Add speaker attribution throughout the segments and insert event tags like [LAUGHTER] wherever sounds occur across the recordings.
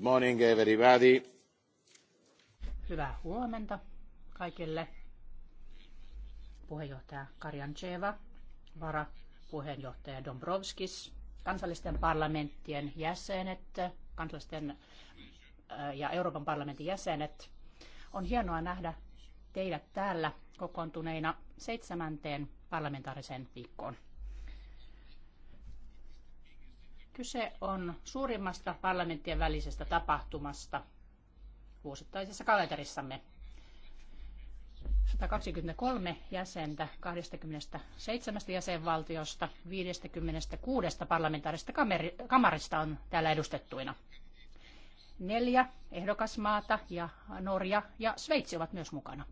Speaker 1: Good morning everybody.
Speaker 2: Hyvää huomenta kaikille. Puheenjohtaja Karjancheva, varapuheenjohtaja Dombrovskis, kansallisten parlamenttien jäsenet, kansallisten äh, ja Euroopan parlamentin jäsenet. On hienoa nähdä teidät täällä kokoontuneina seitsemänteen parlamentaariseen viikkoon. Kyse on suurimmasta parlamenttien välisestä tapahtumasta vuosittaisessa kalenterissamme. 123 jäsentä 27 jäsenvaltiosta 56 parlamentaarista kamarista on täällä edustettuina. Neljä ehdokasmaata ja Norja ja Sveitsi ovat myös mukana.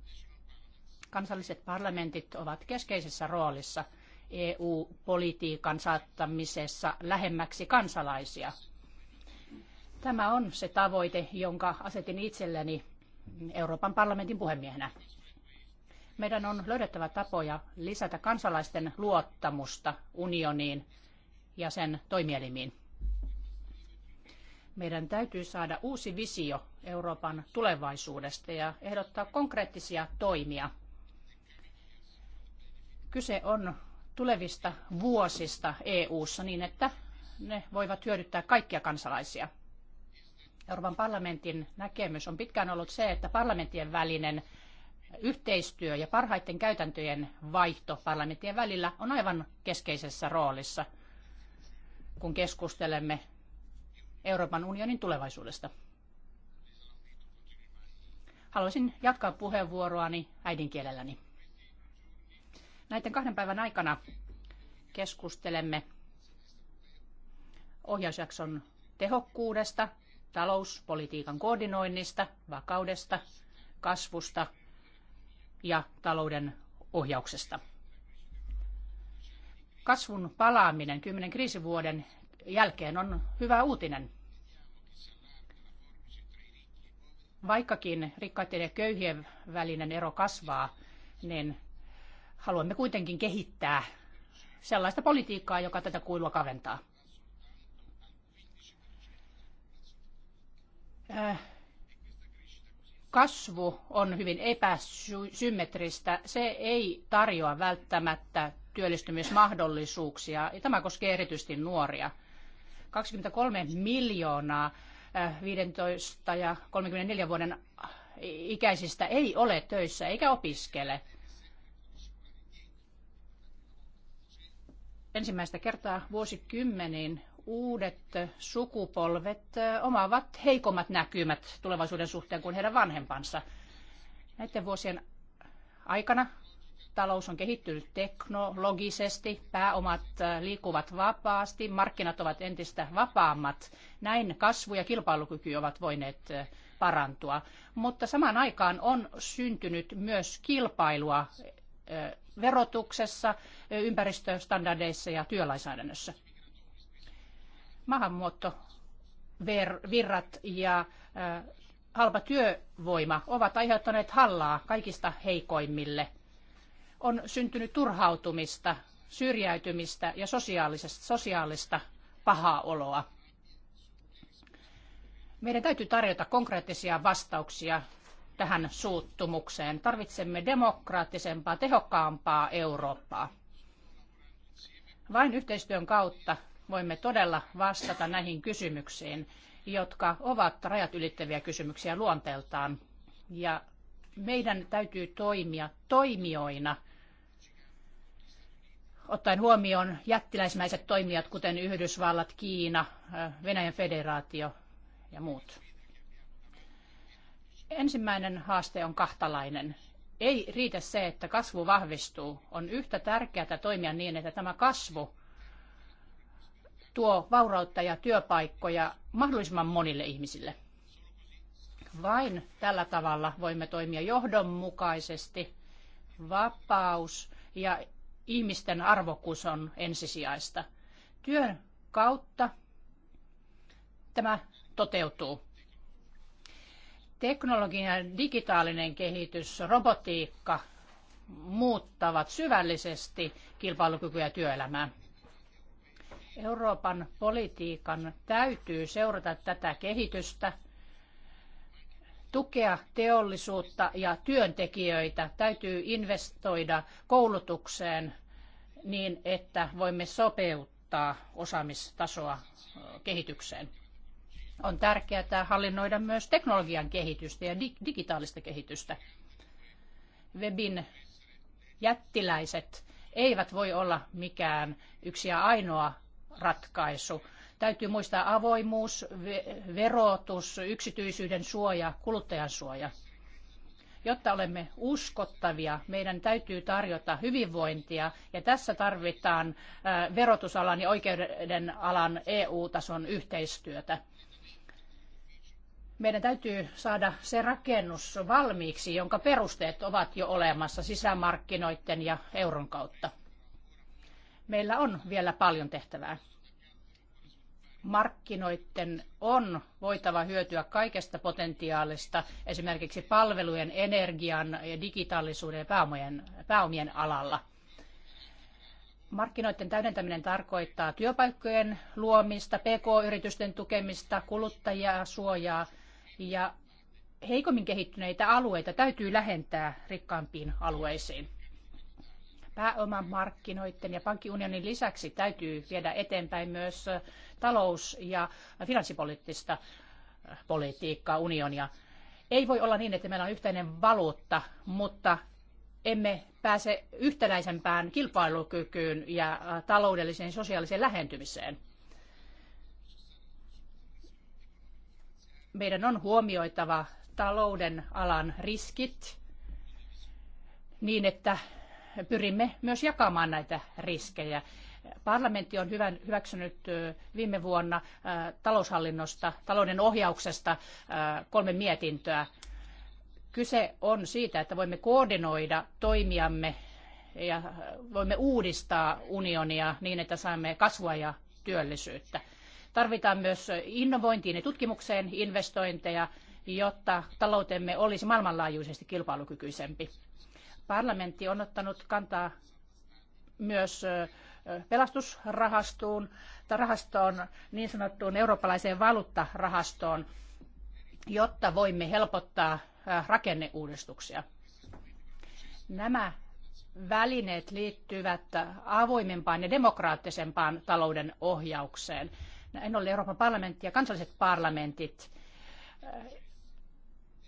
Speaker 2: Kansalliset parlamentit ovat keskeisessä roolissa – EU-politiikan saattamisessa lähemmäksi kansalaisia. Tämä on se tavoite, jonka asetin itselleni Euroopan parlamentin puhemiehenä. Meidän on löydettävä tapoja lisätä kansalaisten luottamusta unioniin ja sen toimielimiin. Meidän täytyy saada uusi visio Euroopan tulevaisuudesta ja ehdottaa konkreettisia toimia. Kyse on tulevista vuosista EU:ssa niin, että ne voivat hyödyttää kaikkia kansalaisia. Euroopan parlamentin näkemys on pitkään ollut se, että parlamenttien välinen yhteistyö ja parhaiten käytäntöjen vaihto parlamenttien välillä on aivan keskeisessä roolissa, kun keskustelemme Euroopan unionin tulevaisuudesta. Haluaisin jatkaa puheenvuoroani äidinkielelläni. Näiden kahden päivän aikana keskustelemme ohjausjakson tehokkuudesta, talouspolitiikan koordinoinnista, vakaudesta, kasvusta ja talouden ohjauksesta. Kasvun palaaminen kymmenen kriisivuoden jälkeen on hyvä uutinen. Vaikkakin rikkaiden ja köyhien välinen ero kasvaa, niin haluamme kuitenkin kehittää sellaista politiikkaa, joka tätä kuilua kaventaa. Äh, kasvu on hyvin epäsymmetristä. Se ei tarjoa välttämättä työllistymismahdollisuuksia. Ja tämä koskee erityisesti nuoria. 23 miljoonaa 15 äh, ja 34 vuoden ikäisistä ei ole töissä eikä opiskele. ensimmäistä kertaa vuosikymmeniin uudet sukupolvet omaavat heikommat näkymät tulevaisuuden suhteen kuin heidän vanhempansa. Näiden vuosien aikana talous on kehittynyt teknologisesti, pääomat liikkuvat vapaasti, markkinat ovat entistä vapaammat. Näin kasvu ja kilpailukyky ovat voineet parantua. Mutta samaan aikaan on syntynyt myös kilpailua verotuksessa, ympäristöstandardeissa ja työlainsäädännössä. Maahanmuuttovirrat virrat ja halpa työvoima ovat aiheuttaneet hallaa kaikista heikoimmille. On syntynyt turhautumista, syrjäytymistä ja sosiaalista pahaa oloa. Meidän täytyy tarjota konkreettisia vastauksia tähän suuttumukseen. Tarvitsemme demokraattisempaa, tehokkaampaa Eurooppaa. Vain yhteistyön kautta voimme todella vastata näihin kysymyksiin, jotka ovat rajat ylittäviä kysymyksiä luonteeltaan. Ja meidän täytyy toimia toimijoina, ottaen huomioon jättiläismäiset toimijat, kuten Yhdysvallat, Kiina, Venäjän federaatio ja muut. Ensimmäinen haaste on kahtalainen. Ei riitä se, että kasvu vahvistuu. On yhtä tärkeää toimia niin, että tämä kasvu tuo vaurautta ja työpaikkoja mahdollisimman monille ihmisille. Vain tällä tavalla voimme toimia johdonmukaisesti. Vapaus ja ihmisten arvokkuus on ensisijaista. Työn kautta tämä toteutuu. Teknologinen ja digitaalinen kehitys, robotiikka muuttavat syvällisesti kilpailukykyä ja työelämää. Euroopan politiikan täytyy seurata tätä kehitystä, tukea teollisuutta ja työntekijöitä, täytyy investoida koulutukseen niin, että voimme sopeuttaa osaamistasoa kehitykseen. On tärkeää hallinnoida myös teknologian kehitystä ja digitaalista kehitystä. Webin jättiläiset eivät voi olla mikään yksi ja ainoa ratkaisu. Täytyy muistaa avoimuus, verotus, yksityisyyden suoja, kuluttajan suoja. Jotta olemme uskottavia, meidän täytyy tarjota hyvinvointia ja tässä tarvitaan verotusalan ja oikeudenalan EU-tason yhteistyötä meidän täytyy saada se rakennus valmiiksi, jonka perusteet ovat jo olemassa sisämarkkinoiden ja euron kautta. Meillä on vielä paljon tehtävää. Markkinoiden on voitava hyötyä kaikesta potentiaalista, esimerkiksi palvelujen, energian ja digitaalisuuden ja pääomien, pääomien alalla. Markkinoiden täydentäminen tarkoittaa työpaikkojen luomista, pk-yritysten tukemista, kuluttajia suojaa ja heikommin kehittyneitä alueita täytyy lähentää rikkaampiin alueisiin. Pääomamarkkinoiden ja pankkiunionin lisäksi täytyy viedä eteenpäin myös talous- ja finanssipoliittista äh, politiikkaa unionia. Ei voi olla niin, että meillä on yhteinen valuutta, mutta emme pääse yhtenäisempään kilpailukykyyn ja taloudelliseen ja sosiaaliseen lähentymiseen. meidän on huomioitava talouden alan riskit niin, että pyrimme myös jakamaan näitä riskejä. Parlamentti on hyväksynyt viime vuonna taloushallinnosta, talouden ohjauksesta kolme mietintöä. Kyse on siitä, että voimme koordinoida toimiamme ja voimme uudistaa unionia niin, että saamme kasvua ja työllisyyttä. Tarvitaan myös innovointiin ja tutkimukseen investointeja, jotta taloutemme olisi maailmanlaajuisesti kilpailukykyisempi. Parlamentti on ottanut kantaa myös pelastusrahastoon, rahastoon, niin sanottuun eurooppalaiseen valuuttarahastoon, jotta voimme helpottaa rakenneuudistuksia. Nämä välineet liittyvät avoimempaan ja demokraattisempaan talouden ohjaukseen. Näin ollen Euroopan parlamentti ja kansalliset parlamentit äh,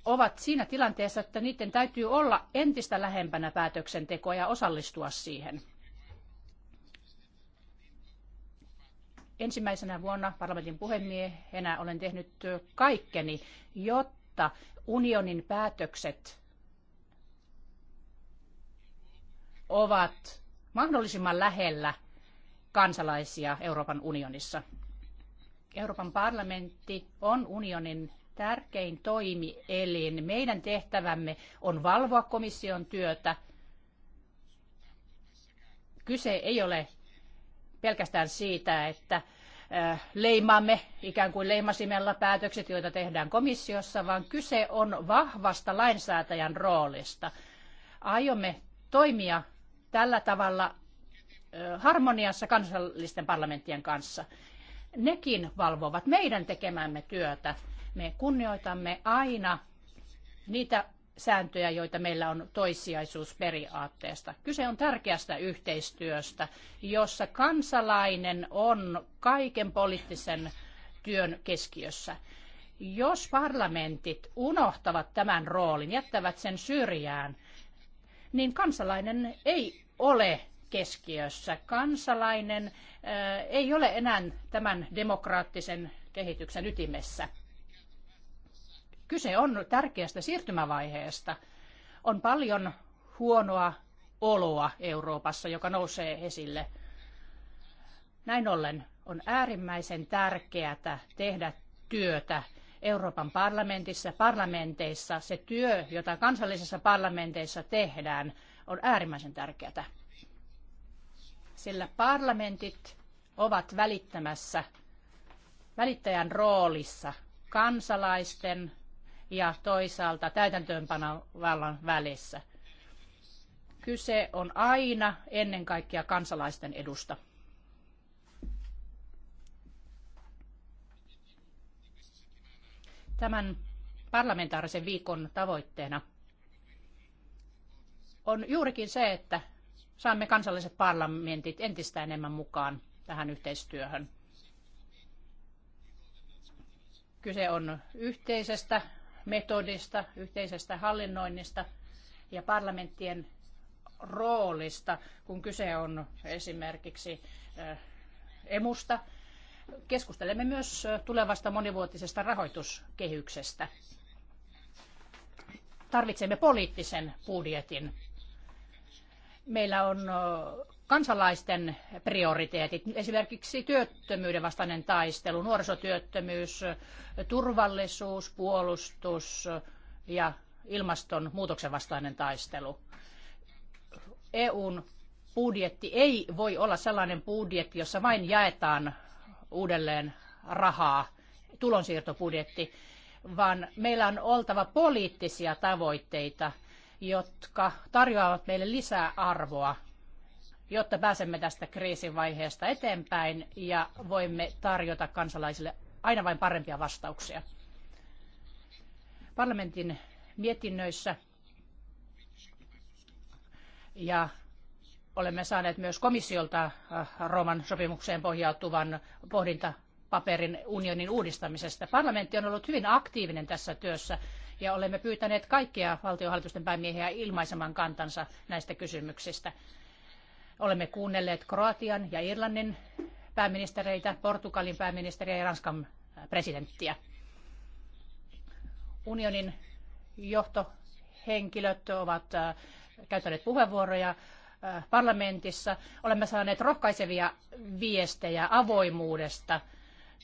Speaker 2: ovat siinä tilanteessa, että niiden täytyy olla entistä lähempänä päätöksentekoa ja osallistua siihen. Ensimmäisenä vuonna parlamentin puhemiehenä olen tehnyt kaikkeni, jotta unionin päätökset ovat mahdollisimman lähellä kansalaisia Euroopan unionissa. Euroopan parlamentti on unionin tärkein toimielin. Meidän tehtävämme on valvoa komission työtä. Kyse ei ole pelkästään siitä, että äh, leimaamme ikään kuin leimasimella päätökset, joita tehdään komissiossa, vaan kyse on vahvasta lainsäätäjän roolista. Aiomme toimia tällä tavalla äh, harmoniassa kansallisten parlamenttien kanssa nekin valvovat meidän tekemämme työtä. Me kunnioitamme aina niitä sääntöjä, joita meillä on toissijaisuusperiaatteesta. Kyse on tärkeästä yhteistyöstä, jossa kansalainen on kaiken poliittisen työn keskiössä. Jos parlamentit unohtavat tämän roolin, jättävät sen syrjään, niin kansalainen ei ole keskiössä. Kansalainen ei ole enää tämän demokraattisen kehityksen ytimessä. Kyse on tärkeästä siirtymävaiheesta. On paljon huonoa oloa Euroopassa, joka nousee esille. Näin ollen on äärimmäisen tärkeää tehdä työtä Euroopan parlamentissa, parlamenteissa. Se työ, jota kansallisissa parlamenteissa tehdään, on äärimmäisen tärkeää sillä parlamentit ovat välittämässä välittäjän roolissa kansalaisten ja toisaalta täytäntöönpanovallan välissä. Kyse on aina ennen kaikkea kansalaisten edusta. Tämän parlamentaarisen viikon tavoitteena on juurikin se, että saamme kansalliset parlamentit entistä enemmän mukaan tähän yhteistyöhön. Kyse on yhteisestä metodista, yhteisestä hallinnoinnista ja parlamenttien roolista, kun kyse on esimerkiksi emusta. Keskustelemme myös tulevasta monivuotisesta rahoituskehyksestä. Tarvitsemme poliittisen budjetin meillä on kansalaisten prioriteetit, esimerkiksi työttömyyden vastainen taistelu, nuorisotyöttömyys, turvallisuus, puolustus ja ilmastonmuutoksen vastainen taistelu. EUn budjetti ei voi olla sellainen budjetti, jossa vain jaetaan uudelleen rahaa, tulonsiirtobudjetti, vaan meillä on oltava poliittisia tavoitteita – jotka tarjoavat meille lisää arvoa, jotta pääsemme tästä vaiheesta eteenpäin ja voimme tarjota kansalaisille aina vain parempia vastauksia. Parlamentin mietinnöissä ja olemme saaneet myös komissiolta äh, Rooman sopimukseen pohjautuvan pohdintapaperin unionin uudistamisesta. Parlamentti on ollut hyvin aktiivinen tässä työssä ja olemme pyytäneet kaikkia valtiohallitusten päämiehiä ilmaisemaan kantansa näistä kysymyksistä. Olemme kuunnelleet Kroatian ja Irlannin pääministereitä, Portugalin pääministeriä ja Ranskan presidenttiä. Unionin johtohenkilöt ovat äh, käyttäneet puheenvuoroja äh, parlamentissa. Olemme saaneet rohkaisevia viestejä avoimuudesta,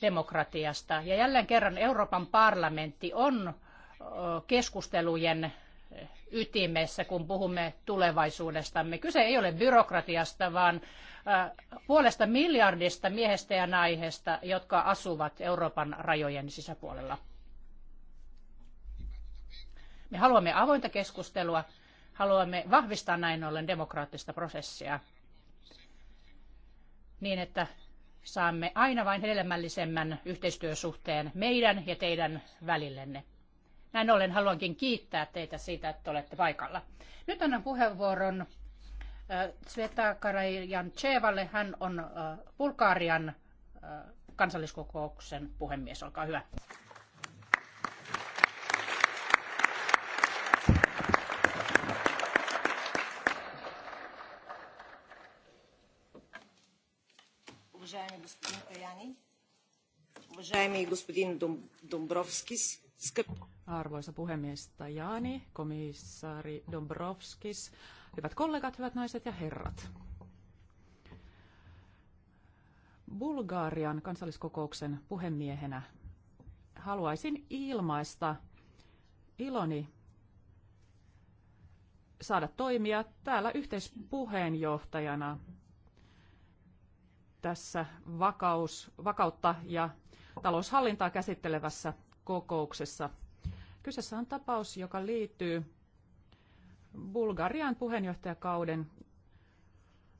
Speaker 2: demokratiasta. Ja jälleen kerran Euroopan parlamentti on keskustelujen ytimessä, kun puhumme tulevaisuudestamme. Kyse ei ole byrokratiasta, vaan puolesta miljardista miehestä ja naisesta, jotka asuvat Euroopan rajojen sisäpuolella. Me haluamme avointa keskustelua, haluamme vahvistaa näin ollen demokraattista prosessia niin, että saamme aina vain hedelmällisemmän yhteistyösuhteen meidän ja teidän välillenne. Näin ollen haluankin kiittää teitä siitä, että olette paikalla. Nyt annan puheenvuoron Sveta Karajan Tsevalle. Hän on Bulgarian kansalliskokouksen puhemies. Olkaa hyvä. Уважаеми господин Таяни, уважаеми
Speaker 3: господин
Speaker 4: Домбровскис, Arvoisa puhemies Tajani, komissaari Dombrovskis, hyvät kollegat, hyvät naiset ja herrat. Bulgarian kansalliskokouksen puhemiehenä haluaisin ilmaista iloni saada toimia täällä yhteispuheenjohtajana tässä vakaus, vakautta ja taloushallintaa käsittelevässä kokouksessa. Kyseessä on tapaus, joka liittyy Bulgarian puheenjohtajakauden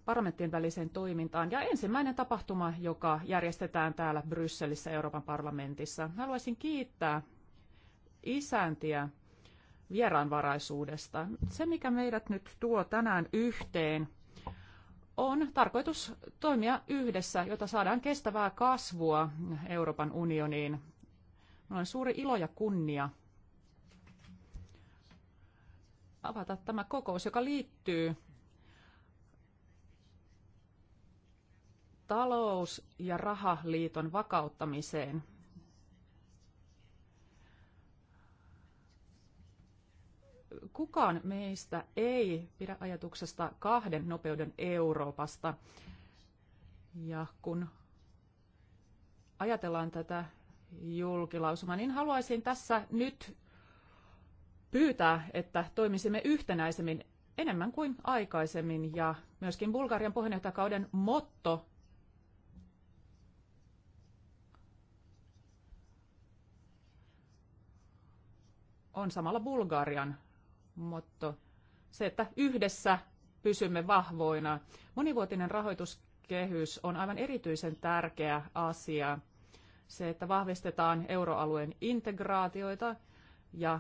Speaker 4: parlamenttien väliseen toimintaan ja ensimmäinen tapahtuma, joka järjestetään täällä Brysselissä Euroopan parlamentissa. Haluaisin kiittää isäntiä vieraanvaraisuudesta. Se, mikä meidät nyt tuo tänään yhteen, on tarkoitus toimia yhdessä, jotta saadaan kestävää kasvua Euroopan unioniin. Minulla on suuri ilo ja kunnia avata tämä kokous, joka liittyy talous- ja rahaliiton vakauttamiseen. Kukaan meistä ei pidä ajatuksesta kahden nopeuden Euroopasta. Ja kun ajatellaan tätä julkilausuma, niin haluaisin tässä nyt pyytää, että toimisimme yhtenäisemmin enemmän kuin aikaisemmin. Ja myöskin Bulgarian puheenjohtajakauden motto on samalla Bulgarian motto. Se, että yhdessä pysymme vahvoina. Monivuotinen rahoituskehys on aivan erityisen tärkeä asia – se, että vahvistetaan euroalueen integraatioita ja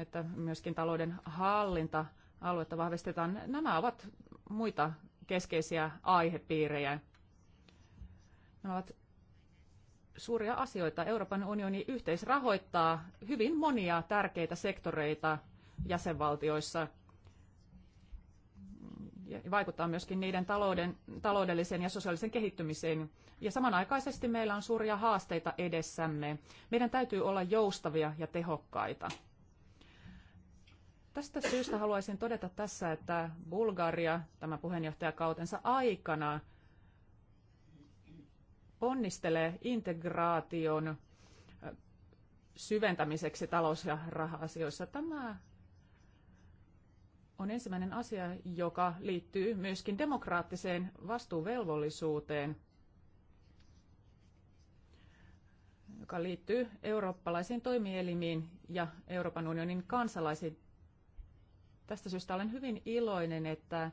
Speaker 4: että myöskin talouden hallinta aluetta vahvistetaan. Nämä ovat muita keskeisiä aihepiirejä. Nämä ovat suuria asioita. Euroopan unioni yhteisrahoittaa hyvin monia tärkeitä sektoreita jäsenvaltioissa – vaikuttaa myöskin niiden talouden, taloudelliseen ja sosiaaliseen kehittymiseen. Ja samanaikaisesti meillä on suuria haasteita edessämme. Meidän täytyy olla joustavia ja tehokkaita. Tästä syystä haluaisin todeta tässä, että Bulgaria tämä puheenjohtajakautensa aikana ponnistelee integraation syventämiseksi talous- ja raha-asioissa. Tämä on ensimmäinen asia, joka liittyy myöskin demokraattiseen vastuuvelvollisuuteen, joka liittyy eurooppalaisiin toimielimiin ja Euroopan unionin kansalaisiin. Tästä syystä olen hyvin iloinen, että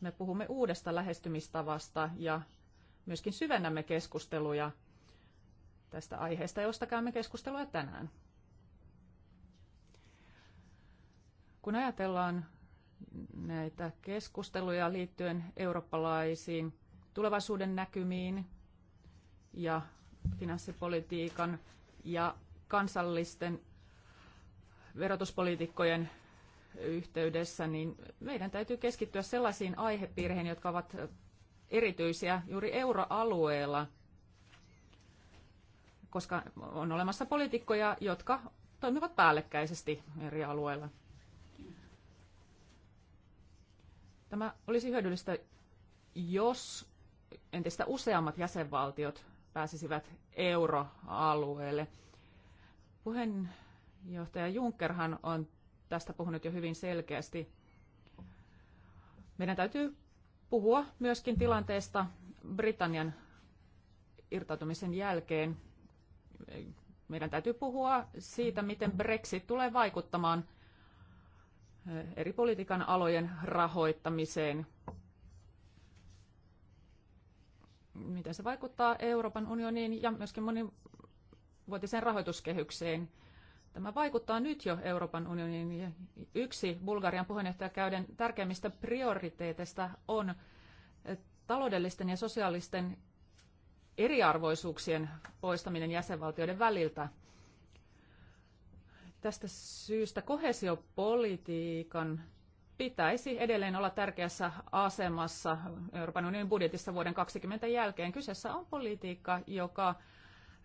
Speaker 4: me puhumme uudesta lähestymistavasta ja myöskin syvennämme keskusteluja tästä aiheesta, josta käymme keskustelua tänään. Kun ajatellaan näitä keskusteluja liittyen eurooppalaisiin tulevaisuuden näkymiin ja finanssipolitiikan ja kansallisten verotuspolitiikkojen yhteydessä, niin meidän täytyy keskittyä sellaisiin aihepiireihin, jotka ovat erityisiä juuri euroalueella, koska on olemassa poliitikkoja, jotka toimivat päällekkäisesti eri alueilla. Tämä olisi hyödyllistä, jos entistä useammat jäsenvaltiot pääsisivät euroalueelle. Puheenjohtaja Junckerhan on tästä puhunut jo hyvin selkeästi. Meidän täytyy puhua myöskin tilanteesta Britannian irtautumisen jälkeen. Meidän täytyy puhua siitä, miten Brexit tulee vaikuttamaan Eh, eri politiikan alojen rahoittamiseen. Miten se vaikuttaa Euroopan unioniin ja myöskin monivuotiseen rahoituskehykseen? Tämä vaikuttaa nyt jo Euroopan unionin. Yksi Bulgarian puheenjohtajakäyden tärkeimmistä prioriteeteista on eh, taloudellisten ja sosiaalisten eriarvoisuuksien poistaminen jäsenvaltioiden väliltä – Tästä syystä kohesiopolitiikan pitäisi edelleen olla tärkeässä asemassa Euroopan unionin budjetissa vuoden 2020 jälkeen. Kyseessä on politiikka, joka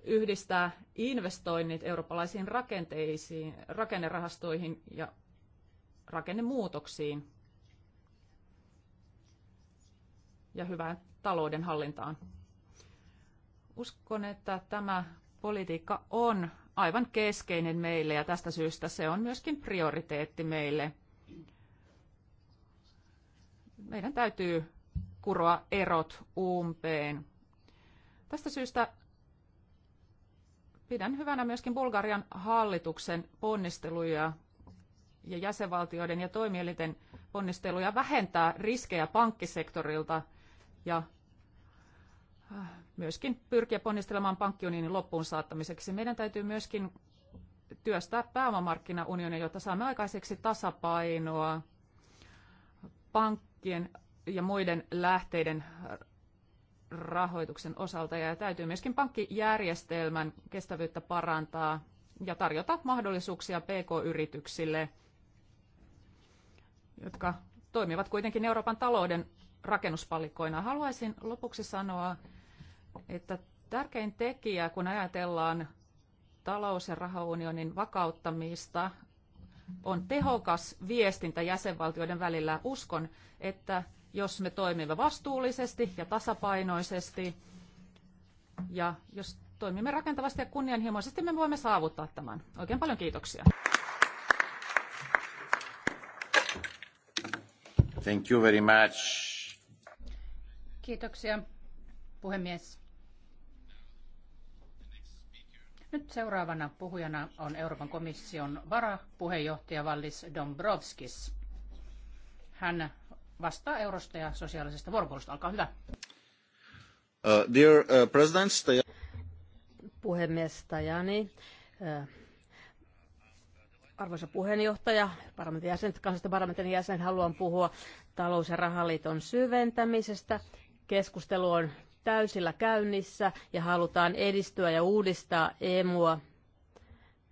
Speaker 4: yhdistää investoinnit eurooppalaisiin rakenteisiin, rakennerahastoihin ja rakennemuutoksiin ja hyvään taloudenhallintaan. Uskon, että tämä politiikka on aivan keskeinen meille ja tästä syystä se on myöskin prioriteetti meille. Meidän täytyy kuroa erot umpeen. Tästä syystä pidän hyvänä myöskin Bulgarian hallituksen ponnisteluja ja jäsenvaltioiden ja toimielinten ponnisteluja vähentää riskejä pankkisektorilta ja Ah, myöskin pyrkiä ponnistelemaan pankkiunionin loppuun saattamiseksi. Meidän täytyy myöskin työstää pääomamarkkinaunionia, jotta saamme aikaiseksi tasapainoa pankkien ja muiden lähteiden rahoituksen osalta. Ja täytyy myöskin pankkijärjestelmän kestävyyttä parantaa ja tarjota mahdollisuuksia pk-yrityksille, jotka toimivat kuitenkin Euroopan talouden rakennuspalikoina. Haluaisin lopuksi sanoa, että tärkein tekijä, kun ajatellaan talous- ja rahaunionin vakauttamista, on tehokas viestintä jäsenvaltioiden välillä. Uskon, että jos me toimimme vastuullisesti ja tasapainoisesti ja jos toimimme rakentavasti ja kunnianhimoisesti, me voimme saavuttaa tämän. Oikein paljon kiitoksia.
Speaker 1: Thank you very much.
Speaker 4: Kiitoksia,
Speaker 2: puhemies. Nyt seuraavana puhujana on Euroopan komission varapuheenjohtaja Vallis Dombrovskis. Hän vastaa eurosta ja sosiaalisesta vuoropuolusta. Olkaa hyvä.
Speaker 1: Uh, dear uh, President,
Speaker 3: Puhemies Tajani, uh, arvoisa puheenjohtaja, parlamentin jäsen, kansallisten parlamentin jäsen, haluan puhua talous- ja rahaliiton syventämisestä. Keskustelu on täysillä käynnissä ja halutaan edistyä ja uudistaa EMUa.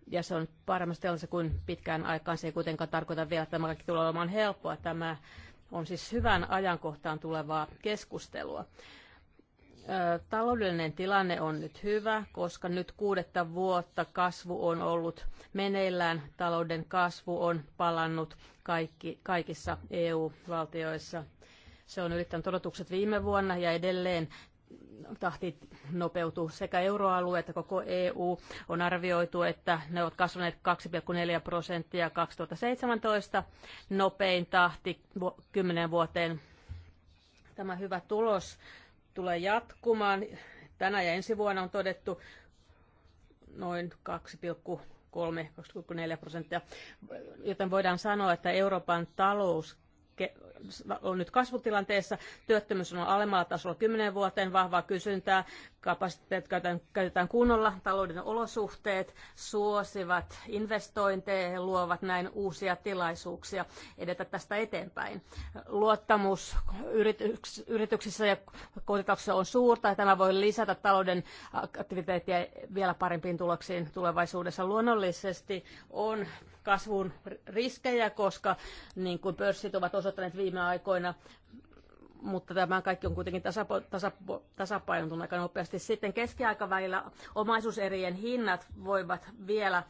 Speaker 3: Ja se on varmasti on se kuin pitkään aikaan. Se ei kuitenkaan tarkoita vielä, että tämä kaikki tulee olemaan helppoa. Tämä on siis hyvän ajankohtaan tulevaa keskustelua. Taloudellinen tilanne on nyt hyvä, koska nyt kuudetta vuotta kasvu on ollut meneillään. Talouden kasvu on palannut kaikki, kaikissa EU-valtioissa. Se on ylittänyt odotukset viime vuonna ja edelleen tahti nopeutuu sekä euroalue että koko EU. On arvioitu, että ne ovat kasvaneet 2,4 prosenttia 2017 nopein tahti 10 vuoteen. Tämä hyvä tulos tulee jatkumaan. Tänä ja ensi vuonna on todettu noin 2,3-2,4 prosenttia, joten voidaan sanoa, että Euroopan talous on nyt kasvutilanteessa, työttömyys on alemmalla tasolla 10 vuoteen, vahvaa kysyntää, kapasiteet käytetään kunnolla, talouden olosuhteet suosivat investointeja ja luovat näin uusia tilaisuuksia edetä tästä eteenpäin. Luottamus yrityksissä ja kotitalouksissa on suurta ja tämä voi lisätä talouden aktiviteettia vielä parempiin tuloksiin tulevaisuudessa. Luonnollisesti on kasvun riskejä, koska niin kuin pörssit ovat osoittaneet viime aikoina, mutta tämä kaikki on kuitenkin tasapo, tasapo, tasapainotunut aika nopeasti. Sitten keskiaikavälillä omaisuuserien hinnat voivat vielä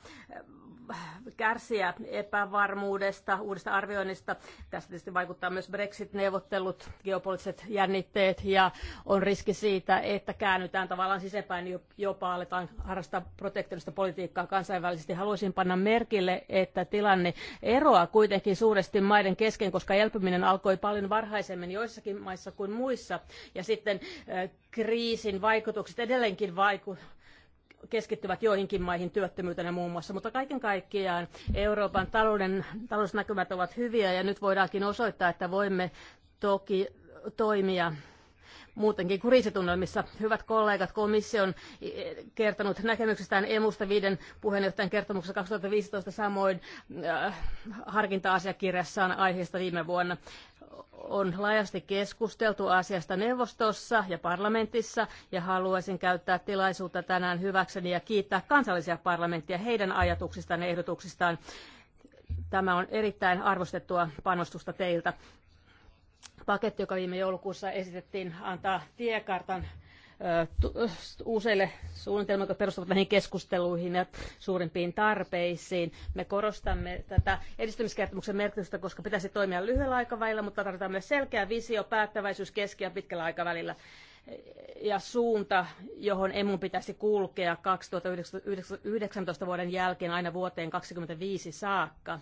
Speaker 3: kärsiä epävarmuudesta, uudesta arvioinnista. Tässä tietysti vaikuttaa myös Brexit-neuvottelut, geopoliittiset jännitteet ja on riski siitä, että käännytään tavallaan sisäpäin, jopa aletaan harrastaa protektionista politiikkaa kansainvälisesti. Haluaisin panna merkille, että tilanne eroaa kuitenkin suuresti maiden kesken, koska elpyminen alkoi paljon varhaisemmin joissakin maissa kuin muissa. Ja sitten kriisin vaikutukset edelleenkin vaiku- keskittyvät joihinkin maihin työttömyytenä muun muassa, mutta kaiken kaikkiaan Euroopan talouden, talousnäkymät ovat hyviä ja nyt voidaankin osoittaa, että voimme toki toimia muutenkin kurisetunnelmissa Hyvät kollegat, komissio on eh, kertonut näkemyksestään emusta viiden puheenjohtajan kertomuksessa 2015 samoin äh, harkinta-asiakirjassaan aiheesta viime vuonna on laajasti keskusteltu asiasta neuvostossa ja parlamentissa ja haluaisin käyttää tilaisuutta tänään hyväkseni ja kiittää kansallisia parlamentteja heidän ajatuksistaan ja ehdotuksistaan. Tämä on erittäin arvostettua panostusta teiltä. Paketti, joka viime joulukuussa esitettiin, antaa tiekartan useille suunnitelmille, jotka perustuvat näihin keskusteluihin ja suurimpiin tarpeisiin. Me korostamme tätä edistymiskertomuksen merkitystä, koska pitäisi toimia lyhyellä aikavälillä, mutta tarvitaan myös selkeä visio, päättäväisyys keski- ja pitkällä aikavälillä ja suunta, johon emun pitäisi kulkea 2019 vuoden jälkeen aina vuoteen 2025 saakka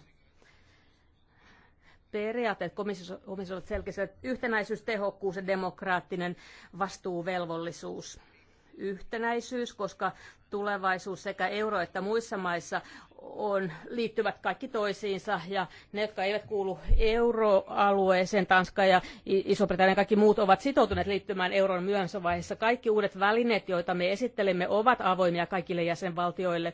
Speaker 3: periaatteet komissiossa ovat selkeästi yhtenäisyys, tehokkuus ja demokraattinen vastuuvelvollisuus yhtenäisyys, koska tulevaisuus sekä euro- että muissa maissa on, liittyvät kaikki toisiinsa ja ne, jotka eivät kuulu euroalueeseen, Tanska ja Iso-Britannia ja kaikki muut ovat sitoutuneet liittymään euron vaiheessa. Kaikki uudet välineet, joita me esittelemme, ovat avoimia kaikille jäsenvaltioille.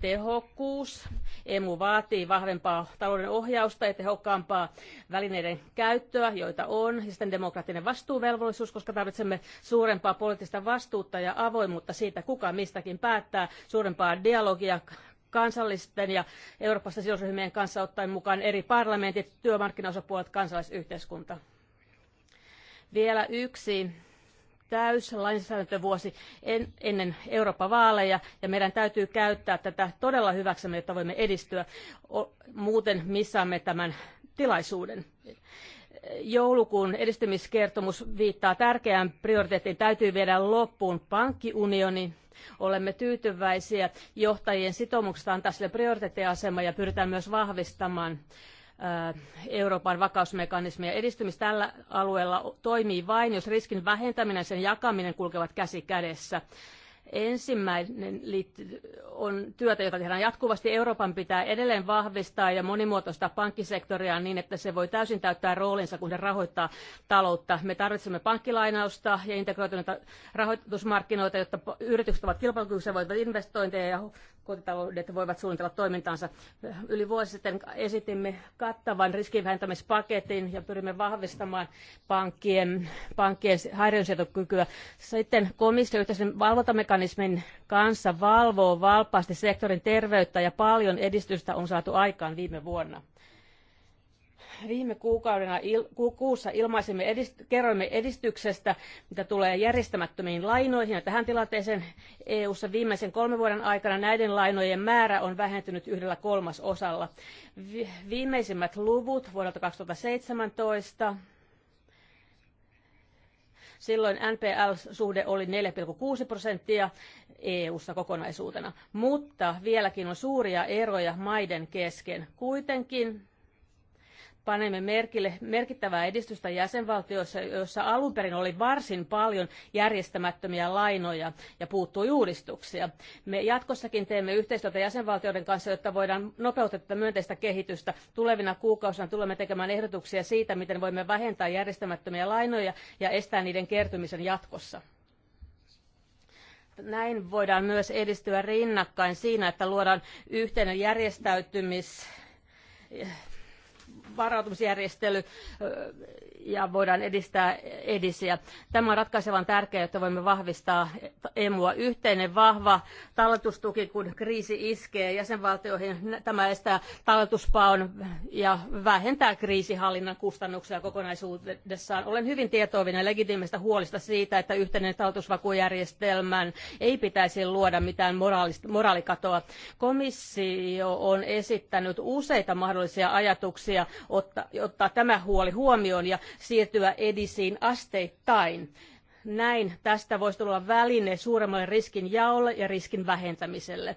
Speaker 3: Tehokkuus. EMU vaatii vahvempaa talouden ohjausta ja tehokkaampaa välineiden käyttöä, joita on. Ja sitten demokraattinen vastuuvelvollisuus, koska tarvitsemme suurempaa poliittista vastuutta ja avoimuutta siitä, kuka mistäkin päättää, suurempaa dialogia kansallisten ja Euroopasta sidosryhmien kanssa ottaen mukaan eri parlamentit, työmarkkinaosapuolet, kansalaisyhteiskunta. Vielä yksi täyslainsäädäntövuosi en, ennen Euroopan vaaleja ja meidän täytyy käyttää tätä todella hyväksemme, jotta voimme edistyä. O, muuten missaamme tämän tilaisuuden joulukuun edistymiskertomus viittaa tärkeään prioriteettiin täytyy viedä loppuun pankkiunioni. Olemme tyytyväisiä johtajien sitoumuksesta antaa sille prioriteettiasema ja pyritään myös vahvistamaan äh, Euroopan vakausmekanismia. Edistymis tällä alueella toimii vain, jos riskin vähentäminen ja sen jakaminen kulkevat käsi kädessä. Ensimmäinen on työtä, jota tehdään jatkuvasti. Euroopan pitää edelleen vahvistaa ja monimuotoista pankkisektoria niin, että se voi täysin täyttää roolinsa, kun se rahoittaa taloutta. Me tarvitsemme pankkilainausta ja integroituneita rahoitusmarkkinoita, jotta yritykset ovat kilpailukykyisiä, voivat investointeja ja kotitaloudet voivat suunnitella toimintaansa. Yli vuosi sitten esitimme kattavan riskinvähentämispaketin ja pyrimme vahvistamaan pankkien, pankkien häiriönsietokykyä. Sitten komissio yhteisen valvontamekanismin mekanismin kanssa valvoo valpaasti sektorin terveyttä ja paljon edistystä on saatu aikaan viime vuonna. Viime kuukaudena il, ku, kuussa ilmaisimme edist, kerroimme edistyksestä, mitä tulee järjestämättömiin lainoihin. Ja tähän tilanteeseen EU-ssa viimeisen kolmen vuoden aikana näiden lainojen määrä on vähentynyt yhdellä kolmasosalla. Vi, viimeisimmät luvut vuodelta 2017 Silloin NPL-suhde oli 4,6 prosenttia EU-ssa kokonaisuutena, mutta vieläkin on suuria eroja maiden kesken. Kuitenkin panemme merkille merkittävää edistystä jäsenvaltioissa, joissa alun perin oli varsin paljon järjestämättömiä lainoja ja puuttui uudistuksia. Me jatkossakin teemme yhteistyötä jäsenvaltioiden kanssa, jotta voidaan nopeuttaa myönteistä kehitystä. Tulevina kuukausina tulemme tekemään ehdotuksia siitä, miten voimme vähentää järjestämättömiä lainoja ja estää niiden kertymisen jatkossa. Näin voidaan myös edistyä rinnakkain siinä, että luodaan yhteinen järjestäytymis varautumisjärjestely ja voidaan edistää edisiä. Tämä on ratkaisevan tärkeää, että voimme vahvistaa emua. Yhteinen vahva talletustuki, kun kriisi iskee jäsenvaltioihin, tämä estää talletuspaon ja vähentää kriisihallinnan kustannuksia kokonaisuudessaan. Olen hyvin tietoinen legitiimistä huolista siitä, että yhteinen talletusvakujärjestelmän ei pitäisi luoda mitään moraalikatoa. Komissio on esittänyt useita mahdollisia ajatuksia ottaa, ottaa tämä huoli huomioon ja siirtyä edisiin asteittain. Näin tästä voisi tulla väline suuremmalle riskin jaolle ja riskin vähentämiselle.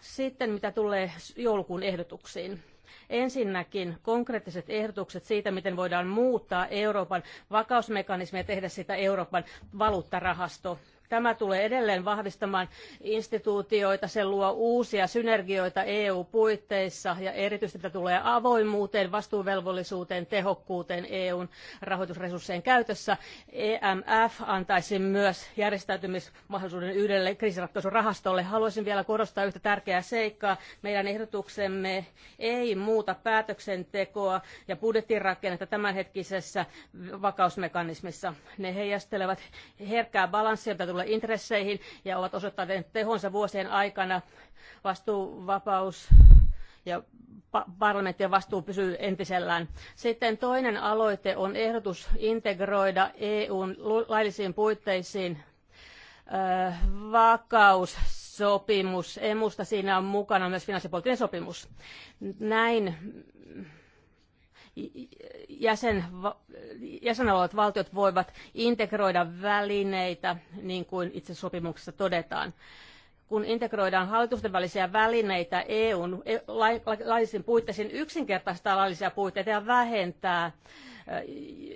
Speaker 3: Sitten mitä tulee joulukuun ehdotuksiin. Ensinnäkin konkreettiset ehdotukset siitä, miten voidaan muuttaa Euroopan vakausmekanismia ja tehdä sitä Euroopan valuuttarahasto Tämä tulee edelleen vahvistamaan instituutioita, se luo uusia synergioita EU-puitteissa ja erityisesti tämä tulee avoimuuteen, vastuuvelvollisuuteen, tehokkuuteen EUn rahoitusresurssien käytössä. EMF antaisi myös järjestäytymismahdollisuuden yhdelle kriisiratkaisurahastolle. Haluaisin vielä korostaa yhtä tärkeää seikkaa. Meidän ehdotuksemme ei muuta päätöksentekoa ja budjettirakennetta tämänhetkisessä vakausmekanismissa. Ne heijastelevat herkkää balanssia, mitä tulee kuululle intresseihin ja ovat osoittaneet tehonsa vuosien aikana. Vastuuvapaus ja parlamentin vastuu pysyy entisellään. Sitten toinen aloite on ehdotus integroida EUn laillisiin puitteisiin vakaussopimus. Emusta siinä on mukana myös finanssipoliittinen sopimus. Näin jäsen, jäsenvaltiot valtiot voivat integroida välineitä, niin kuin itse sopimuksessa todetaan. Kun integroidaan hallitusten välisiä välineitä EUn e, laillisiin puitteisiin, yksinkertaistaa laillisia puitteita ja vähentää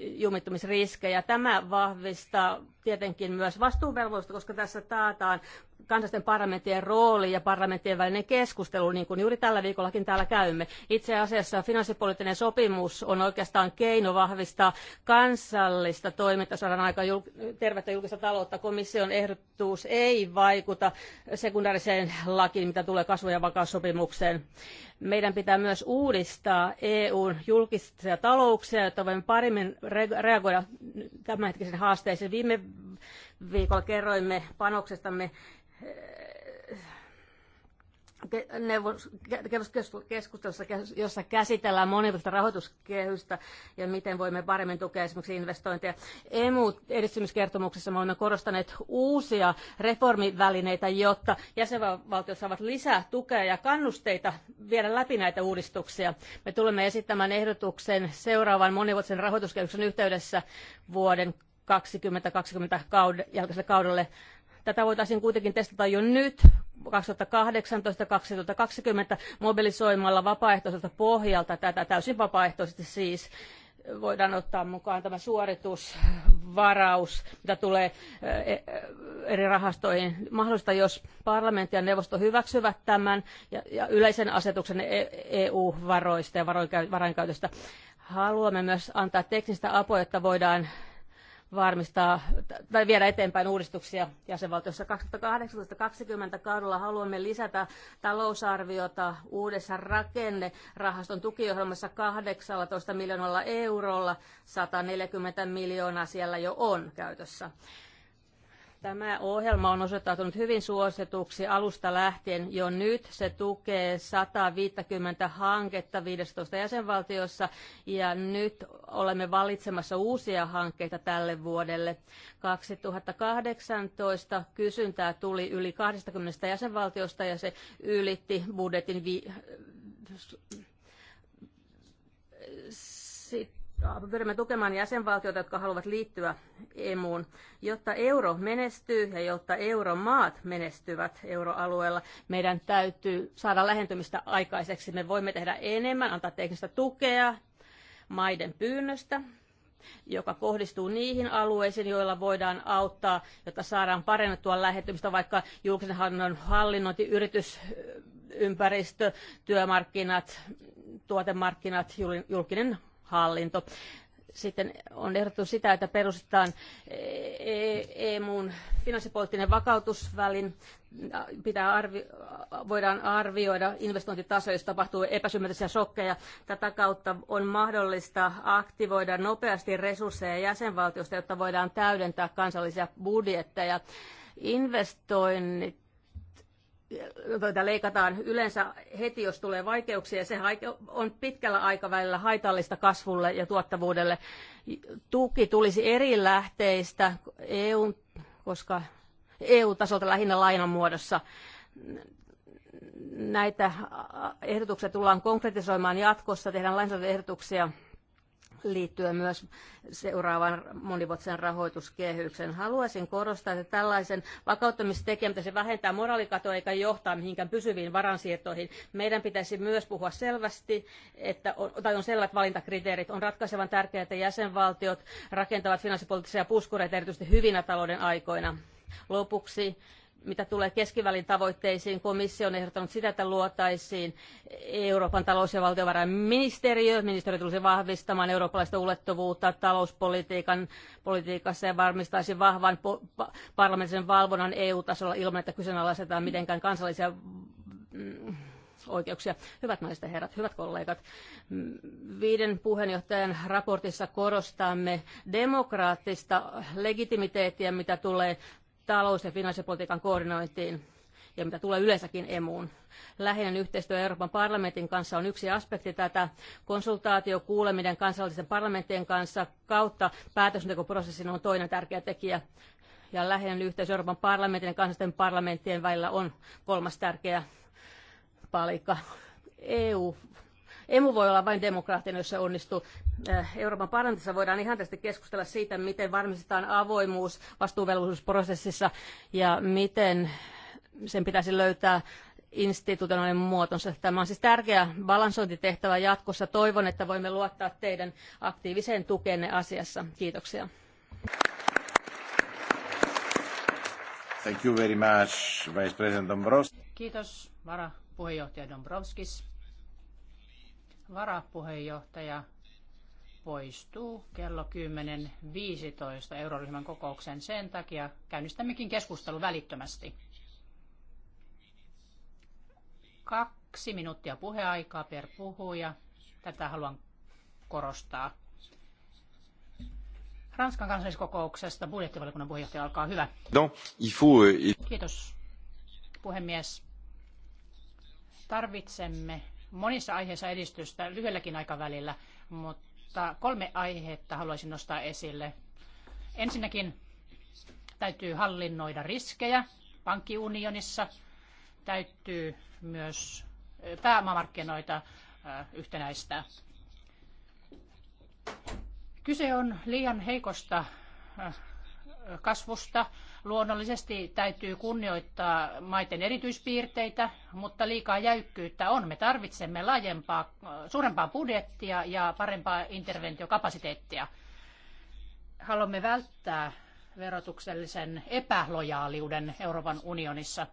Speaker 3: jumittumisriskejä. Tämä vahvistaa tietenkin myös vastuuvelvollisuutta, koska tässä taataan kansallisten parlamenttien rooli ja parlamenttien välinen keskustelu, niin kuin juuri tällä viikollakin täällä käymme. Itse asiassa finanssipoliittinen sopimus on oikeastaan keino vahvistaa kansallista toimintaa saadaan aika jul- tervettä julkista taloutta. Komission ehdotus ei vaikuta sekundaariseen lakiin, mitä tulee kasvu- ja vakaussopimukseen. Meidän pitää myös uudistaa EUn julkisia talouksia, jotta voimme paremmin re- reagoida tämänhetkisen haasteeseen. Viime viikolla kerroimme panoksestamme Neuvoskeskustelussa jossa käsitellään monivuotista rahoituskehystä ja miten voimme paremmin tukea esimerkiksi investointeja. EMU-edistymiskertomuksessa me olemme korostaneet uusia reformivälineitä, jotta jäsenvaltiot saavat lisää tukea ja kannusteita viedä läpi näitä uudistuksia. Me tulemme esittämään ehdotuksen seuraavan monivuotisen rahoituskehyksen yhteydessä vuoden 2020 jälkeiselle kaudelle Tätä voitaisiin kuitenkin testata jo nyt 2018-2020 mobilisoimalla vapaaehtoiselta pohjalta tätä täysin vapaaehtoisesti siis voidaan ottaa mukaan tämä suoritusvaraus, mitä tulee eh, eh, eri rahastoihin. Mahdollista, jos parlamentti ja neuvosto hyväksyvät tämän ja, yleisen asetuksen EU-varoista e ja varainkäytöstä. Haluamme myös antaa teknistä apua, jotta voidaan varmistaa tai viedä eteenpäin uudistuksia jäsenvaltiossa. 2018-2020 kaudella haluamme lisätä talousarviota uudessa rakennerahaston tukiohjelmassa 18 miljoonalla eurolla. 140 miljoonaa siellä jo on käytössä. Tämä ohjelma on osoittautunut hyvin suosituksi alusta lähtien jo nyt. Se tukee 150 hanketta 15 jäsenvaltiossa ja nyt olemme valitsemassa uusia hankkeita tälle vuodelle. 2018 kysyntää tuli yli 20 jäsenvaltiosta ja se ylitti budjetin vi- pyrimme tukemaan jäsenvaltioita, jotka haluavat liittyä EMUun. Jotta euro menestyy ja jotta euromaat menestyvät euroalueella, meidän täytyy saada lähentymistä aikaiseksi. Me voimme tehdä enemmän, antaa teknistä tukea maiden pyynnöstä, joka kohdistuu niihin alueisiin, joilla voidaan auttaa, jotta saadaan parannettua lähentymistä, vaikka julkisen hallinnon hallinnointi, yritys, ympäristö, työmarkkinat, tuotemarkkinat, julkinen hallinto. Sitten on ehdotettu sitä, että perustetaan EUn finanssipoliittinen vakautusvälin. Pitää arvi, voidaan arvioida investointitaso, jos tapahtuu epäsymmetrisiä shokkeja. Tätä kautta on mahdollista aktivoida nopeasti resursseja jäsenvaltiosta, jotta voidaan täydentää kansallisia budjetteja. Investoinnit joita leikataan yleensä heti, jos tulee vaikeuksia, se on pitkällä aikavälillä haitallista kasvulle ja tuottavuudelle. Tuki tulisi eri lähteistä, EU, koska EU-tasolta lähinnä lainan muodossa. Näitä ehdotuksia tullaan konkretisoimaan jatkossa, tehdään lainsäädäntöehdotuksia liittyen myös seuraavan monivuotisen rahoituskehyksen. Haluaisin korostaa, että tällaisen vakauttamistekijän pitäisi vähentää moraalikatoa eikä johtaa mihinkään pysyviin varansiirtoihin. Meidän pitäisi myös puhua selvästi, että on, tai on selvät valintakriteerit. On ratkaisevan tärkeää, että jäsenvaltiot rakentavat finanssipoliittisia puskureita erityisesti hyvinä talouden aikoina. Lopuksi mitä tulee keskivälin tavoitteisiin, komissio on ehdottanut sitä, että luotaisiin Euroopan talous- ja valtiovarainministeriö. Ministeriö tulisi vahvistamaan eurooppalaista ulottuvuutta talouspolitiikan politiikassa ja varmistaisi vahvan po- parlamentin valvonnan EU-tasolla ilman, että kyseenalaistetaan mitenkään kansallisia mm, oikeuksia. Hyvät naiset ja herrat, hyvät kollegat, mm, viiden puheenjohtajan raportissa korostamme demokraattista legitimiteettiä, mitä tulee talous- ja finanssipolitiikan koordinointiin ja mitä tulee yleensäkin emuun. Läheinen yhteistyö Euroopan parlamentin kanssa on yksi aspekti tätä. Konsultaatio, kuuleminen kansallisten parlamenttien kanssa kautta päätöksentekoprosessin on toinen tärkeä tekijä. Ja läheinen yhteys Euroopan parlamentin ja kansallisten parlamenttien välillä on kolmas tärkeä palikka. EU Emu voi olla vain demokraattinen, jos se onnistuu. Äh, Euroopan parlamentissa voidaan ihan tästä keskustella siitä, miten varmistetaan avoimuus vastuuvelvollisuusprosessissa ja miten sen pitäisi löytää institutionaalinen muotonsa. Tämä on siis tärkeä balansointitehtävä jatkossa. Toivon, että voimme luottaa teidän aktiiviseen tukeenne asiassa. Kiitoksia.
Speaker 1: Thank you very much, Vice President Dombrovskis.
Speaker 3: Kiitos,
Speaker 2: varapuheenjohtaja Dombrovskis varapuheenjohtaja poistuu kello 10.15 euroryhmän kokouksen sen takia. Käynnistämmekin keskustelu välittömästi. Kaksi minuuttia puheaikaa per puhuja. Tätä haluan korostaa. Ranskan kansalliskokouksesta budjettivaliokunnan puheenjohtaja, alkaa hyvä.
Speaker 5: Euh,
Speaker 2: Kiitos, puhemies. Tarvitsemme monissa aiheissa edistystä lyhyelläkin aikavälillä, mutta kolme aihetta haluaisin nostaa esille. Ensinnäkin täytyy hallinnoida riskejä pankkiunionissa, täytyy myös pääomamarkkinoita yhtenäistää. Kyse on liian heikosta kasvusta, Luonnollisesti täytyy kunnioittaa maiden erityispiirteitä, mutta liikaa jäykkyyttä on. Me tarvitsemme laajempaa, suurempaa budjettia ja parempaa interventiokapasiteettia. Haluamme välttää verotuksellisen epälojaaliuden Euroopan unionissa.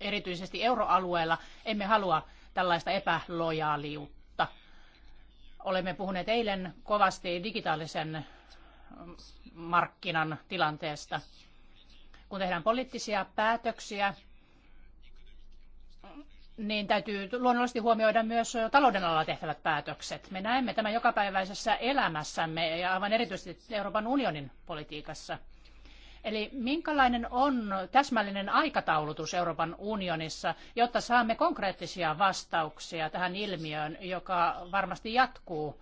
Speaker 2: Erityisesti euroalueella emme halua tällaista epälojaaliutta. Olemme puhuneet eilen kovasti digitaalisen markkinan tilanteesta. Kun tehdään poliittisia päätöksiä, niin täytyy luonnollisesti huomioida myös talouden alalla tehtävät päätökset. Me näemme tämän jokapäiväisessä elämässämme ja aivan erityisesti Euroopan unionin politiikassa. Eli minkälainen on täsmällinen aikataulutus Euroopan unionissa, jotta saamme konkreettisia vastauksia tähän ilmiöön, joka varmasti jatkuu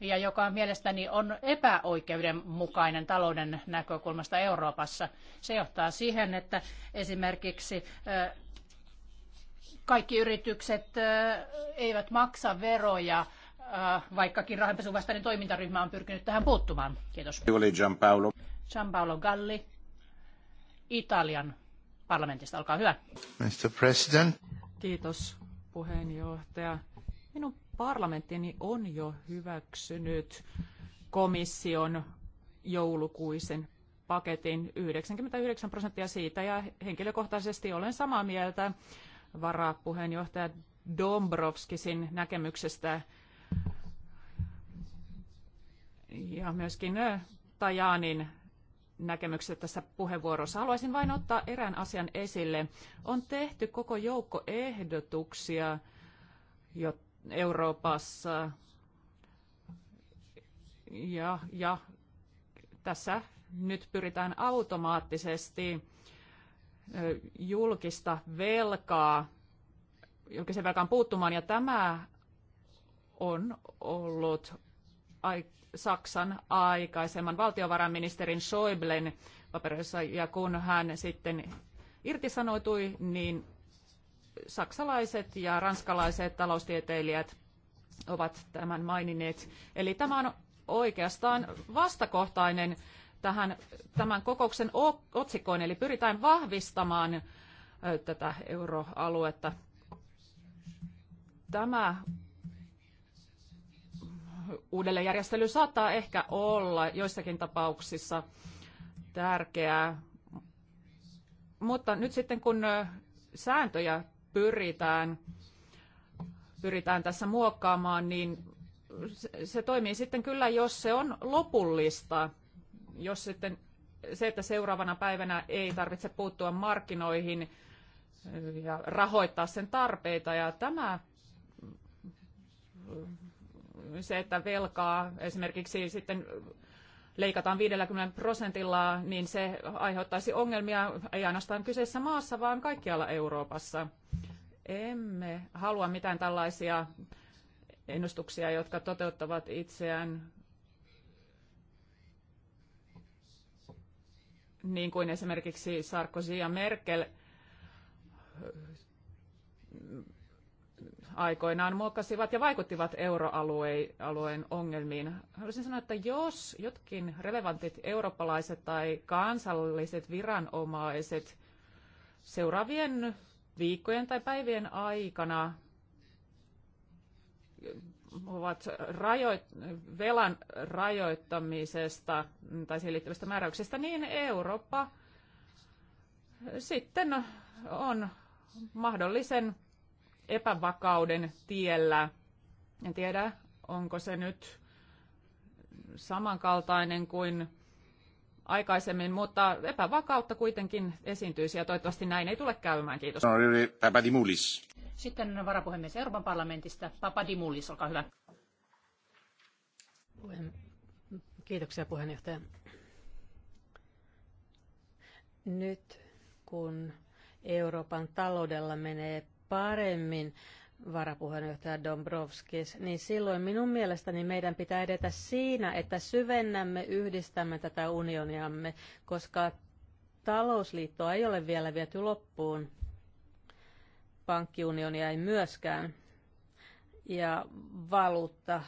Speaker 2: ja joka mielestäni on epäoikeudenmukainen talouden näkökulmasta Euroopassa. Se johtaa siihen, että esimerkiksi kaikki yritykset eivät maksa veroja, vaikkakin rahanpesuvastainen toimintaryhmä on pyrkinyt tähän puuttumaan. Kiitos. Gianpaolo. Gianpaolo Galli, Italian parlamentista. Olkaa
Speaker 4: hyvä.
Speaker 1: Mr. President.
Speaker 4: Kiitos puheenjohtaja. Minun Parlamentti on jo hyväksynyt komission joulukuisen paketin 99 prosenttia siitä ja henkilökohtaisesti olen samaa mieltä varapuheenjohtaja Dombrovskisin näkemyksestä ja myöskin Tajanin näkemyksestä tässä puheenvuorossa. Haluaisin vain ottaa erään asian esille. On tehty koko joukko ehdotuksia, jotta Euroopassa. Ja, ja tässä nyt pyritään automaattisesti julkista velkaa, julkisen velkaan puuttumaan, ja tämä on ollut Saksan aikaisemman valtiovarainministerin Schäublen paperissa, ja kun hän sitten irtisanoitui niin saksalaiset ja ranskalaiset taloustieteilijät ovat tämän maininneet. Eli tämä on oikeastaan vastakohtainen tähän, tämän kokouksen otsikkoon, eli pyritään vahvistamaan tätä euroaluetta. Tämä uudelleenjärjestely saattaa ehkä olla joissakin tapauksissa tärkeää, mutta nyt sitten kun sääntöjä pyritään, pyritään tässä muokkaamaan, niin se toimii sitten kyllä, jos se on lopullista, jos sitten se, että seuraavana päivänä ei tarvitse puuttua markkinoihin ja rahoittaa sen tarpeita. Ja tämä se, että velkaa esimerkiksi sitten leikataan 50 prosentilla, niin se aiheuttaisi ongelmia ei ainoastaan kyseessä maassa, vaan kaikkialla Euroopassa. Emme halua mitään tällaisia ennustuksia, jotka toteuttavat itseään niin kuin esimerkiksi Sarkozy ja Merkel aikoinaan muokkasivat ja vaikuttivat euroalueen ongelmiin. Haluaisin sanoa, että jos jotkin relevantit eurooppalaiset tai kansalliset viranomaiset seuraavien viikkojen tai päivien aikana ovat rajoit- velan rajoittamisesta tai siihen liittyvistä määräyksistä, niin Eurooppa sitten on mahdollisen epävakauden tiellä. En tiedä, onko se nyt samankaltainen kuin aikaisemmin, mutta epävakautta kuitenkin esiintyisi ja toivottavasti näin ei tule käymään. Kiitos. No,
Speaker 1: Papadimulis.
Speaker 4: Sitten varapuhemies Euroopan parlamentista. Papadimulis,
Speaker 2: olkaa hyvä.
Speaker 3: Kiitoksia puheenjohtaja. Nyt kun Euroopan taloudella menee paremmin varapuheenjohtaja Dombrovskis, niin silloin minun mielestäni meidän pitää edetä siinä, että syvennämme, yhdistämme tätä unioniamme, koska talousliittoa ei ole vielä viety loppuun. Pankkiunionia ei myöskään. Ja valuutta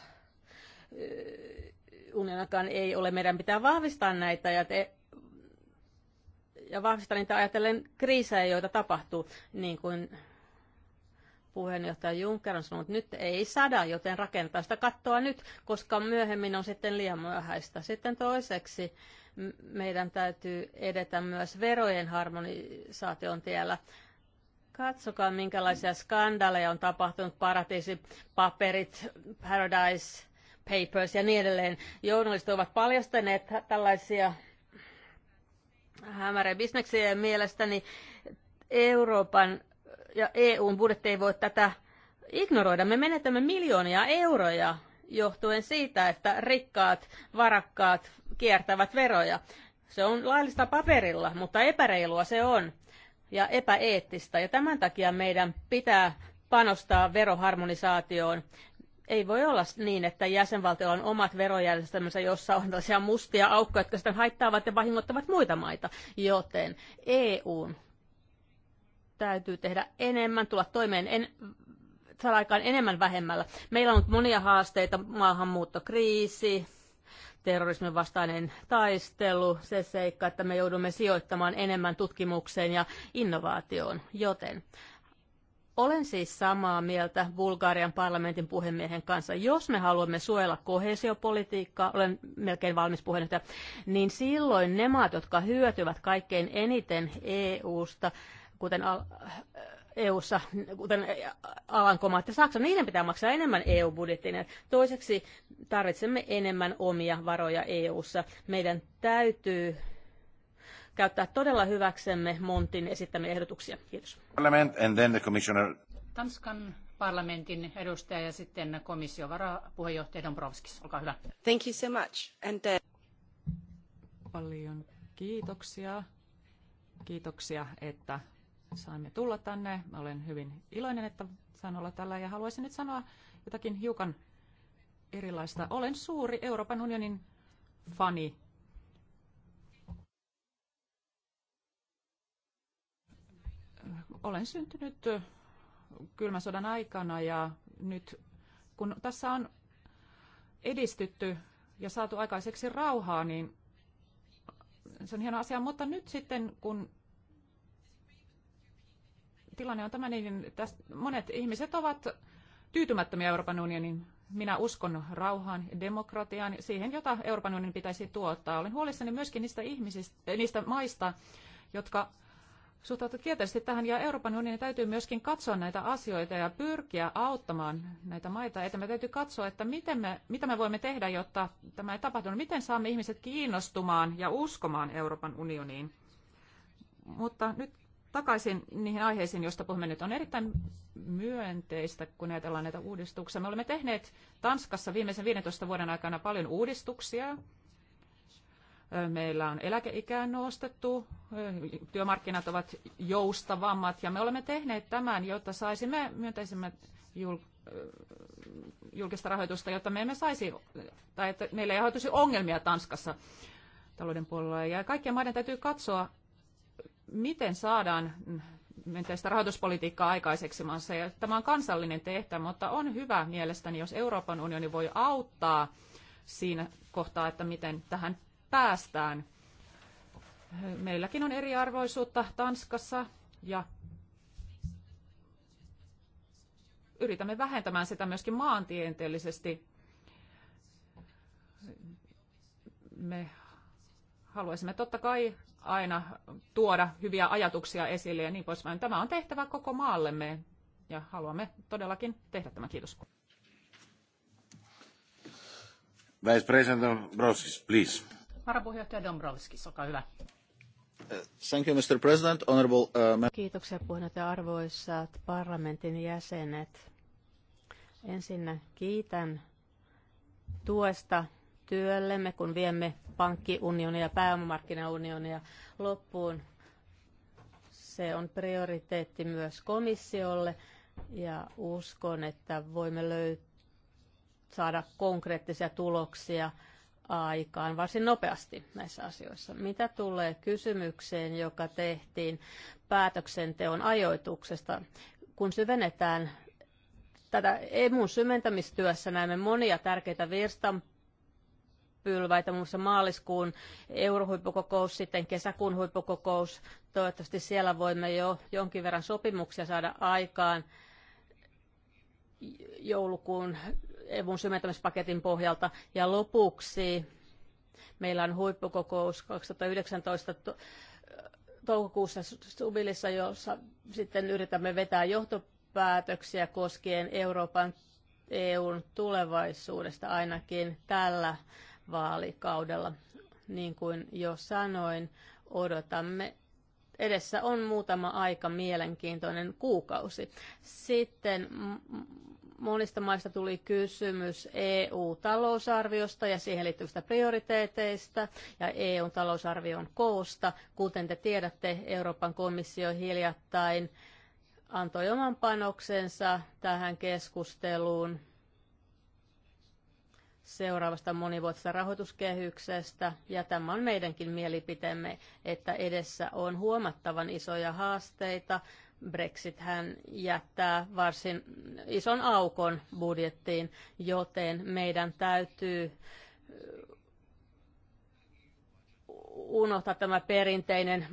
Speaker 3: unionakaan ei ole. Meidän pitää vahvistaa näitä ja te, ja vahvistaa niitä ajatellen kriisejä, joita tapahtuu, niin kuin puheenjohtaja Juncker on sanonut, että nyt ei sada, joten rakennetaan sitä kattoa nyt, koska myöhemmin on sitten liian myöhäistä. Sitten toiseksi meidän täytyy edetä myös verojen harmonisaation tiellä. Katsokaa, minkälaisia skandaaleja on tapahtunut, paratiisipaperit, Paradise Papers ja niin edelleen. Journalistit ovat paljastaneet tällaisia hämärä bisneksiä mielestäni Euroopan ja EUn budjetti ei voi tätä ignoroida. Me menetämme miljoonia euroja johtuen siitä, että rikkaat, varakkaat kiertävät veroja. Se on laillista paperilla, mutta epäreilua se on ja epäeettistä. Ja tämän takia meidän pitää panostaa veroharmonisaatioon. Ei voi olla niin, että jäsenvaltiolla on omat verojärjestelmänsä, jossa on tällaisia mustia aukkoja, jotka sitten haittaavat ja vahingoittavat muita maita. Joten EUn täytyy tehdä enemmän, tulla toimeen en, saada aikaan enemmän vähemmällä. Meillä on monia haasteita, maahanmuuttokriisi, terrorismin vastainen taistelu, se seikka, että me joudumme sijoittamaan enemmän tutkimukseen ja innovaatioon, joten olen siis samaa mieltä Bulgarian parlamentin puhemiehen kanssa. Jos me haluamme suojella kohesiopolitiikkaa, olen melkein valmis puheenjohtaja, niin silloin ne maat, jotka hyötyvät kaikkein eniten EU-sta, kuten EU-ssa, kuten Alankomaat ja Saksa, niiden pitää maksaa enemmän EU-budjettiin. Toiseksi tarvitsemme enemmän omia varoja EU-ssa. Meidän täytyy käyttää todella hyväksemme Montin esittämiä ehdotuksia. Kiitos.
Speaker 1: Parlament and then the commissioner.
Speaker 3: Tanskan parlamentin edustaja ja sitten
Speaker 2: komission
Speaker 4: varapuheenjohtaja Dombrovskis. Olkaa hyvä. Thank you so much. And, the... Uh, Paljon kiitoksia. Kiitoksia, että saimme tulla tänne. Olen hyvin iloinen, että saan olla tällä ja haluaisin nyt sanoa jotakin hiukan erilaista. Olen suuri Euroopan unionin fani. Olen syntynyt kylmän sodan aikana ja nyt kun tässä on edistytty ja saatu aikaiseksi rauhaa, niin se on hieno asia. Mutta nyt sitten, kun tilanne on tämä, niin tästä monet ihmiset ovat tyytymättömiä Euroopan unionin. Minä uskon rauhaan, demokratiaan, siihen, jota Euroopan unionin pitäisi tuottaa. Olen huolissani myöskin niistä, ihmisistä, eh, niistä maista, jotka suhtautuvat kielteisesti tähän, ja Euroopan unionin täytyy myöskin katsoa näitä asioita ja pyrkiä auttamaan näitä maita. Että me täytyy katsoa, että miten me, mitä me voimme tehdä, jotta tämä ei tapahdu. No, miten saamme ihmiset kiinnostumaan ja uskomaan Euroopan unioniin. Mutta nyt takaisin niihin aiheisiin, joista puhumme nyt. On erittäin myönteistä, kun ajatellaan näitä uudistuksia. Me olemme tehneet Tanskassa viimeisen 15 vuoden aikana paljon uudistuksia. Meillä on eläkeikää nostettu, työmarkkinat ovat joustavammat ja me olemme tehneet tämän, jotta saisimme myönteisemmät julkista rahoitusta, jotta me emme saisi, tai että meillä ei aiheutuisi ongelmia Tanskassa talouden puolella. Ja kaikkien maiden täytyy katsoa miten saadaan tästä rahoituspolitiikkaa aikaiseksi maassa. Ja tämä on kansallinen tehtävä, mutta on hyvä mielestäni, jos Euroopan unioni voi auttaa siinä kohtaa, että miten tähän päästään. Meilläkin on eriarvoisuutta Tanskassa ja yritämme vähentämään sitä myöskin maantieteellisesti. Me haluaisimme totta kai aina tuoda hyviä ajatuksia esille ja niin poispäin. Tämä on tehtävä koko maallemme ja haluamme todellakin tehdä tämä. Kiitos.
Speaker 1: Vice President Dombrovskis, please.
Speaker 4: Varapuheenjohtaja
Speaker 2: Dombrovskis, olkaa hyvä.
Speaker 4: Thank you, Mr. President. Honorable, uh,
Speaker 3: Kiitoksia puheenjohtaja arvoisat parlamentin jäsenet. Ensinnä kiitän tuesta työllemme, kun viemme pankkiunionia ja pääomamarkkinaunionia loppuun. Se on prioriteetti myös komissiolle ja uskon, että voimme löytää saada konkreettisia tuloksia aikaan varsin nopeasti näissä asioissa. Mitä tulee kysymykseen, joka tehtiin päätöksenteon ajoituksesta, kun syvennetään tätä emun syventämistyössä näemme monia tärkeitä virstan pylväitä, muun muassa maaliskuun eurohuippukokous, sitten kesäkuun huippukokous. Toivottavasti siellä voimme jo jonkin verran sopimuksia saada aikaan joulukuun EUn syventämispaketin pohjalta. Ja lopuksi meillä on huippukokous 2019 toukokuussa Subilissa, jossa sitten yritämme vetää johtopäätöksiä koskien Euroopan EUn tulevaisuudesta ainakin tällä vaalikaudella. Niin kuin jo sanoin, odotamme. Edessä on muutama aika mielenkiintoinen kuukausi. Sitten monista maista tuli kysymys EU-talousarviosta ja siihen liittyvistä prioriteeteista ja EU-talousarvion koosta. Kuten te tiedätte, Euroopan komissio hiljattain antoi oman panoksensa tähän keskusteluun seuraavasta monivuotisesta rahoituskehyksestä, ja tämä on meidänkin mielipiteemme, että edessä on huomattavan isoja haasteita. Brexit hän jättää varsin ison aukon budjettiin, joten meidän täytyy eh, unohtaa tämä perinteinen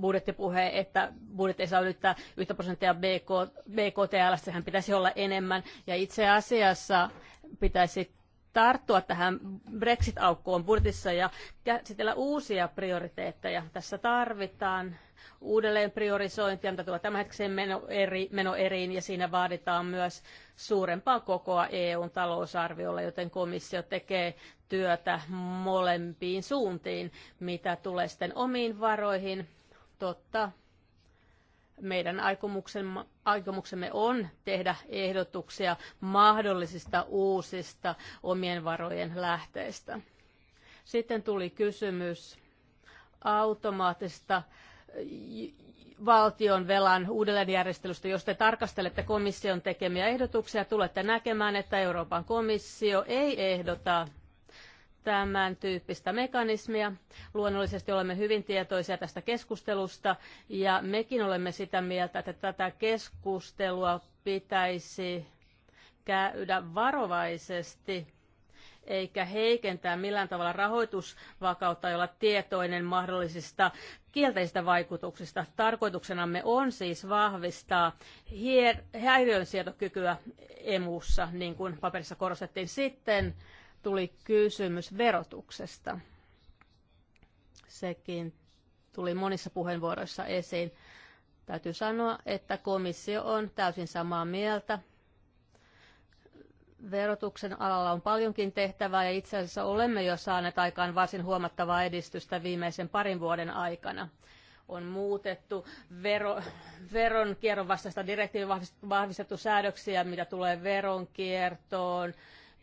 Speaker 3: budjettipuhe, että budjetti ei saa ylittää 1 prosenttia BK, BKTL, sehän pitäisi olla enemmän. Ja itse asiassa pitäisi tarttua tähän Brexit-aukkoon budjetissa ja käsitellä uusia prioriteetteja. Tässä tarvitaan uudelleen priorisointia, mitä tuo tämänhetkisen meno eri, menoeriin, ja siinä vaaditaan myös suurempaa kokoa EUn talousarviolla, joten komissio tekee työtä molempiin suuntiin, mitä tulee sitten omiin varoihin. Totta, meidän aikomuksemme on tehdä ehdotuksia mahdollisista uusista omien varojen lähteistä. Sitten tuli kysymys automaattista valtion velan uudelleenjärjestelystä. Jos te tarkastelette komission tekemiä ehdotuksia, tulette näkemään, että Euroopan komissio ei ehdota tämän tyyppistä mekanismia. Luonnollisesti olemme hyvin tietoisia tästä keskustelusta ja mekin olemme sitä mieltä, että tätä keskustelua pitäisi käydä varovaisesti eikä heikentää millään tavalla rahoitusvakautta ja olla tietoinen mahdollisista kielteisistä vaikutuksista. Tarkoituksenamme on siis vahvistaa häiriönsietokykyä emussa, niin kuin paperissa korostettiin sitten tuli kysymys verotuksesta. Sekin tuli monissa puheenvuoroissa esiin. Täytyy sanoa, että komissio on täysin samaa mieltä. Verotuksen alalla on paljonkin tehtävää ja itse asiassa olemme jo saaneet aikaan varsin huomattavaa edistystä viimeisen parin vuoden aikana. On muutettu vero, kierron vastaista direktiivin vahvistettu säädöksiä, mitä tulee veronkiertoon,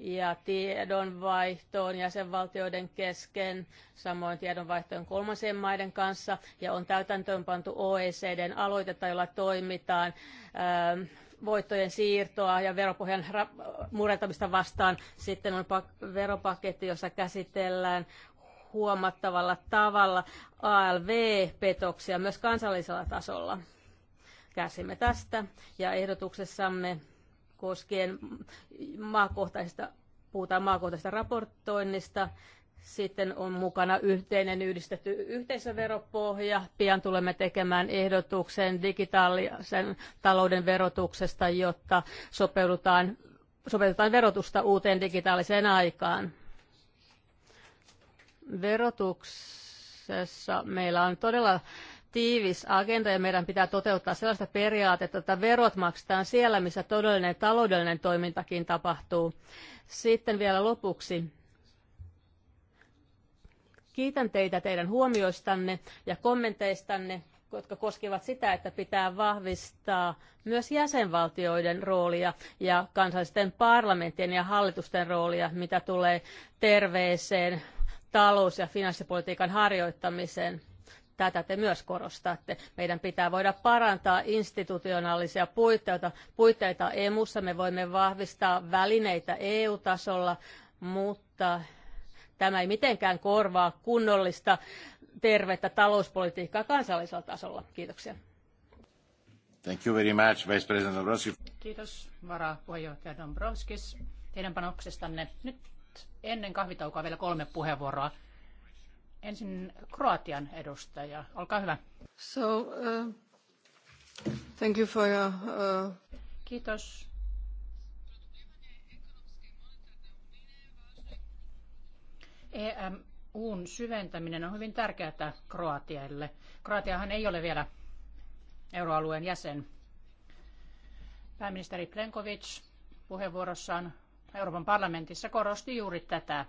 Speaker 3: ja tiedonvaihtoon jäsenvaltioiden kesken, samoin tiedonvaihtoon kolmansien maiden kanssa, ja on täytäntöönpantu OECDn aloitetta, jolla toimitaan ähm, voittojen siirtoa ja veropohjan murentamista vastaan. Sitten on veropaketti, jossa käsitellään huomattavalla tavalla ALV-petoksia myös kansallisella tasolla. käsimme tästä ja ehdotuksessamme koskien maakohtaisista, puhutaan maakohtaisesta raportoinnista. Sitten on mukana yhteinen yhdistetty yhteisöveropohja. Pian tulemme tekemään ehdotuksen digitaalisen talouden verotuksesta, jotta sopeudutaan, sopeudutaan verotusta uuteen digitaaliseen aikaan. Verotuksessa meillä on todella tiivis agenda ja meidän pitää toteuttaa sellaista periaatetta, että verot maksetaan siellä, missä todellinen taloudellinen toimintakin tapahtuu. Sitten vielä lopuksi. Kiitän teitä teidän huomioistanne ja kommenteistanne, jotka koskivat sitä, että pitää vahvistaa myös jäsenvaltioiden roolia ja kansallisten parlamenttien ja hallitusten roolia, mitä tulee terveeseen talous- ja finanssipolitiikan harjoittamiseen tätä te myös korostatte. Meidän pitää voida parantaa institutionaalisia puitteita, puitteita EMUssa. Me voimme vahvistaa välineitä EU-tasolla, mutta tämä ei mitenkään korvaa kunnollista tervettä talouspolitiikkaa kansallisella tasolla. Kiitoksia.
Speaker 1: Thank you very much, Vice President Dombrovskis.
Speaker 2: Kiitos varapuheenjohtaja Dombrovskis teidän panoksestanne. Nyt ennen kahvitaukoa vielä kolme puheenvuoroa ensin Kroatian edustaja. Olkaa hyvä. So, uh, thank you for your, uh... Kiitos. EMUn syventäminen on hyvin tärkeää Kroatialle. Kroatiahan ei ole vielä euroalueen jäsen. Pääministeri Plenkovic puheenvuorossaan Euroopan parlamentissa korosti juuri tätä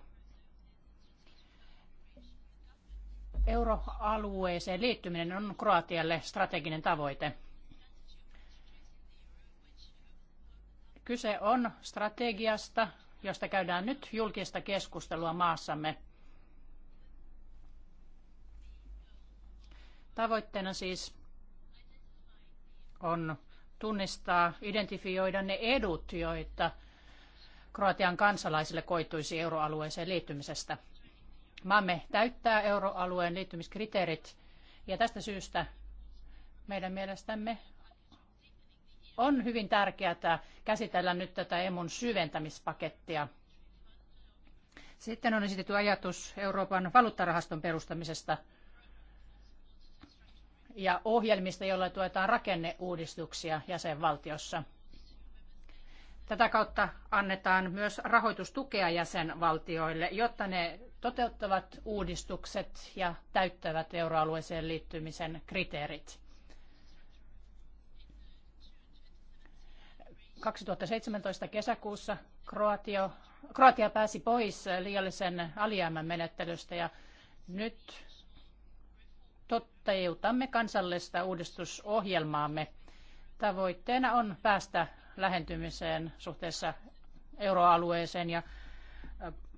Speaker 2: Euroalueeseen liittyminen on Kroatialle strateginen tavoite. Kyse on strategiasta, josta käydään nyt julkista keskustelua maassamme. Tavoitteena siis on tunnistaa, identifioida ne edut, joita Kroatian kansalaisille koituisi euroalueeseen liittymisestä – Maamme täyttää euroalueen liittymiskriteerit ja tästä syystä meidän mielestämme on hyvin tärkeää käsitellä nyt tätä emun syventämispakettia. Sitten on esitetty ajatus Euroopan valuuttarahaston perustamisesta ja ohjelmista, joilla tuetaan rakenneuudistuksia jäsenvaltiossa. Tätä kautta annetaan myös rahoitustukea jäsenvaltioille, jotta ne toteuttavat uudistukset ja täyttävät euroalueeseen liittymisen kriteerit. 2017 kesäkuussa Kroatio, Kroatia pääsi pois liiallisen alijäämän menettelystä ja nyt toteutamme kansallista uudistusohjelmaamme. Tavoitteena on päästä lähentymiseen suhteessa euroalueeseen ja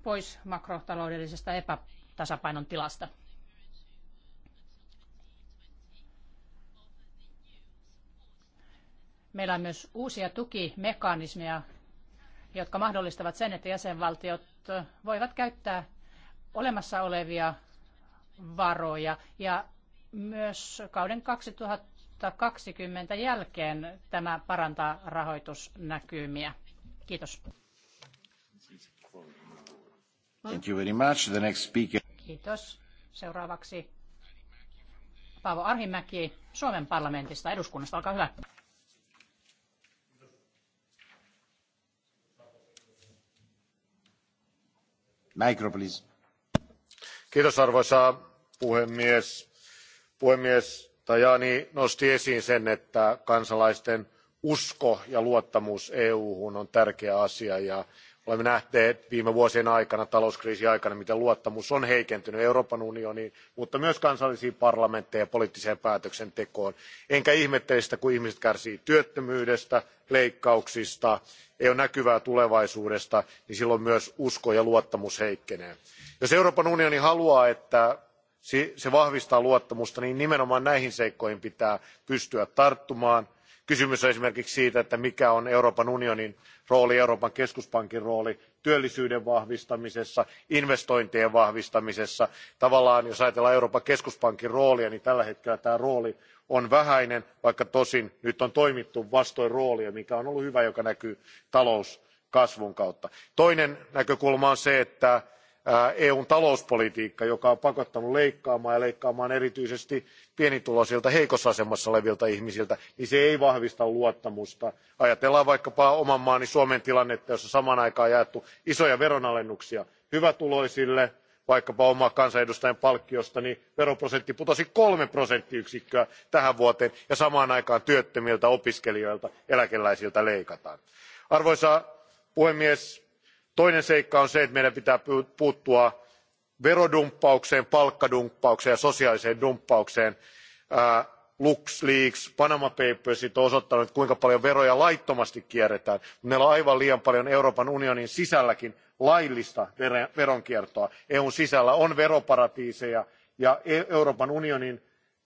Speaker 2: pois makrotaloudellisesta epätasapainon tilasta. Meillä on myös uusia tukimekanismeja, jotka mahdollistavat sen, että jäsenvaltiot voivat käyttää olemassa olevia varoja ja myös kauden 2020 jälkeen tämä parantaa rahoitusnäkymiä. Kiitos. Thank
Speaker 1: you very much. The next speaker.
Speaker 2: Kiitos. Seuraavaksi Paavo Arhimäki Suomen parlamentista, eduskunnasta. Olkaa hyvä.
Speaker 6: Micro, please. Kiitos arvoisa puhemies. Puhemies Tajani nosti esiin sen, että kansalaisten usko ja luottamus EU:hun on tärkeä asia ja Olemme nähneet viime vuosien aikana, talouskriisin aikana, miten luottamus on heikentynyt Euroopan unioniin, mutta myös kansallisiin parlamentteihin ja poliittiseen päätöksentekoon. Enkä ihmettele sitä, kun ihmiset kärsii työttömyydestä, leikkauksista, ei ole näkyvää tulevaisuudesta, niin silloin myös usko ja luottamus heikkenee. Jos Euroopan unioni haluaa, että se vahvistaa luottamusta, niin nimenomaan näihin seikkoihin pitää pystyä tarttumaan. Kysymys on esimerkiksi siitä, että mikä on Euroopan unionin rooli euroopan keskuspankin rooli työllisyyden vahvistamisessa investointien vahvistamisessa. tavallaan jos ajatellaan euroopan keskuspankin roolia niin tällä hetkellä tämä rooli on vähäinen vaikka tosin nyt on toimittu vastoin roolia mikä on ollut hyvä mikä näkyy talouskasvun kautta. toinen näkökulma on se että EUn talouspolitiikka, joka on pakottanut leikkaamaan ja leikkaamaan erityisesti pienituloisilta heikossa asemassa olevilta ihmisiltä, niin se ei vahvista luottamusta. Ajatellaan vaikkapa oman maani Suomen tilannetta, jossa samaan aikaan on jaettu isoja veronalennuksia hyvätuloisille, vaikkapa oma kansanedustajan palkkiosta, niin veroprosentti putosi kolme prosenttiyksikköä tähän vuoteen ja samaan aikaan työttömiltä, opiskelijoilta, eläkeläisiltä leikataan. Arvoisa puhemies, toinen seikka on se että meidän pitää puuttua verodumppaukseen palkkadumppaukseen ja sosiaaliseen dumppaukseen. luxleaks panama papersit ovat osoittaneet kuinka paljon veroja laittomasti kierretään mutta meillä on aivan liian paljon euroopan unionin sisälläkin laillista veronkiertoa. eun sisällä on veroparatiiseja ja e-, euroopan unionin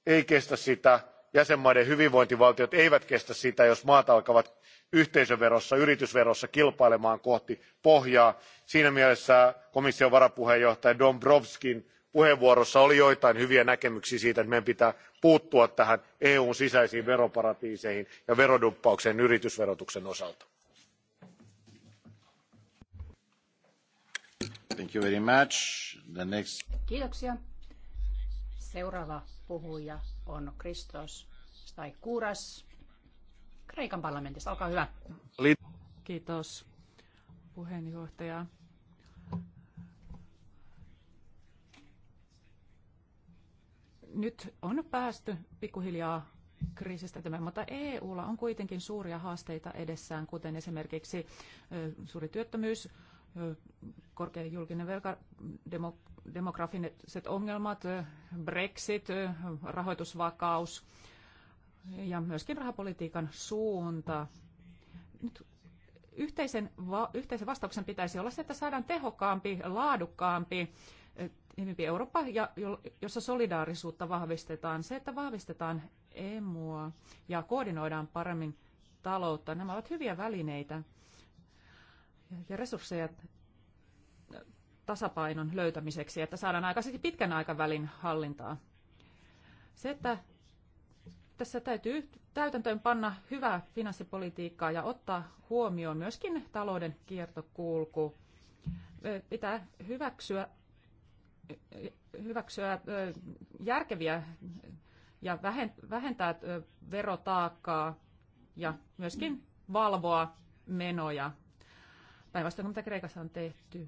Speaker 6: ei kestä sitä jäsenvaltioiden hyvinvointivaltiot eivät kestä sitä jos maat alkavat yhteisöverossa yritysverossa kilpailemaan kohti pohjaa. siinä mielessä komission varapuheenjohtaja dombrovskin puheenvuorossa oli joitain hyviä näkemyksiä siitä että meidän pitää puuttua tähän eun sisäisiin veroparatiiseihin ja verodumppaukseen yritysverotuksen osalta.
Speaker 1: Next...
Speaker 2: Kiitoksia. Seuraava puhuja on Christos Staikouras
Speaker 4: Kreikan parlamentista. Olkaa hyvä. Kiitos puheenjohtaja. Nyt on päästy pikkuhiljaa kriisistä tämä, mutta EUlla on kuitenkin suuria haasteita edessään, kuten esimerkiksi suuri työttömyys, korkea julkinen velka, demografiset ongelmat, Brexit, rahoitusvakaus, ja myöskin rahapolitiikan suunta. Nyt yhteisen, va- yhteisen vastauksen pitäisi olla se, että saadaan tehokkaampi, laadukkaampi, tiiviimpi eh, Eurooppa, ja, jossa solidaarisuutta vahvistetaan. Se, että vahvistetaan emua ja koordinoidaan paremmin taloutta, nämä ovat hyviä välineitä ja resursseja eh, tasapainon löytämiseksi, että saadaan aikaisesti pitkän aikavälin hallintaa. Se, että tässä täytyy täytäntöön panna hyvää finanssipolitiikkaa ja ottaa huomioon myöskin talouden kiertokulku. Pitää hyväksyä, hyväksyä järkeviä ja vähentää verotaakkaa ja myöskin valvoa menoja. Päinvastoin mitä Kreikassa on tehty.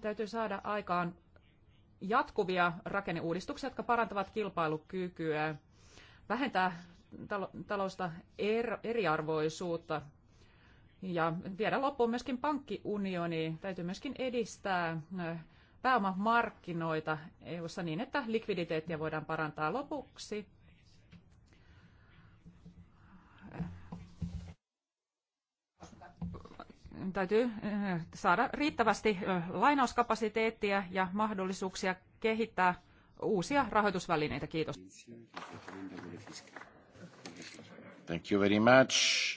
Speaker 4: Täytyy saada aikaan jatkuvia rakenneuudistuksia, jotka parantavat kilpailukykyä vähentää talousta er-, eriarvoisuutta ja viedä loppuun myöskin pankkiunioni. Täytyy myöskin edistää pääomamarkkinoita eu niin, että likviditeettiä voidaan parantaa lopuksi. Täytyy saada riittävästi lainauskapasiteettia ja mahdollisuuksia kehittää uusia rahoitusvälineitä. Kiitos.
Speaker 1: Thank you very much.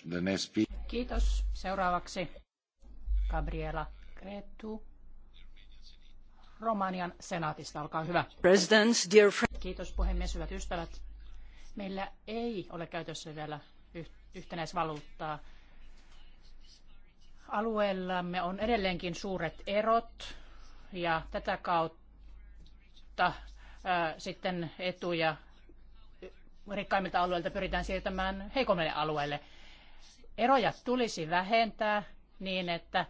Speaker 1: The next speaker.
Speaker 2: Kiitos. Seuraavaksi Gabriela Kretu. Romanian senaatista. Olkaa hyvä. President, dear friend. Kiitos puhemies, hyvät ystävät. Meillä ei ole käytössä vielä yhtenäisvaluuttaa. Alueellamme on edelleenkin suuret erot ja tätä kautta sitten etuja rikkaimmilta alueilta pyritään siirtämään heikommille alueille. Eroja tulisi vähentää niin, että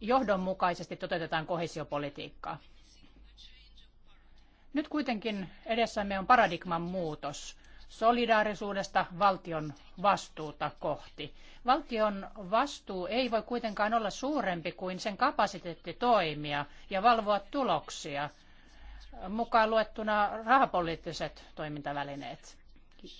Speaker 2: johdonmukaisesti toteutetaan kohesiopolitiikkaa. Nyt kuitenkin edessämme on paradigman muutos solidaarisuudesta valtion vastuuta kohti. Valtion vastuu ei voi kuitenkaan olla suurempi kuin sen kapasiteetti toimia ja valvoa tuloksia – mukaan luettuna rahapoliittiset toimintavälineet.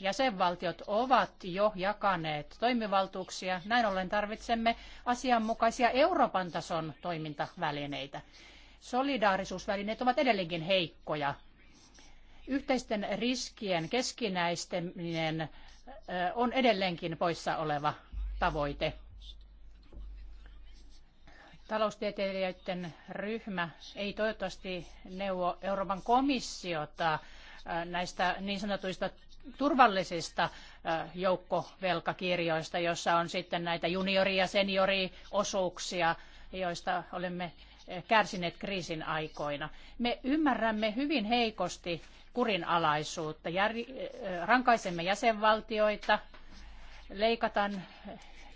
Speaker 2: Jäsenvaltiot ovat jo jakaneet toimivaltuuksia, näin ollen tarvitsemme asianmukaisia Euroopan tason toimintavälineitä. Solidaarisuusvälineet ovat edelleenkin heikkoja. Yhteisten riskien keskinäistäminen on edelleenkin poissa oleva tavoite taloustieteilijöiden ryhmä ei toivottavasti neuvo Euroopan komissiota äh, näistä niin sanotuista turvallisista äh, joukkovelkakirjoista, jossa on sitten näitä juniori- ja senioriosuuksia, joista olemme äh, kärsineet kriisin aikoina. Me ymmärrämme hyvin heikosti kurinalaisuutta, rankaisemme jäsenvaltioita, leikataan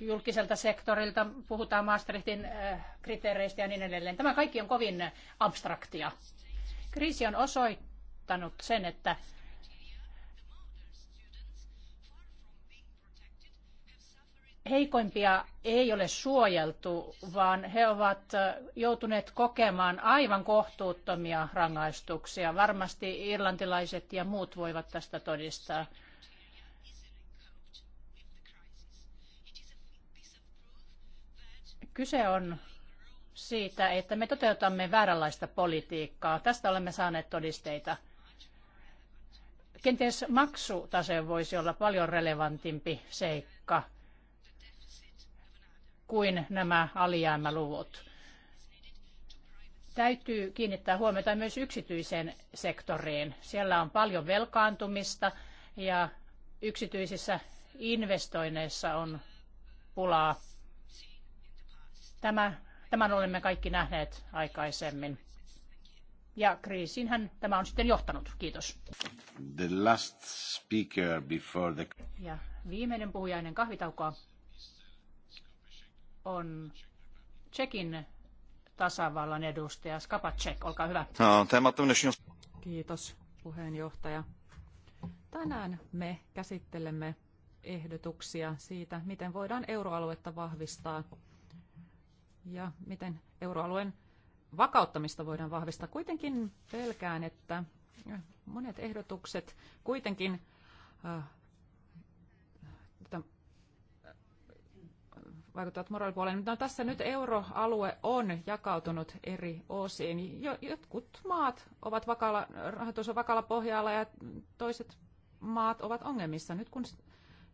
Speaker 2: julkiselta sektorilta, puhutaan Maastrichtin äh, kriteereistä ja niin edelleen. Tämä kaikki on kovin abstraktia. Kriisi on osoittanut sen, että heikoimpia ei ole suojeltu, vaan he ovat äh, joutuneet kokemaan aivan kohtuuttomia rangaistuksia. Varmasti irlantilaiset ja muut voivat tästä todistaa. Kyse on siitä, että me toteutamme vääränlaista politiikkaa. Tästä olemme saaneet todisteita. Kenties maksutase voisi olla paljon relevantimpi seikka kuin nämä alijäämäluvut. Täytyy kiinnittää huomiota myös yksityiseen sektoriin. Siellä on paljon velkaantumista ja yksityisissä investoinneissa on pulaa Tämä, tämän olemme kaikki nähneet aikaisemmin. Ja kriisiinhän tämä on sitten johtanut. Kiitos.
Speaker 1: The last speaker before the...
Speaker 2: Ja viimeinen puhuja ennen kahvitaukoa on Tsekin
Speaker 4: tasavallan edustaja Skapacek. Olkaa hyvä. No, Kiitos puheenjohtaja. Tänään me käsittelemme ehdotuksia siitä, miten voidaan euroaluetta vahvistaa ja miten euroalueen vakauttamista voidaan vahvistaa. Kuitenkin pelkään, että monet ehdotukset kuitenkin äh, vaikuttavat moraalipuoleen. No, tässä nyt euroalue on jakautunut eri osiin. Jotkut maat ovat vakalla, rahoitus on vakalla pohjalla ja toiset maat ovat ongelmissa. Nyt kun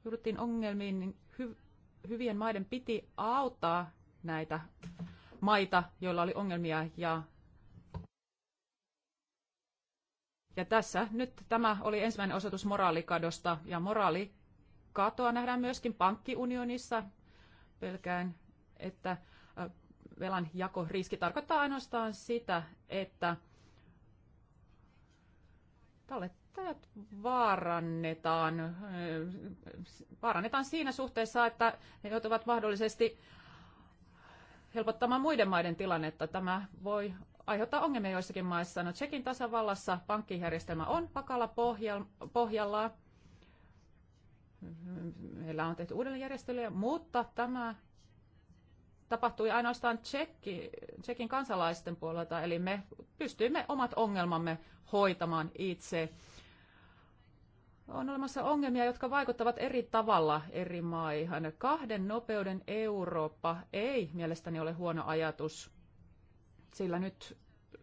Speaker 4: jouduttiin ongelmiin, niin hy, hyvien maiden piti auttaa näitä maita, joilla oli ongelmia ja ja tässä nyt tämä oli ensimmäinen osoitus moraalikadosta ja moraalikatoa nähdään myöskin pankkiunionissa. Pelkään, että velan jakoriski tarkoittaa ainoastaan sitä, että tallettajat vaarannetaan, vaarannetaan siinä suhteessa, että he joutuvat mahdollisesti helpottamaan muiden maiden tilannetta. Tämä voi aiheuttaa ongelmia joissakin maissa. No, Tsekin tasavallassa pankkijärjestelmä on vakalla pohjalla. Meillä on tehty uudelleenjärjestelyjä, mutta tämä tapahtui ainoastaan Tsekki, Tsekin kansalaisten puolelta, eli me pystyimme omat ongelmamme hoitamaan itse on olemassa ongelmia, jotka vaikuttavat eri tavalla eri maihin. Kahden nopeuden Eurooppa ei mielestäni ole huono ajatus, sillä nyt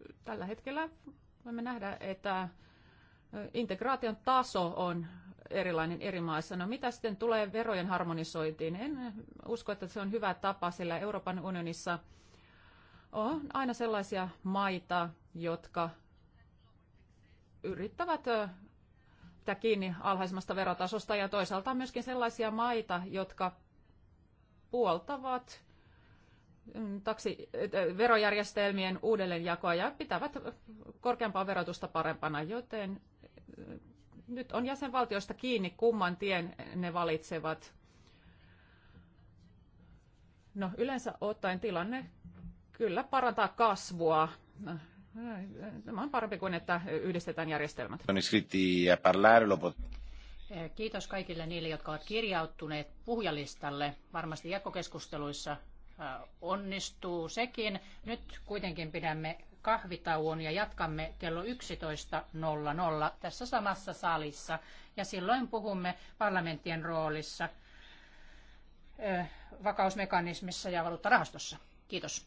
Speaker 4: äh, tällä hetkellä voimme nähdä, että äh, integraation taso on erilainen eri maissa. No mitä sitten tulee verojen harmonisointiin? En äh, usko, että se on hyvä tapa, sillä Euroopan unionissa on aina sellaisia maita, jotka yrittävät pitää kiinni alhaisemmasta verotasosta ja toisaalta myöskin sellaisia maita, jotka puoltavat mm, taksi, verojärjestelmien uudelleenjakoa ja pitävät korkeampaa verotusta parempana, joten nyt on jäsenvaltioista kiinni, kumman tien ne valitsevat. No yleensä ottaen tilanne kyllä parantaa kasvua Tämä on parempi kuin, että yhdistetään järjestelmät. Eh, kiitos kaikille niille, jotka ovat kirjautuneet puhujalistalle.
Speaker 2: Varmasti jatkokeskusteluissa eh, onnistuu sekin. Nyt kuitenkin pidämme kahvitauon ja jatkamme kello 11.00 tässä samassa salissa. Ja silloin puhumme parlamenttien roolissa eh, vakausmekanismissa ja valuuttarahastossa. Kiitos.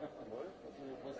Speaker 7: Вот.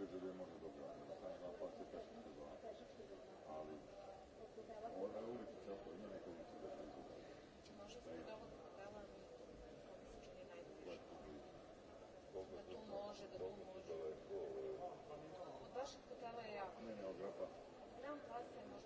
Speaker 7: bezubje može dogledati, da sam sam pa se kašem se zove. Ali, ovo je ulici čako, ima neka ulici da se izgleda. Možda je dobro podala mi, kako se čini najbliže. Da tu može, da tu može. Od vašeg
Speaker 8: hotela je jako. Ne, ne, od grapa. Znam, pa se može.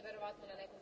Speaker 8: i niin verovatno na nekom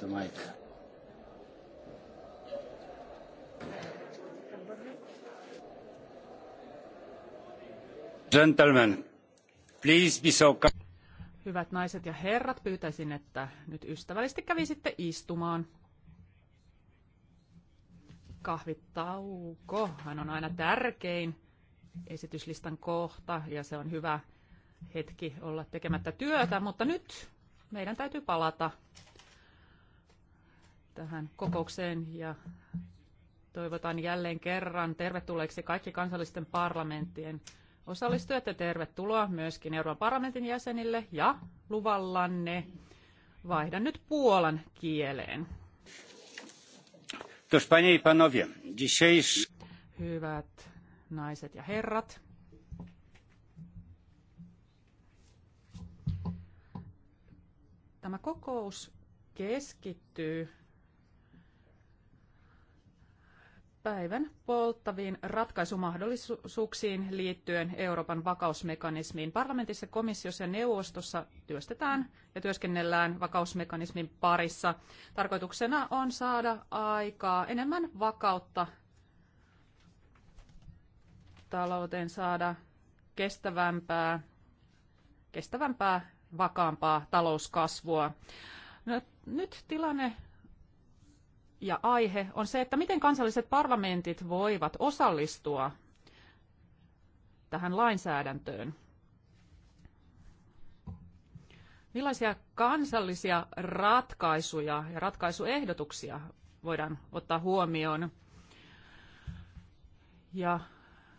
Speaker 1: the mic.
Speaker 5: Gentlemen, please be so kind.
Speaker 4: Hyvät naiset ja herrat, pyytäisin, että nyt ystävällisesti kävisitte istumaan. Kahvitauko hän on aina tärkein esityslistan kohta ja se on hyvä hetki olla tekemättä työtä, mutta nyt meidän täytyy palata tähän kokoukseen ja toivotan jälleen kerran tervetulleeksi kaikki kansallisten parlamenttien osallistujat ja tervetuloa myöskin Euroopan parlamentin jäsenille ja luvallanne vaihdan nyt puolan kieleen. Hyvät naiset ja herrat, tämä kokous keskittyy päivän polttaviin ratkaisumahdollisuuksiin liittyen Euroopan vakausmekanismiin. Parlamentissa, komissiossa ja neuvostossa työstetään ja työskennellään vakausmekanismin parissa. Tarkoituksena on saada aikaa enemmän vakautta talouteen, saada kestävämpää, kestävämpää vakaampaa talouskasvua. No, nyt tilanne ja aihe on se, että miten kansalliset parlamentit voivat osallistua tähän lainsäädäntöön. Millaisia kansallisia ratkaisuja ja ratkaisuehdotuksia voidaan ottaa huomioon? Ja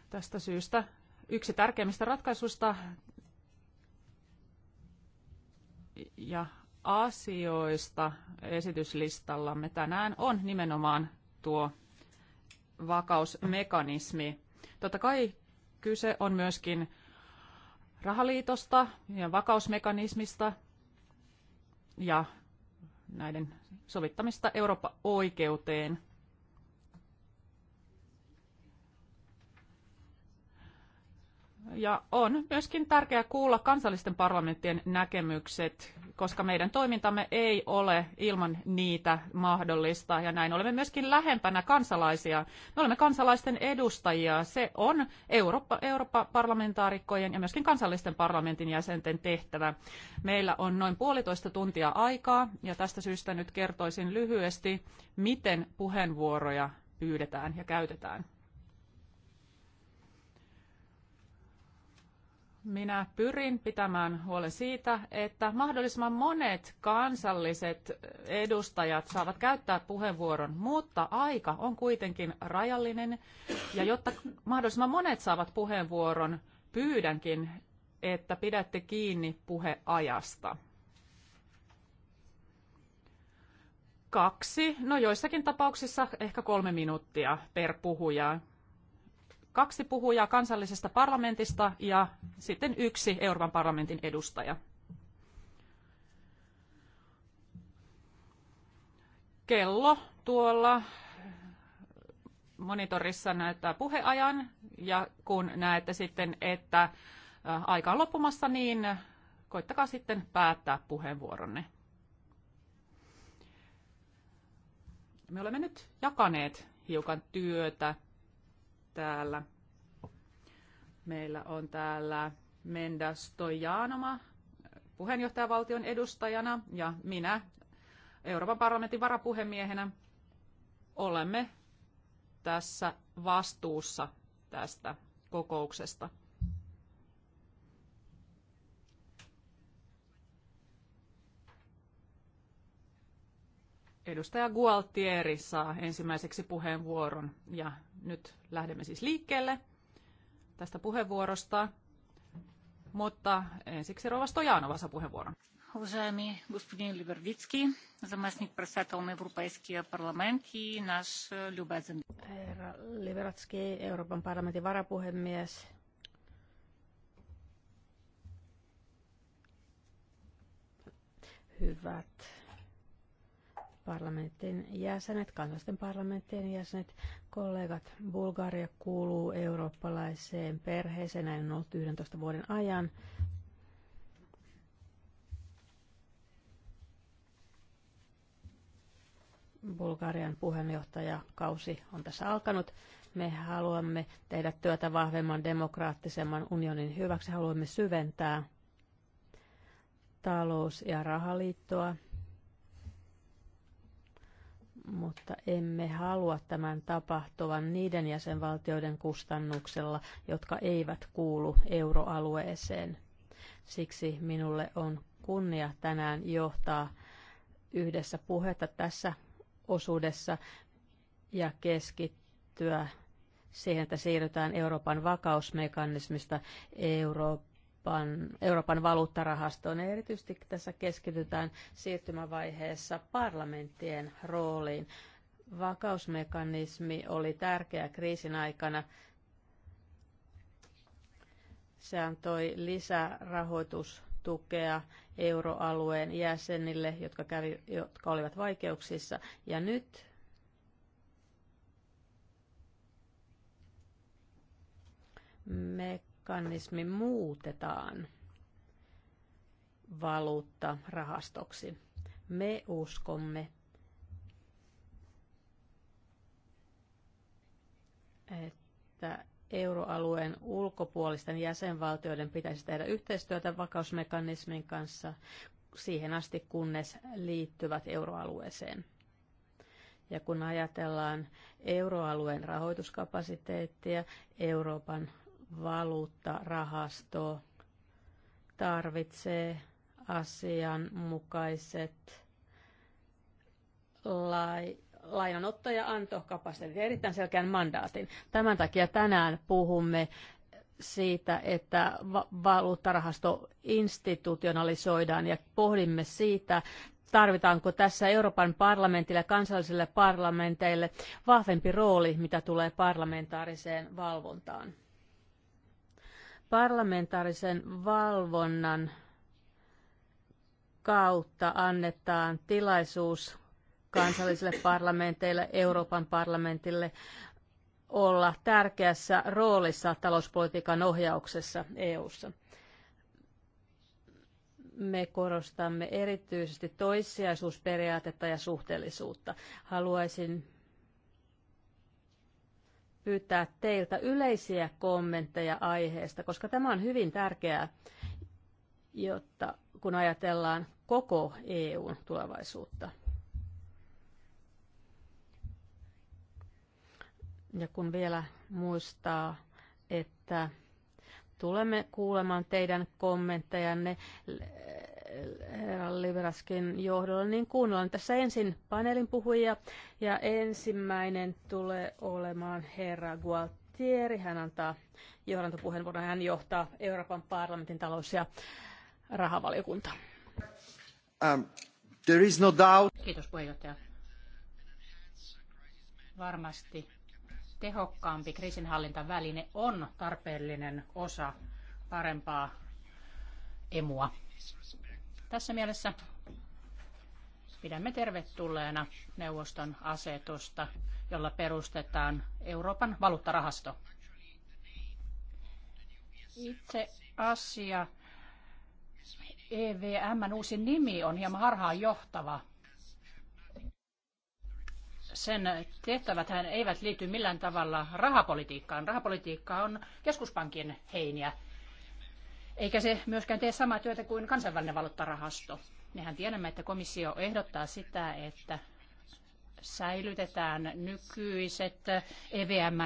Speaker 4: tästä syystä yksi tärkeimmistä ratkaisusta ja asioista esityslistallamme tänään on nimenomaan tuo vakausmekanismi. Totta kai kyse on myöskin rahaliitosta ja vakausmekanismista ja näiden sovittamista Euroopan oikeuteen. Ja on myöskin tärkeää kuulla kansallisten parlamenttien näkemykset, koska meidän toimintamme ei ole ilman niitä mahdollista. Ja näin olemme myöskin lähempänä kansalaisia. Me olemme kansalaisten edustajia. Se on Eurooppa, Eurooppa-parlamentaarikkojen ja myöskin kansallisten parlamentin jäsenten tehtävä. Meillä on noin puolitoista tuntia aikaa, ja tästä syystä nyt kertoisin lyhyesti, miten puheenvuoroja pyydetään ja käytetään. Minä pyrin pitämään huolen siitä, että mahdollisimman monet kansalliset edustajat saavat käyttää puheenvuoron, mutta aika on kuitenkin rajallinen. Ja jotta mahdollisimman monet saavat puheenvuoron, pyydänkin, että pidätte kiinni puheajasta. Kaksi, no joissakin tapauksissa ehkä kolme minuuttia per puhuja kaksi puhujaa kansallisesta parlamentista ja sitten yksi Euroopan parlamentin edustaja. Kello tuolla monitorissa näyttää puheajan ja kun näette sitten, että aika on loppumassa, niin koittakaa sitten päättää puheenvuoronne. Me olemme nyt jakaneet hiukan työtä täällä. Meillä on täällä Menda Stojanoma puheenjohtajavaltion edustajana ja minä Euroopan parlamentin varapuhemiehenä olemme tässä vastuussa tästä kokouksesta. Edustaja Gualtieri saa ensimmäiseksi puheenvuoron ja nyt lähdemme siis liikkeelle tästä puheenvuorosta. Mutta ensiksi Rova Stojanova saa puheenvuoron. Уважаемый господин Либервицки, заместник председател на Европейския парламент и наш любезен.
Speaker 3: Herra Liberatski, Euroopan parlamentin varapuhemies. Hyvät parlamentin jäsenet, kansallisten parlamenttien jäsenet, kollegat. Bulgaria kuuluu eurooppalaiseen perheeseen, näin on ollut 11 vuoden ajan. Bulgarian puheenjohtajakausi on tässä alkanut. Me haluamme tehdä työtä vahvemman demokraattisemman unionin hyväksi. Haluamme syventää talous- ja rahaliittoa mutta emme halua tämän tapahtuvan niiden jäsenvaltioiden kustannuksella, jotka eivät kuulu euroalueeseen. Siksi minulle on kunnia tänään johtaa yhdessä puhetta tässä osuudessa ja keskittyä siihen, että siirrytään Euroopan vakausmekanismista Euroopan. Euroopan, Euroopan valuuttarahastoon. Erityisesti tässä keskitytään siirtymävaiheessa parlamenttien rooliin. Vakausmekanismi oli tärkeä kriisin aikana. Se antoi lisärahoitustukea euroalueen jäsenille, jotka, kävi, jotka olivat vaikeuksissa. Ja nyt me mekanismi muutetaan valuutta rahastoksi. Me uskomme, että euroalueen ulkopuolisten jäsenvaltioiden pitäisi tehdä yhteistyötä vakausmekanismin kanssa siihen asti, kunnes liittyvät euroalueeseen. Ja kun ajatellaan euroalueen rahoituskapasiteettia, Euroopan valuuttarahasto tarvitsee asianmukaiset lai, lainanottaja antoi kapasiteetin erittäin selkeän mandaatin. Tämän takia tänään puhumme siitä, että valuuttarahasto institutionalisoidaan ja pohdimme siitä, tarvitaanko tässä Euroopan parlamentille ja kansallisille parlamenteille vahvempi rooli, mitä tulee parlamentaariseen valvontaan. Parlamentaarisen valvonnan kautta annetaan tilaisuus kansallisille parlamenteille, Euroopan parlamentille olla tärkeässä roolissa talouspolitiikan ohjauksessa EU:ssa. Me korostamme erityisesti toissijaisuusperiaatetta ja suhteellisuutta. Haluaisin pyytää teiltä yleisiä kommentteja aiheesta, koska tämä on hyvin tärkeää, jotta kun ajatellaan koko EUn tulevaisuutta. Ja kun vielä muistaa, että tulemme kuulemaan teidän kommenttejanne herra Liberaskin johdolla, niin kuunnellaan tässä ensin paneelin puhujia. Ja ensimmäinen tulee olemaan herra Gualtieri. Hän antaa johdantopuheenvuoron. Hän johtaa Euroopan parlamentin talous- ja rahavaliokunta.
Speaker 5: Um, there is no doubt.
Speaker 3: Kiitos puheenjohtaja.
Speaker 2: Varmasti tehokkaampi kriisinhallintaväline on tarpeellinen osa parempaa emua. Tässä mielessä pidämme tervetulleena neuvoston asetusta, jolla perustetaan Euroopan valuuttarahasto. Itse asia EVMn uusi nimi on hieman harhaan johtava. Sen tehtävät eivät liity millään tavalla rahapolitiikkaan. Rahapolitiikka on keskuspankin heiniä. Eikä se myöskään tee samaa työtä kuin kansainvälinen valuuttarahasto. Mehän tiedämme, että komissio ehdottaa sitä, että säilytetään nykyiset evm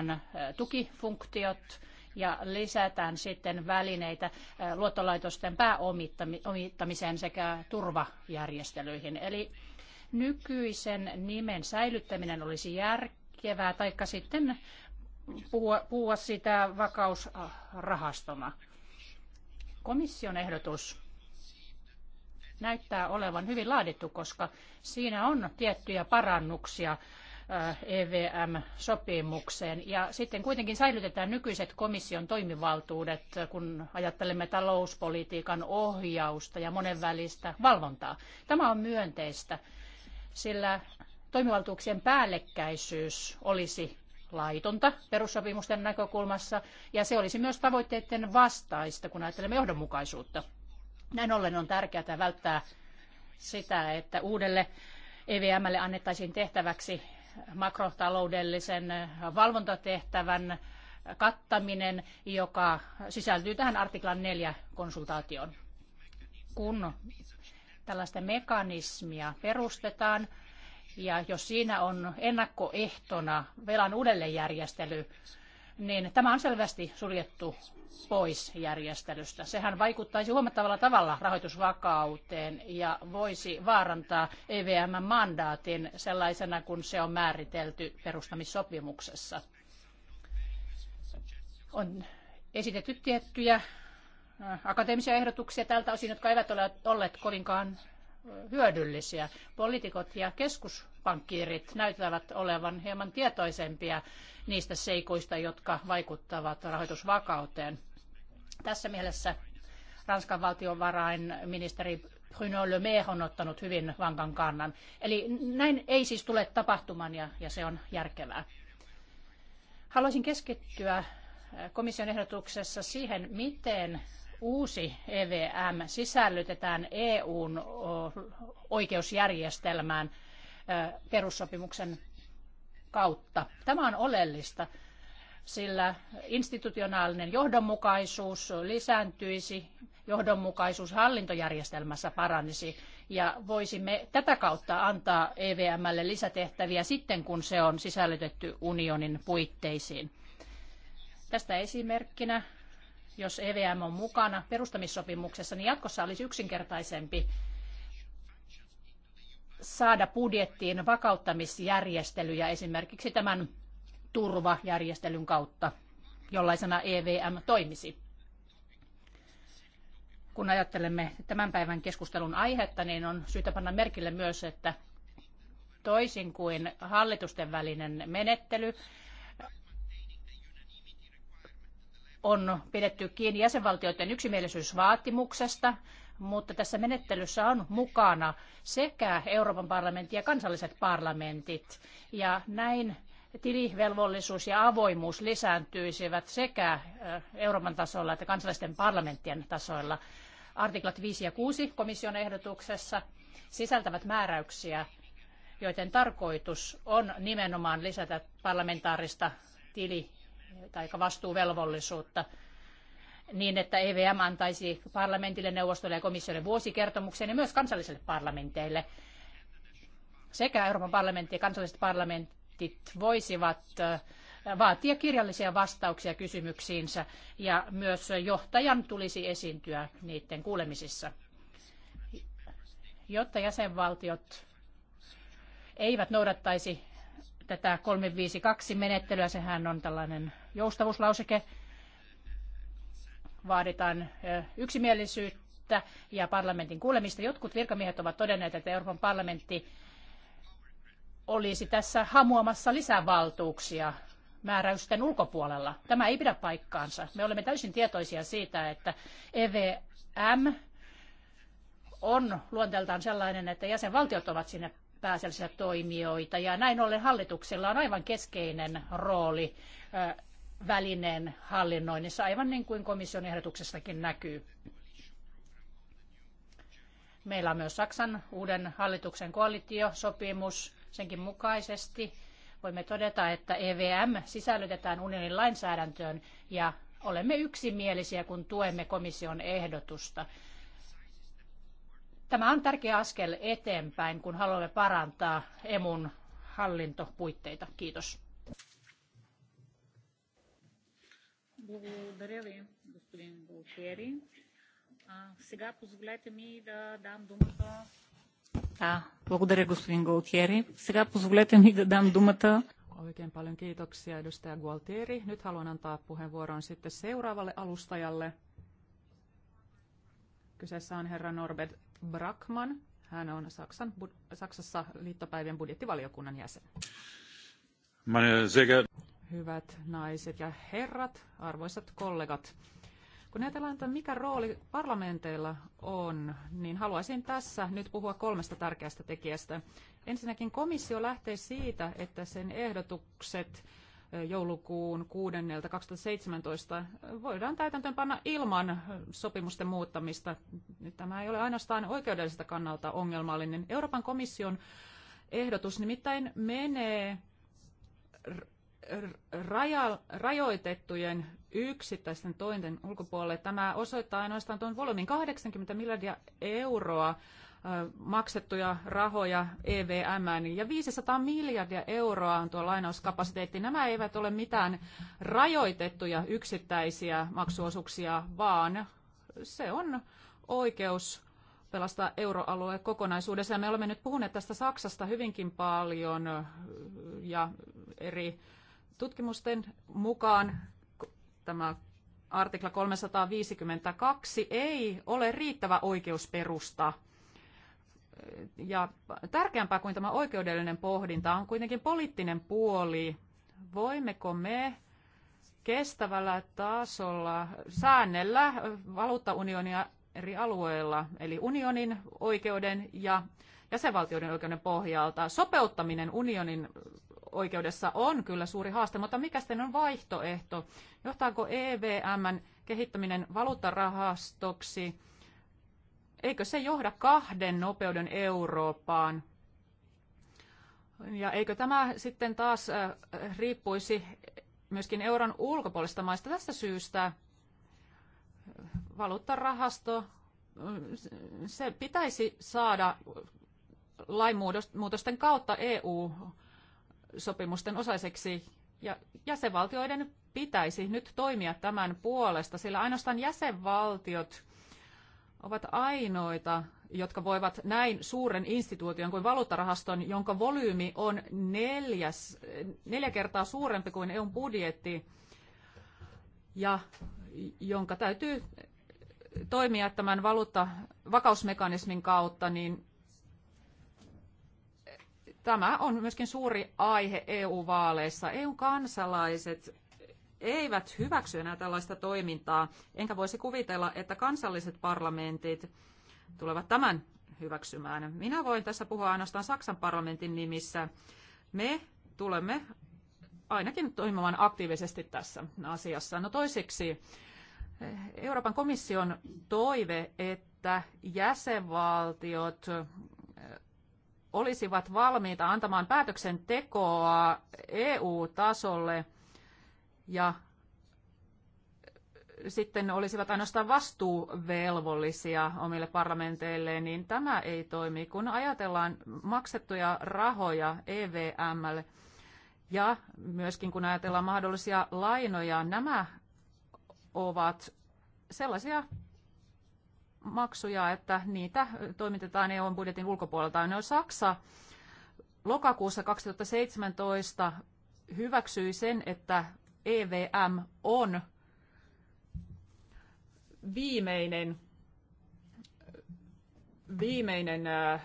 Speaker 2: tukifunktiot ja lisätään sitten välineitä luottolaitosten pääomittamiseen sekä turvajärjestelyihin. Eli nykyisen nimen säilyttäminen olisi järkevää, taikka sitten puhua, puhua sitä vakausrahastona. Komission ehdotus näyttää olevan hyvin laadittu, koska siinä on tiettyjä parannuksia äh, EVM-sopimukseen. Ja sitten kuitenkin säilytetään nykyiset komission toimivaltuudet, kun ajattelemme talouspolitiikan ohjausta ja monenvälistä valvontaa. Tämä on myönteistä, sillä toimivaltuuksien päällekkäisyys olisi laitonta perussopimusten näkökulmassa, ja se olisi myös tavoitteiden vastaista, kun ajattelemme johdonmukaisuutta. Näin ollen on tärkeää välttää sitä, että uudelle EVMlle annettaisiin tehtäväksi makrotaloudellisen valvontatehtävän kattaminen, joka sisältyy tähän artiklan 4 konsultaatioon. Kun tällaista mekanismia perustetaan, ja jos siinä on ennakkoehtona velan uudelleenjärjestely, niin tämä on selvästi suljettu pois järjestelystä. Sehän vaikuttaisi huomattavalla tavalla rahoitusvakauteen ja voisi vaarantaa EVM-mandaatin sellaisena, kun se on määritelty perustamissopimuksessa. On esitetty tiettyjä akateemisia ehdotuksia tältä osin, jotka eivät ole olleet kovinkaan hyödyllisiä. Poliitikot ja keskuspankkiirit näyttävät olevan hieman tietoisempia niistä seikoista, jotka vaikuttavat rahoitusvakauteen. Tässä mielessä Ranskan valtiovarainministeri Bruno Le Maire on ottanut hyvin vankan kannan. Eli näin ei siis tule tapahtumaan ja, ja se on järkevää. Haluaisin keskittyä komission ehdotuksessa siihen, miten uusi EVM sisällytetään EUn oikeusjärjestelmään perussopimuksen kautta. Tämä on oleellista, sillä institutionaalinen johdonmukaisuus lisääntyisi, johdonmukaisuus hallintojärjestelmässä paranisi ja voisimme tätä kautta antaa EVMlle lisätehtäviä sitten, kun se on sisällytetty unionin puitteisiin. Tästä esimerkkinä jos EVM on mukana perustamissopimuksessa, niin jatkossa olisi yksinkertaisempi saada budjettiin vakauttamisjärjestelyjä esimerkiksi tämän turvajärjestelyn kautta, jollaisena EVM toimisi. Kun ajattelemme tämän päivän keskustelun aihetta, niin on syytä panna merkille myös, että toisin kuin hallitusten välinen menettely, on pidetty kiinni jäsenvaltioiden yksimielisyysvaatimuksesta, mutta tässä menettelyssä on mukana sekä Euroopan parlamentti ja kansalliset parlamentit. Ja näin tilivelvollisuus ja avoimuus lisääntyisivät sekä Euroopan tasolla että kansallisten parlamenttien tasoilla. Artiklat 5 ja 6 komission ehdotuksessa sisältävät määräyksiä, joiden tarkoitus on nimenomaan lisätä parlamentaarista tili tai vastuuvelvollisuutta niin, että EVM antaisi parlamentille, neuvostolle ja komissiolle vuosikertomuksen ja myös kansallisille parlamenteille. Sekä Euroopan parlamentti ja kansalliset parlamentit voisivat äh, vaatia kirjallisia vastauksia kysymyksiinsä ja myös johtajan tulisi esiintyä niiden kuulemisissa, jotta jäsenvaltiot eivät noudattaisi tätä 352 menettelyä. Sehän on tällainen joustavuuslauseke. Vaaditaan yksimielisyyttä ja parlamentin kuulemista. Jotkut virkamiehet ovat todenneet, että Euroopan parlamentti olisi tässä hamuamassa lisävaltuuksia määräysten ulkopuolella. Tämä ei pidä paikkaansa. Me olemme täysin tietoisia siitä, että EVM on luonteeltaan sellainen, että jäsenvaltiot ovat sinne pääasiallisia toimijoita ja näin ollen hallituksella on aivan keskeinen rooli välineen hallinnoinnissa, aivan niin kuin komission ehdotuksestakin näkyy. Meillä on myös Saksan uuden hallituksen koalitiosopimus. Senkin mukaisesti voimme todeta, että EVM sisällytetään unionin lainsäädäntöön ja olemme yksimielisiä, kun tuemme komission ehdotusta. Tämä on tärkeä askel eteenpäin, kun haluamme parantaa emun hallintopuitteita. Kiitos.
Speaker 4: Благодаря ви, господин Болтиери. Сега да дам думата. Oikein paljon kiitoksia, edustaja Gualtieri. Nyt haluan antaa puheenvuoron sitten seuraavalle alustajalle. Kyseessä on herra Norbert Brackman. Hän on Saksan, Saksassa liittopäivien budjettivaliokunnan jäsen. Hyvät naiset ja herrat, arvoisat kollegat. Kun ajatellaan, että mikä rooli parlamenteilla on, niin haluaisin tässä nyt puhua kolmesta tärkeästä tekijästä. Ensinnäkin komissio lähtee siitä, että sen ehdotukset joulukuun 6.2017 voidaan täytäntöönpanna ilman sopimusten muuttamista. Tämä ei ole ainoastaan oikeudellisesta kannalta ongelmallinen. Euroopan komission ehdotus nimittäin menee raja, rajoitettujen yksittäisten tointen ulkopuolelle. Tämä osoittaa ainoastaan tuon volyymin 80 miljardia euroa maksettuja rahoja EVMään ja 500 miljardia euroa on tuo lainauskapasiteetti. Nämä eivät ole mitään rajoitettuja yksittäisiä maksuosuuksia, vaan se on oikeus pelastaa euroalue kokonaisuudessaan. Me olemme nyt puhuneet tästä Saksasta hyvinkin paljon ja eri tutkimusten mukaan tämä artikla 352 ei ole riittävä oikeusperusta ja tärkeämpää kuin tämä oikeudellinen pohdinta on kuitenkin poliittinen puoli. Voimmeko me kestävällä tasolla säännellä valuuttaunionia eri alueilla, eli unionin oikeuden ja jäsenvaltioiden oikeuden pohjalta. Sopeuttaminen unionin oikeudessa on kyllä suuri haaste, mutta mikä sitten on vaihtoehto? Johtaako EVM kehittäminen valuuttarahastoksi eikö se johda kahden nopeuden Eurooppaan? Ja eikö tämä sitten taas äh, riippuisi myöskin euron ulkopuolista maista tästä syystä? Valuuttarahasto, äh, se pitäisi saada lainmuutosten kautta EU-sopimusten osaiseksi ja jäsenvaltioiden pitäisi nyt toimia tämän puolesta, sillä ainoastaan jäsenvaltiot ovat ainoita, jotka voivat näin suuren instituution kuin valuuttarahaston, jonka volyymi on neljäs, neljä kertaa suurempi kuin EUn budjetti, ja jonka täytyy toimia tämän valuutta vakausmekanismin kautta, niin tämä on myöskin suuri aihe EU-vaaleissa. EU-kansalaiset eivät hyväksy enää tällaista toimintaa, enkä voisi kuvitella, että kansalliset parlamentit tulevat tämän hyväksymään. Minä voin tässä puhua ainoastaan Saksan parlamentin nimissä. Me tulemme ainakin toimimaan aktiivisesti tässä asiassa. No toiseksi Euroopan komission toive, että jäsenvaltiot eh, olisivat valmiita antamaan päätöksentekoa EU-tasolle – ja sitten olisivat ainoastaan vastuuvelvollisia omille parlamenteille, niin tämä ei toimi. Kun ajatellaan maksettuja rahoja EVMlle ja myöskin kun ajatellaan mahdollisia lainoja, nämä ovat sellaisia maksuja, että niitä toimitetaan EUn budjetin ulkopuolelta. on no, Saksa lokakuussa 2017 hyväksyi sen, että EVM on viimeinen, viimeinen äh,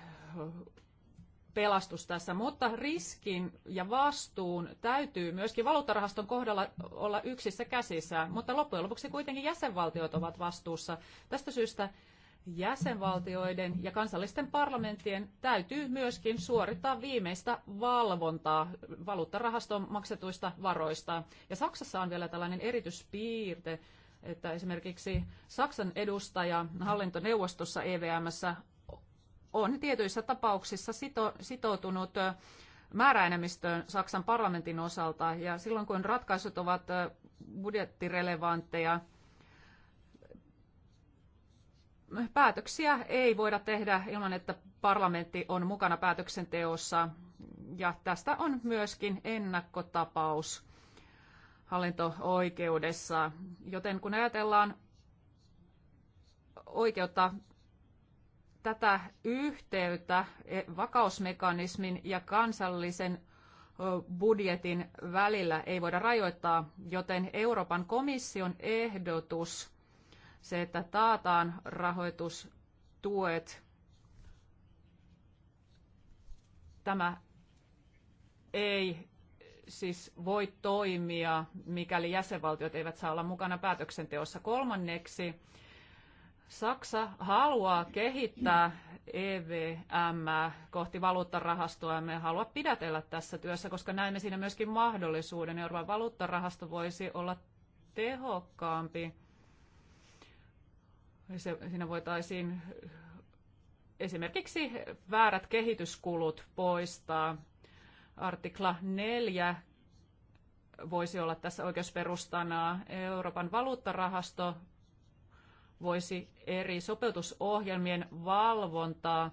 Speaker 4: pelastus tässä, mutta riskin ja vastuun täytyy myöskin valuuttarahaston kohdalla olla yksissä käsissä, mutta loppujen lopuksi kuitenkin jäsenvaltiot ovat vastuussa. Tästä syystä jäsenvaltioiden ja kansallisten parlamenttien täytyy myöskin suorittaa viimeistä valvontaa valuuttarahaston maksetuista varoista. Ja Saksassa on vielä tällainen erityispiirte, että esimerkiksi Saksan edustaja hallintoneuvostossa EVMssä on tietyissä tapauksissa sito, sitoutunut määräenemmistöön Saksan parlamentin osalta, ja silloin kun ratkaisut ovat budjettirelevantteja, päätöksiä ei voida tehdä ilman, että parlamentti on mukana päätöksenteossa. Ja tästä on myöskin ennakkotapaus hallinto-oikeudessa. Joten kun ajatellaan oikeutta tätä yhteyttä e, vakausmekanismin ja kansallisen budjetin välillä ei voida rajoittaa, joten Euroopan komission ehdotus se, että taataan rahoitustuet. Tämä ei siis voi toimia, mikäli jäsenvaltiot eivät saa olla mukana päätöksenteossa. Kolmanneksi Saksa haluaa kehittää EVM kohti valuuttarahastoa ja me halua pidätellä tässä työssä, koska näemme siinä myöskin mahdollisuuden. Euroopan valuuttarahasto voisi olla tehokkaampi se, siinä voitaisiin esimerkiksi väärät kehityskulut poistaa. Artikla 4 voisi olla tässä oikeusperustana. Euroopan valuuttarahasto voisi eri sopeutusohjelmien valvontaa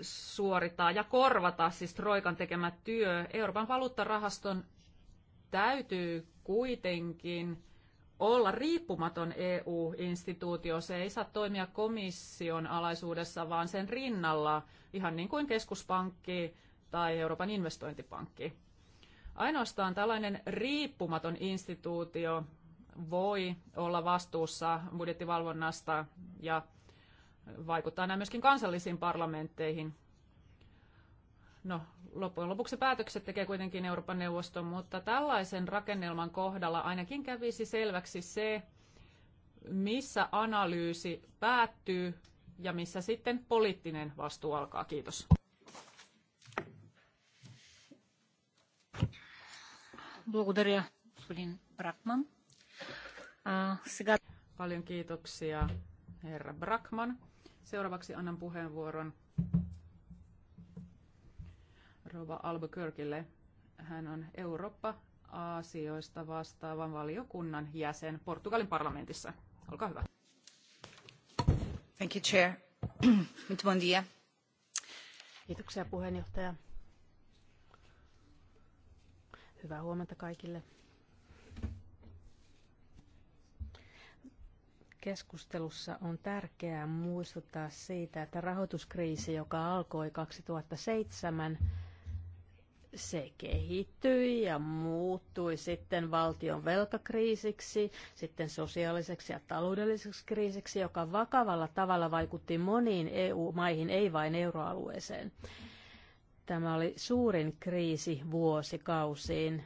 Speaker 4: suorittaa ja korvata siis Troikan tekemä työ. Euroopan valuuttarahaston täytyy kuitenkin olla riippumaton EU-instituutio. Se ei saa toimia komission alaisuudessa, vaan sen rinnalla, ihan niin kuin keskuspankki tai Euroopan investointipankki. Ainoastaan tällainen riippumaton instituutio voi olla vastuussa budjettivalvonnasta ja vaikuttaa näin myöskin kansallisiin parlamentteihin. No, loppujen lopuksi päätökset tekee kuitenkin Euroopan neuvosto, mutta tällaisen rakennelman kohdalla ainakin kävisi selväksi se, missä analyysi päättyy ja missä sitten poliittinen vastuu alkaa. Kiitos. Благодаря, господин Бракман. Paljon kiitoksia, herra Brackman. Seuraavaksi annan puheenvuoron Rova Albuquerquelle. Hän on Eurooppa-asioista vastaavan valiokunnan jäsen Portugalin parlamentissa. Olkaa hyvä. Thank you, Chair. [CLEARS THROAT]
Speaker 3: Muito bom dia. Kiitoksia puheenjohtaja. Hyvää huomenta kaikille. Keskustelussa on tärkeää muistuttaa siitä, että rahoituskriisi, joka alkoi 2007, se kehittyi ja muuttui sitten valtion velkakriisiksi, sitten sosiaaliseksi ja taloudelliseksi kriisiksi, joka vakavalla tavalla vaikutti moniin EU-maihin, ei vain euroalueeseen. Tämä oli suurin kriisi vuosikausiin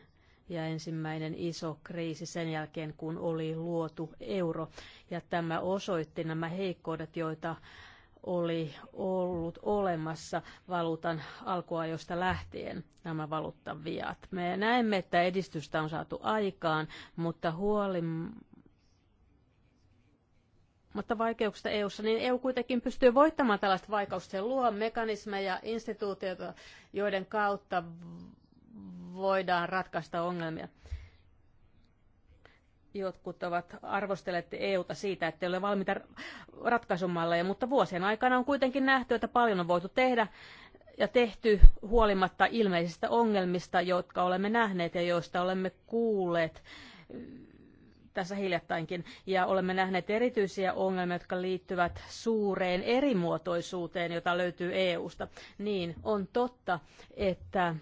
Speaker 3: ja ensimmäinen iso kriisi sen jälkeen, kun oli luotu euro. Ja tämä osoitti nämä heikkoudet, joita oli ollut olemassa valuutan alkuajosta lähtien nämä valuuttaviat. Me näemme, että edistystä on saatu aikaan, mutta huolim, mutta vaikeuksista EU:ssa, niin EU kuitenkin pystyy voittamaan tällaista vaikeusta. Se luo mekanismeja ja instituutioita, joiden kautta voidaan ratkaista ongelmia. Jotkut ovat arvostelleet EUta siitä, että ei ole valmiita ratkaisumalleja, mutta vuosien aikana on kuitenkin nähty, että paljon on voitu tehdä ja tehty huolimatta ilmeisistä ongelmista, jotka olemme nähneet ja joista olemme kuulleet äh, tässä hiljattainkin. Ja olemme nähneet erityisiä ongelmia, jotka liittyvät suureen erimuotoisuuteen, jota löytyy EUsta. Niin, on totta, että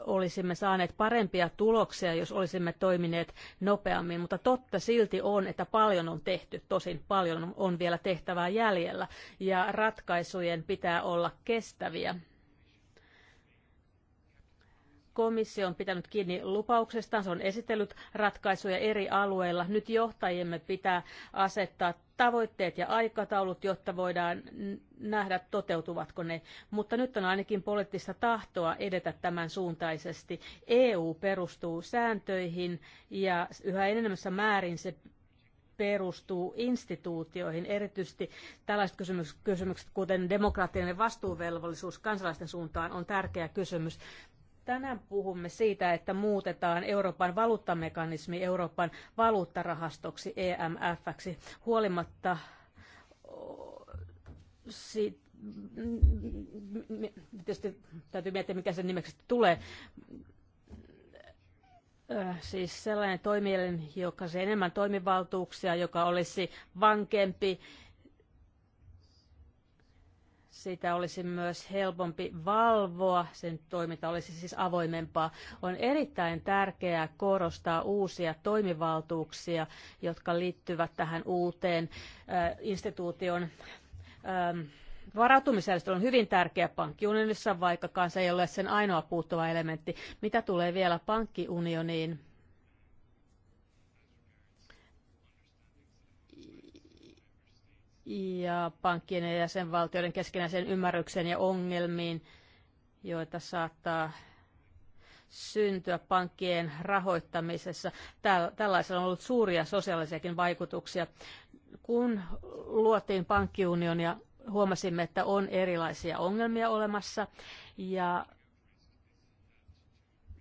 Speaker 3: olisimme saaneet parempia tuloksia, jos olisimme toimineet nopeammin, mutta totta silti on, että paljon on tehty, tosin paljon on vielä tehtävää jäljellä, ja ratkaisujen pitää olla kestäviä. Komissio on pitänyt kiinni lupauksestaan, se on esitellyt ratkaisuja eri alueilla. Nyt johtajiemme pitää asettaa tavoitteet ja aikataulut, jotta voidaan nähdä, toteutuvatko ne. Mutta nyt on ainakin poliittista tahtoa edetä tämän suuntaisesti. EU perustuu sääntöihin ja yhä enemmässä määrin se perustuu instituutioihin, erityisesti tällaiset kysymykset, kuten demokraattinen vastuuvelvollisuus kansalaisten suuntaan on tärkeä kysymys. Tänään puhumme siitä, että muutetaan Euroopan valuuttamekanismi Euroopan valuuttarahastoksi EMFksi huolimatta siitä, tietysti täytyy miettiä, mikä sen nimeksi tulee. Siis sellainen toimielin, joka se enemmän toimivaltuuksia, joka olisi vankempi, sitä olisi myös helpompi valvoa, sen toiminta olisi siis avoimempaa. On erittäin tärkeää korostaa uusia toimivaltuuksia, jotka liittyvät tähän uuteen äh, instituution ähm, Varautumisjärjestö on hyvin tärkeä pankkiunionissa, vaikka se ei ole sen ainoa puuttuva elementti. Mitä tulee vielä pankkiunioniin, ja pankkien ja jäsenvaltioiden keskinäiseen ymmärrykseen ja ongelmiin, joita saattaa syntyä pankkien rahoittamisessa. Tällaisella on ollut suuria sosiaalisiakin vaikutuksia. Kun luotiin pankkiunionia, huomasimme, että on erilaisia ongelmia olemassa ja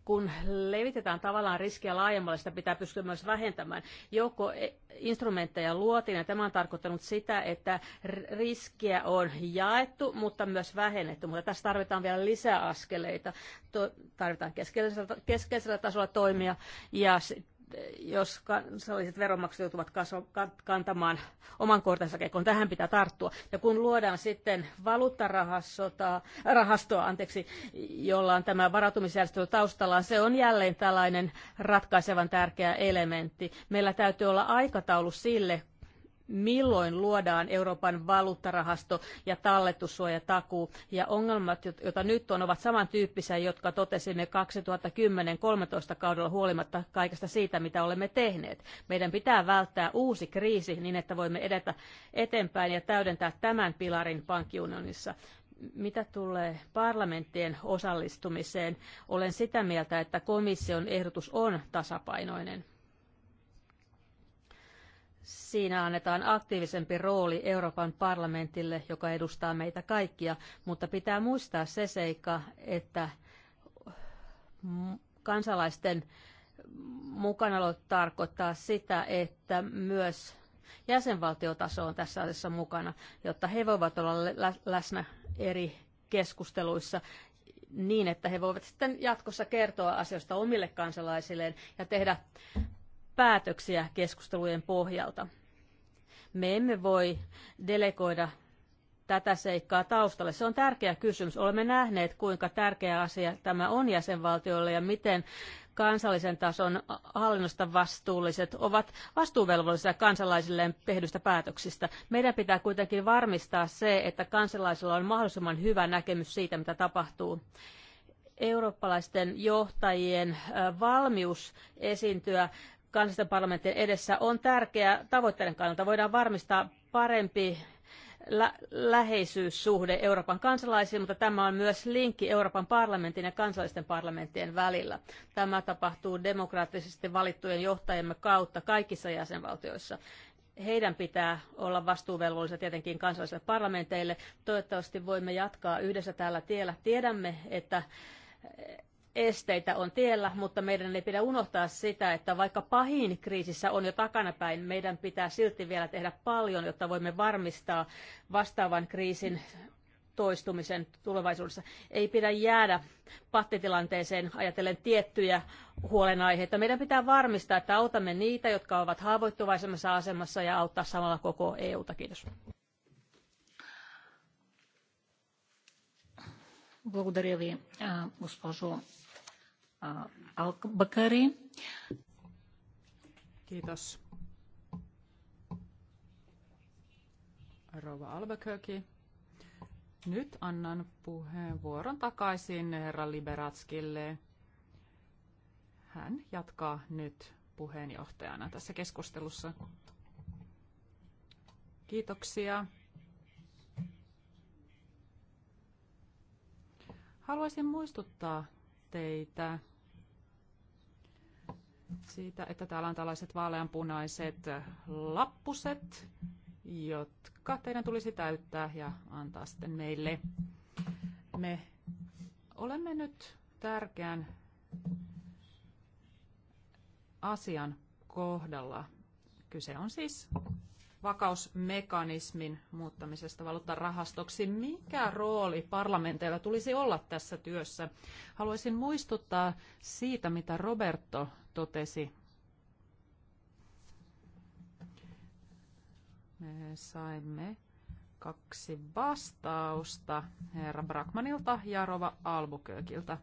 Speaker 3: kun levitetään tavallaan riskiä laajemmalle, sitä pitää pystyä myös vähentämään. Joko e- instrumentteja luotiin, ja tämä on tarkoittanut sitä, että riskiä on jaettu, mutta myös vähennetty. Mutta tässä tarvitaan vielä lisäaskeleita. tarvitaan keskeisellä, keskeisellä tasolla toimia, ja jos kansalliset veronmaksut joutuvat kantamaan oman kortensa kekoon. Tähän pitää tarttua. Ja kun luodaan sitten valuuttarahastoa, anteeksi, jolla on tämä varautumisjärjestely taustallaan, se on jälleen tällainen ratkaisevan tärkeä elementti. Meillä täytyy olla aikataulu sille, milloin luodaan Euroopan valuuttarahasto ja talletussuojatakuu. Ja ongelmat, joita nyt on, ovat samantyyppisiä, jotka totesimme 2010-2013 kaudella huolimatta kaikesta siitä, mitä olemme tehneet. Meidän pitää välttää uusi kriisi niin, että voimme edetä eteenpäin ja täydentää tämän pilarin pankkiunionissa. Mitä tulee parlamenttien osallistumiseen, olen sitä mieltä, että komission ehdotus on tasapainoinen Siinä annetaan aktiivisempi rooli Euroopan parlamentille, joka edustaa meitä kaikkia, mutta pitää muistaa se seikka, että kansalaisten mukanaolo tarkoittaa sitä, että myös jäsenvaltiotaso on tässä asiassa mukana, jotta he voivat olla läsnä eri keskusteluissa niin, että he voivat sitten jatkossa kertoa asioista omille kansalaisilleen ja tehdä päätöksiä keskustelujen pohjalta. Me emme voi delegoida tätä seikkaa taustalle. Se on tärkeä kysymys. Olemme nähneet, kuinka tärkeä asia tämä on jäsenvaltioille ja miten kansallisen tason hallinnosta vastuulliset ovat vastuuvelvollisia kansalaisilleen tehdyistä päätöksistä. Meidän pitää kuitenkin varmistaa se, että kansalaisilla on mahdollisimman hyvä näkemys siitä, mitä tapahtuu. Eurooppalaisten johtajien valmius esiintyä kansallisten parlamenttien edessä on tärkeä tavoitteiden kannalta. Voidaan varmistaa parempi lä- läheisyyssuhde Euroopan kansalaisiin, mutta tämä on myös linkki Euroopan parlamentin ja kansallisten parlamenttien välillä. Tämä tapahtuu demokraattisesti valittujen johtajiemme kautta kaikissa jäsenvaltioissa. Heidän pitää olla vastuuvelvollisia tietenkin kansallisille parlamenteille. Toivottavasti voimme jatkaa yhdessä tällä tiellä. Tiedämme, että esteitä on tiellä, mutta meidän ei pidä unohtaa sitä, että vaikka pahin kriisissä on jo takanapäin, meidän pitää silti vielä tehdä paljon, jotta voimme varmistaa vastaavan kriisin toistumisen tulevaisuudessa. Ei pidä jäädä pattitilanteeseen ajatellen tiettyjä huolenaiheita. Meidän pitää varmistaa, että autamme niitä, jotka ovat haavoittuvaisemmassa asemassa ja auttaa samalla koko EUta. Kiitos. Благодаря ви, госпожо
Speaker 4: Uh, Alkbakari. Kiitos. Rova Albuquerque. Nyt annan puheenvuoron takaisin herra Liberatskille. Hän jatkaa nyt puheenjohtajana tässä keskustelussa. Kiitoksia. Haluaisin muistuttaa teitä siitä, että täällä on tällaiset vaaleanpunaiset lappuset, jotka teidän tulisi täyttää ja antaa sitten meille. Me olemme nyt tärkeän asian kohdalla. Kyse on siis vakausmekanismin muuttamisesta valuuttarahastoksi. Mikä rooli parlamenteilla tulisi olla tässä työssä? Haluaisin muistuttaa siitä, mitä Roberto totesi. Me saimme kaksi vastausta herra Brakmanilta ja Rova Albuköökiltä.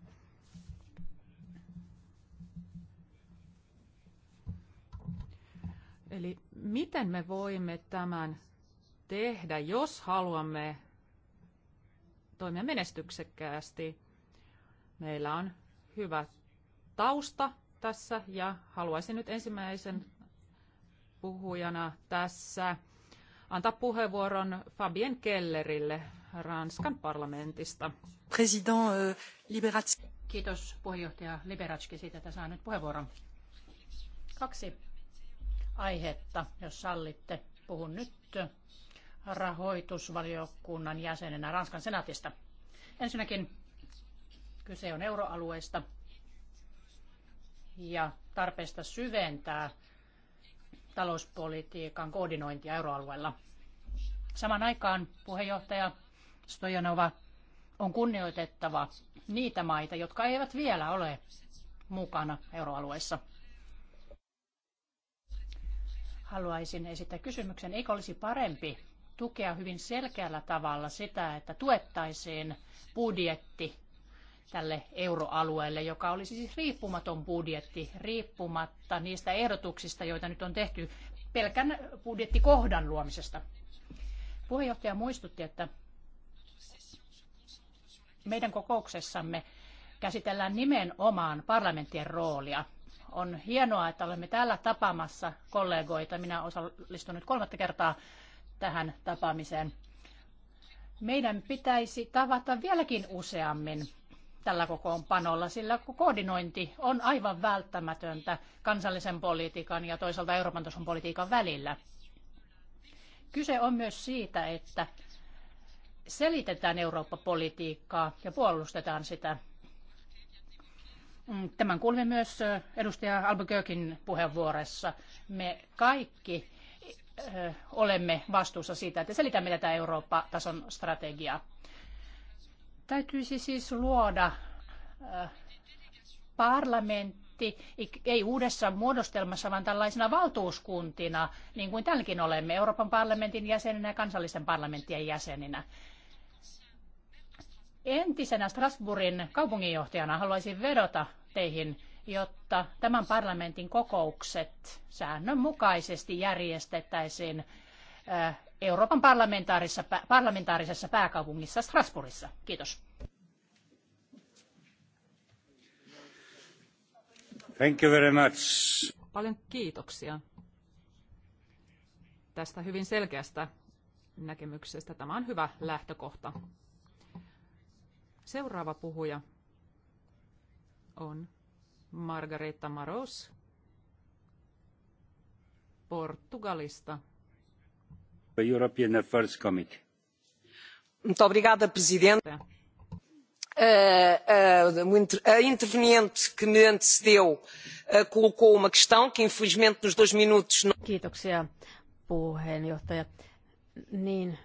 Speaker 4: Eli miten me voimme tämän tehdä, jos haluamme toimia menestyksekkäästi? Meillä on hyvä tausta tässä ja haluaisin nyt ensimmäisen puhujana tässä antaa puheenvuoron Fabien Kellerille Ranskan parlamentista. President, äh, Liberatski. Kiitos puheenjohtaja Liberatski siitä, että saa nyt puheenvuoron.
Speaker 2: Kaksi aihetta, jos sallitte. Puhun nyt rahoitusvaliokunnan jäsenenä Ranskan senaatista. Ensinnäkin kyse on euroalueesta ja tarpeesta syventää talouspolitiikan koordinointia euroalueella. Saman aikaan puheenjohtaja Stojanova on kunnioitettava niitä maita, jotka eivät vielä ole mukana euroalueessa. Haluaisin esittää kysymyksen, eikö olisi parempi tukea hyvin selkeällä tavalla sitä, että tuettaisiin budjetti tälle euroalueelle, joka olisi siis riippumaton budjetti, riippumatta niistä ehdotuksista, joita nyt on tehty pelkän budjettikohdan luomisesta. Puheenjohtaja muistutti, että meidän kokouksessamme käsitellään nimenomaan parlamenttien roolia. On hienoa, että olemme täällä tapaamassa kollegoita. Minä osallistun nyt kolmatta kertaa tähän tapaamiseen. Meidän pitäisi tavata vieläkin useammin tällä kokoonpanolla, sillä koordinointi on aivan välttämätöntä kansallisen politiikan ja toisaalta Euroopan tason politiikan välillä. Kyse on myös siitä, että selitetään Eurooppa-politiikkaa ja puolustetaan sitä. Mm, tämän kuulimme myös edustaja Kökin puheenvuorossa. Me kaikki olemme vastuussa siitä, että selitämme tätä Eurooppa-tason strategiaa. Täytyisi siis luoda äh, parlamentti, ei uudessa muodostelmassa, vaan tällaisena valtuuskuntina, niin kuin tälläkin olemme, Euroopan parlamentin jäseninä ja kansallisten parlamenttien jäseninä. Entisenä Strasbourgin kaupunginjohtajana haluaisin vedota teihin, jotta tämän parlamentin kokoukset säännönmukaisesti järjestettäisiin äh, Euroopan parlamentaarisessa, parlamentaarisessa pääkaupungissa Strasbourgissa. Kiitos.
Speaker 5: Thank you very much.
Speaker 4: Paljon kiitoksia tästä hyvin selkeästä näkemyksestä. Tämä on hyvä lähtökohta. Seuraava puhuja on Margareta Maros Portugalista. Obrigada, Presidente. A interveniente
Speaker 3: que me antecedeu colocou uma questão que infelizmente nos dois minutos... Kiitoksia puheenjohtaja. Niin,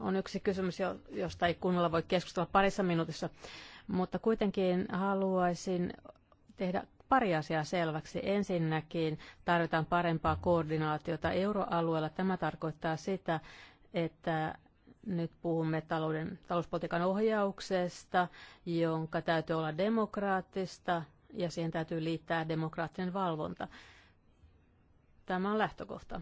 Speaker 3: on yksi kysymys, josta ei kunnolla voi keskustella parissa minuutissa, mutta kuitenkin haluaisin tehdä pari asiaa selväksi. Ensinnäkin tarvitaan parempaa koordinaatiota euroalueella. Tämä tarkoittaa sitä, että nyt puhumme talouden, talouspolitiikan ohjauksesta, jonka täytyy olla demokraattista ja siihen täytyy liittää demokraattinen valvonta. Tämä on lähtökohta.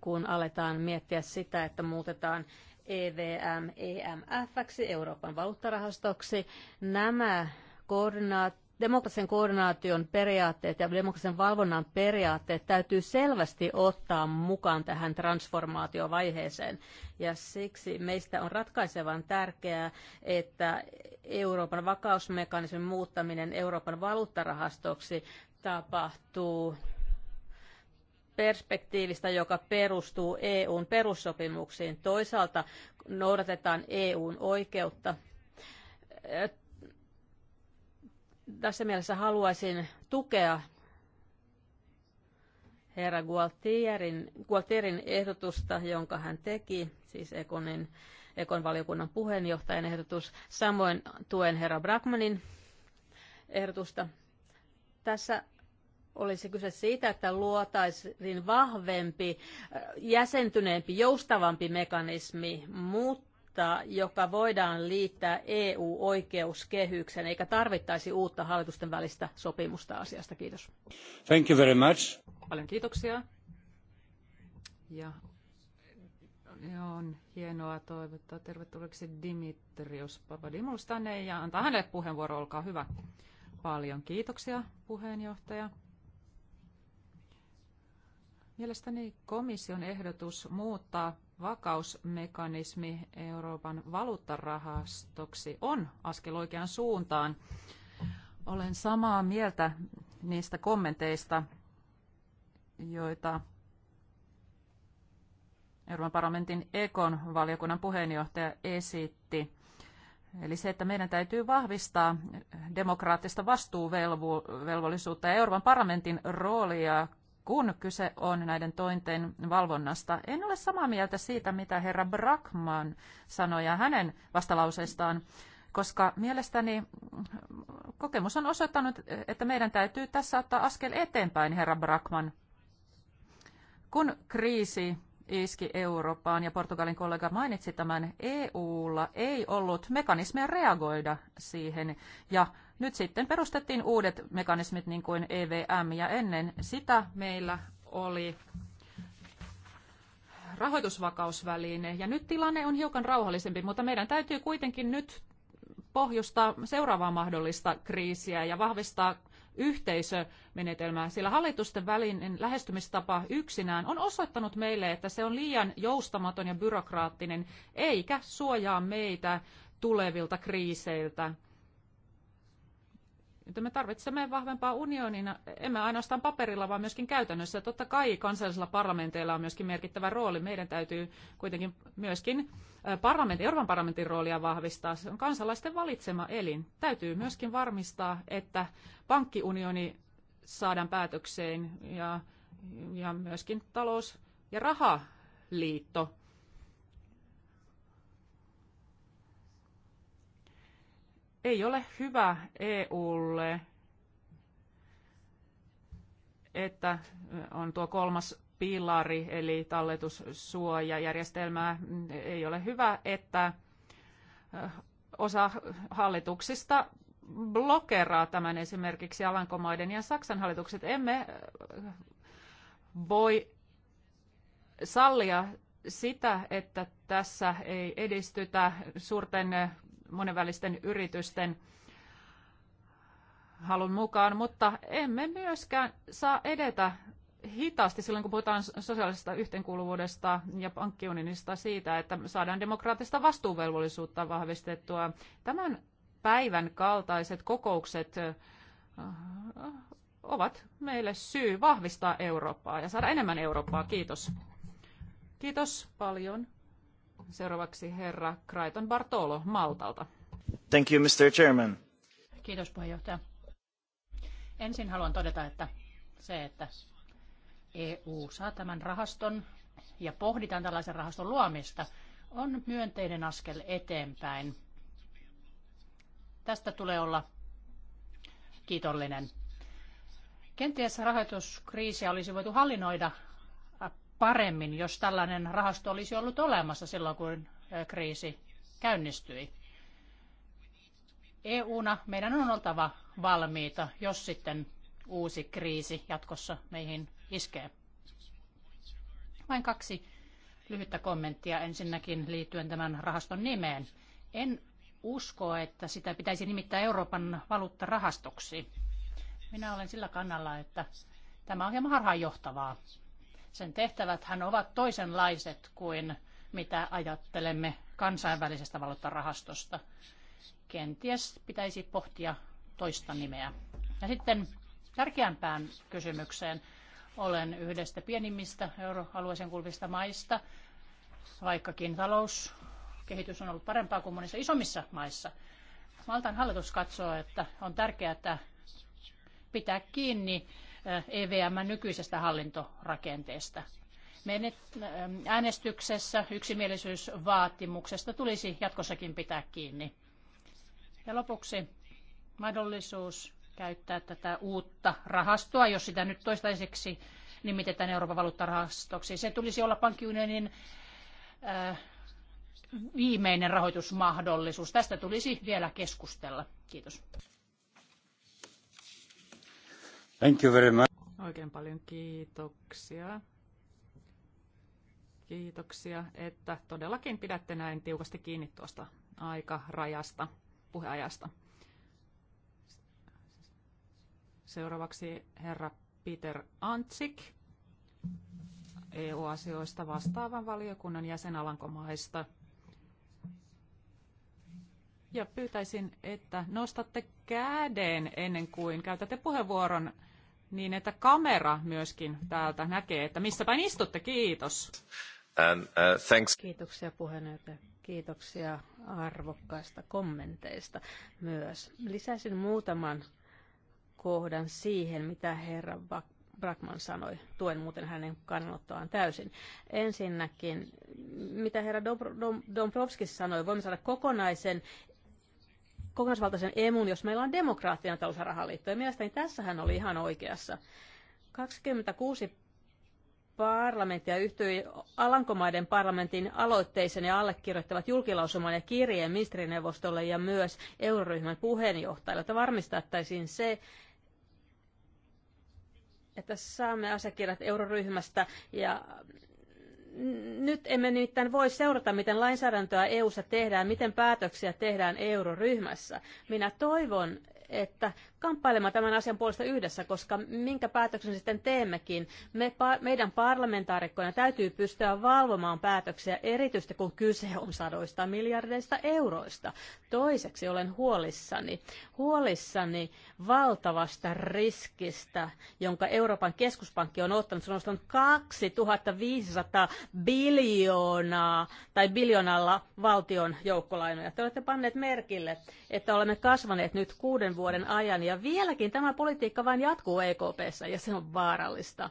Speaker 3: Kun aletaan miettiä sitä, että muutetaan EVM, EMF-ksi, Euroopan valuuttarahastoksi. Nämä koordinaat, demokratisen koordinaation periaatteet ja demokratisen valvonnan periaatteet täytyy selvästi ottaa mukaan tähän transformaatiovaiheeseen. Ja siksi meistä on ratkaisevan tärkeää, että Euroopan vakausmekanismin muuttaminen Euroopan valuuttarahastoksi tapahtuu perspektiivistä, joka perustuu EUn perussopimuksiin. Toisaalta noudatetaan EUn oikeutta. Tässä mielessä haluaisin tukea herra Gualtierin, Gualtierin ehdotusta, jonka hän teki, siis Ekonin, Ekon valiokunnan puheenjohtajan ehdotus. Samoin tuen herra Brackmanin ehdotusta. Tässä olisi kyse siitä, että luotaisiin vahvempi, äh, jäsentyneempi, joustavampi mekanismi, mutta joka voidaan liittää EU-oikeuskehykseen, eikä tarvittaisi uutta hallitusten välistä sopimusta asiasta. Kiitos.
Speaker 5: Thank you very much.
Speaker 3: Paljon kiitoksia. Ja
Speaker 4: on hienoa toivottaa tervetulleeksi Dimitrios Papadimoulis tänne ja antaa hänelle puheenvuoro, olkaa hyvä. Paljon kiitoksia puheenjohtaja. Mielestäni komission ehdotus muuttaa vakausmekanismi Euroopan valuuttarahastoksi on askel oikeaan suuntaan. Olen samaa mieltä niistä kommenteista, joita Euroopan parlamentin Ekon valiokunnan puheenjohtaja esitti. Eli se, että meidän täytyy vahvistaa demokraattista vastuuvelvollisuutta ja Euroopan parlamentin roolia kun kyse on näiden tointen valvonnasta. En ole samaa mieltä siitä, mitä herra Brackman sanoi ja hänen vastalauseestaan, koska mielestäni kokemus on osoittanut, että meidän täytyy tässä ottaa askel eteenpäin, herra Brackman. Kun kriisi iski Eurooppaan ja Portugalin kollega mainitsi tämän, EUlla ei ollut mekanismeja reagoida siihen ja nyt sitten perustettiin uudet mekanismit niin kuin EVM ja ennen sitä meillä oli rahoitusvakausväline. Ja nyt tilanne on hiukan rauhallisempi, mutta meidän täytyy kuitenkin nyt pohjustaa seuraavaa mahdollista kriisiä ja vahvistaa yhteisömenetelmää, sillä hallitusten välinen lähestymistapa yksinään on osoittanut meille, että se on liian joustamaton ja byrokraattinen, eikä suojaa meitä tulevilta kriiseiltä että me tarvitsemme vahvempaa unionina, emme ainoastaan paperilla, vaan myöskin käytännössä. Totta kai kansallisilla parlamenteilla on myöskin merkittävä rooli. Meidän täytyy kuitenkin myöskin parlamentin, Euroopan parlamentin roolia vahvistaa. Se on kansalaisten valitsema elin. Täytyy myöskin varmistaa, että pankkiunioni saadaan päätökseen ja, ja myöskin talous- ja rahaliitto ei ole hyvä EUlle, että on tuo kolmas pilari, eli talletussuojajärjestelmää. Ei ole hyvä, että osa hallituksista blokeraa tämän esimerkiksi Alankomaiden ja Saksan hallitukset. Emme voi sallia sitä, että tässä ei edistytä suurten monenvälisten yritysten halun mukaan, mutta emme myöskään saa edetä hitaasti silloin, kun puhutaan sosiaalisesta yhteenkuuluvuudesta ja pankkiunionista siitä, että saadaan demokraattista vastuuvelvollisuutta vahvistettua. Tämän päivän kaltaiset kokoukset äh, ovat meille syy vahvistaa Eurooppaa ja saada enemmän Eurooppaa. Kiitos. Kiitos paljon. Seuraavaksi herra Kraiton Bartolo Maltalta.
Speaker 6: Thank you, Mr. Chairman.
Speaker 4: Kiitos puheenjohtaja. Ensin haluan todeta, että se, että
Speaker 2: EU saa tämän rahaston ja pohditaan tällaisen rahaston luomista, on myönteinen askel eteenpäin. Tästä tulee olla kiitollinen. Kenties rahoituskriisiä olisi voitu hallinnoida paremmin, jos tällainen rahasto olisi ollut olemassa silloin, kun kriisi käynnistyi. EUna meidän on oltava valmiita, jos sitten uusi kriisi jatkossa meihin iskee. Vain kaksi lyhyttä kommenttia ensinnäkin liittyen tämän rahaston nimeen. En usko, että sitä pitäisi nimittää Euroopan valuuttarahastoksi. Minä olen sillä kannalla, että tämä on hieman harhaanjohtavaa. Sen tehtäväthän ovat toisenlaiset kuin mitä ajattelemme kansainvälisestä valuuttarahastosta. Kenties pitäisi pohtia toista nimeä. Ja sitten tärkeämpään kysymykseen. Olen yhdestä pienimmistä euroalueeseen kuuluvista maista, vaikkakin talouskehitys on ollut parempaa kuin monissa isommissa maissa. Maltan hallitus katsoo, että on tärkeää, että pitää kiinni EVMn nykyisestä hallintorakenteesta. Menet, äänestyksessä yksimielisyysvaatimuksesta tulisi jatkossakin pitää kiinni. Ja lopuksi mahdollisuus käyttää tätä uutta rahastoa, jos sitä nyt toistaiseksi nimitetään Euroopan valuuttarahastoksi. Se tulisi olla pankkiunionin viimeinen rahoitusmahdollisuus. Tästä tulisi vielä keskustella.
Speaker 4: Kiitos.
Speaker 5: Thank you very much.
Speaker 4: Oikein paljon kiitoksia. Kiitoksia, että todellakin pidätte näin tiukasti kiinni tuosta aikarajasta, puheajasta. Seuraavaksi herra Peter Antsik, EU-asioista vastaavan valiokunnan jäsen Alankomaista. Ja pyytäisin, että nostatte käden ennen kuin käytätte puheenvuoron niin että kamera
Speaker 3: myöskin täältä näkee, että missä päin istutte. Kiitos.
Speaker 7: And, uh, thanks.
Speaker 3: Kiitoksia puheenjohtaja. Kiitoksia arvokkaista kommenteista myös. Lisäisin muutaman kohdan siihen, mitä herra Brackman sanoi. Tuen muuten hänen kannanottoaan täysin. Ensinnäkin, mitä herra Dombrovskis sanoi, voimme saada kokonaisen kokonaisvaltaisen emun, jos meillä on demokraattinen talous- ja rahaliitto. Ja mielestäni hän oli ihan oikeassa. 26 parlamenttia yhtyi Alankomaiden parlamentin aloitteisen ja allekirjoittavat julkilausuman ja kirjeen ministerineuvostolle ja myös euroryhmän puheenjohtajalle, että varmistettaisiin se, että saamme asiakirjat euroryhmästä ja nyt emme nimittäin voi seurata, miten lainsäädäntöä EU:ssa tehdään, miten päätöksiä tehdään euroryhmässä. Minä toivon, että kamppailemaan tämän asian puolesta yhdessä, koska minkä päätöksen sitten teemmekin, me, meidän parlamentaarikkoina täytyy pystyä valvomaan päätöksiä, erityisesti kun kyse on sadoista miljardeista euroista. Toiseksi olen huolissani, huolissani valtavasta riskistä, jonka Euroopan keskuspankki on ottanut. Se on ostanut 2500 biljoonaa tai biljoonalla valtion joukkolainoja. Te olette panneet merkille, että olemme kasvaneet nyt kuuden vuoden vuoden ajan ja vieläkin tämä politiikka vain jatkuu EKPssä ja se on vaarallista.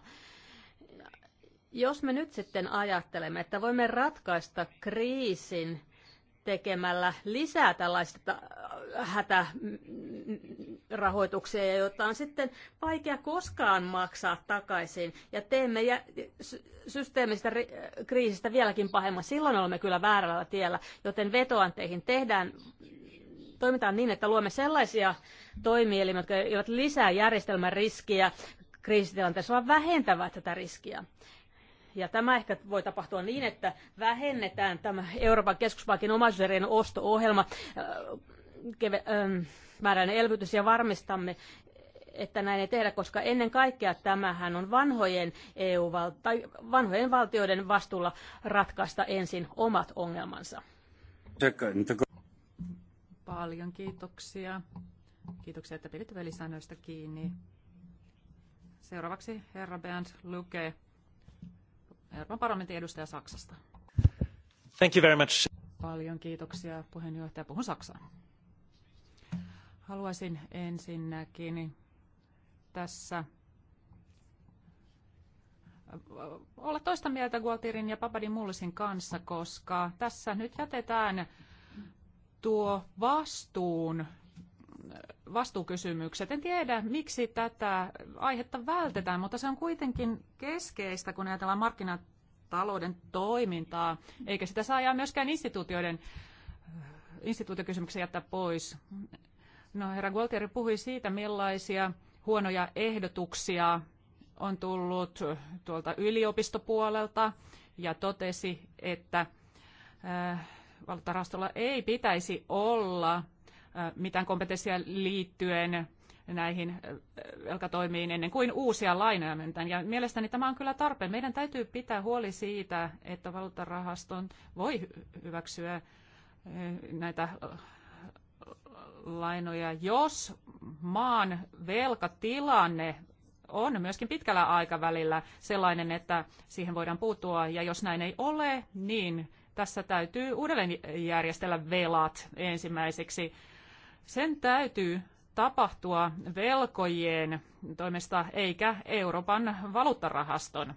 Speaker 3: Jos me nyt sitten ajattelemme, että voimme ratkaista kriisin tekemällä lisää tällaista äh,
Speaker 2: hätärahoituksia,
Speaker 3: jota on sitten vaikea koskaan maksaa takaisin. Ja teemme systeemistä äh, kriisistä vieläkin pahemman. Silloin olemme kyllä väärällä tiellä, joten vetoan teihin. Tehdään toimitaan niin, että luomme sellaisia toimielimiä, jotka eivät lisää järjestelmän riskiä kriisitilanteessa, vaan vähentävät tätä riskiä. Ja tämä ehkä voi tapahtua niin, että vähennetään tämä Euroopan keskuspankin omaisuuserien osto-ohjelma, äh, äh, määräinen elvytys ja varmistamme, että näin ei tehdä, koska ennen kaikkea tämähän on vanhojen, EU tai vanhojen valtioiden vastuulla ratkaista ensin omat ongelmansa. No paljon. Kiitoksia.
Speaker 4: Kiitoksia, että pidit välisäännöistä kiinni. Seuraavaksi herra Bernd Luke, Euroopan parlamentin edustaja Saksasta.
Speaker 1: Thank you very much.
Speaker 4: Paljon kiitoksia puheenjohtaja. Puhun Saksaa. Haluaisin ensinnäkin tässä äh, olla toista mieltä Gualtirin ja Papadin Mullisin kanssa, koska tässä nyt jätetään tuo vastuun vastuukysymykset. En tiedä, miksi tätä aihetta vältetään, mutta se on kuitenkin keskeistä, kun ajatellaan markkinatalouden toimintaa, eikä sitä saa ajaa myöskään instituutioiden instituutiokysymyksiä jättää pois. No, herra Gualtieri puhui siitä, millaisia huonoja ehdotuksia on tullut tuolta yliopistopuolelta ja totesi, että äh, valuuttarahastolla ei pitäisi olla äh, mitään kompetenssia liittyen näihin äh, velkatoimiin ennen kuin uusia lainoja myöntään. Ja mielestäni tämä on kyllä tarpeen. Meidän täytyy pitää huoli siitä, että valuuttarahaston voi hyväksyä äh, näitä lainoja, jos maan velkatilanne on myöskin pitkällä aikavälillä sellainen, että siihen voidaan puuttua. Ja jos näin ei ole, niin tässä täytyy uudelleen järjestellä velat ensimmäiseksi. Sen täytyy tapahtua velkojien toimesta eikä Euroopan valuuttarahaston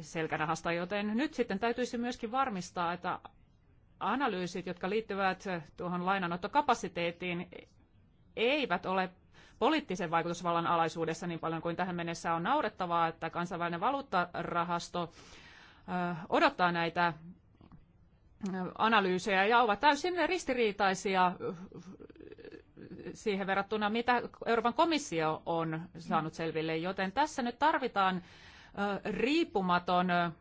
Speaker 4: selkänahasta, joten nyt sitten täytyisi myöskin varmistaa, että analyysit, jotka liittyvät tuohon lainanottokapasiteettiin, eivät ole poliittisen vaikutusvallan alaisuudessa niin paljon kuin tähän mennessä on naurettavaa, että kansainvälinen valuuttarahasto odottaa näitä analyysejä ja ovat täysin ristiriitaisia äh, siihen verrattuna, mitä Euroopan komissio on saanut selville. Joten tässä nyt tarvitaan äh, riippumaton äh,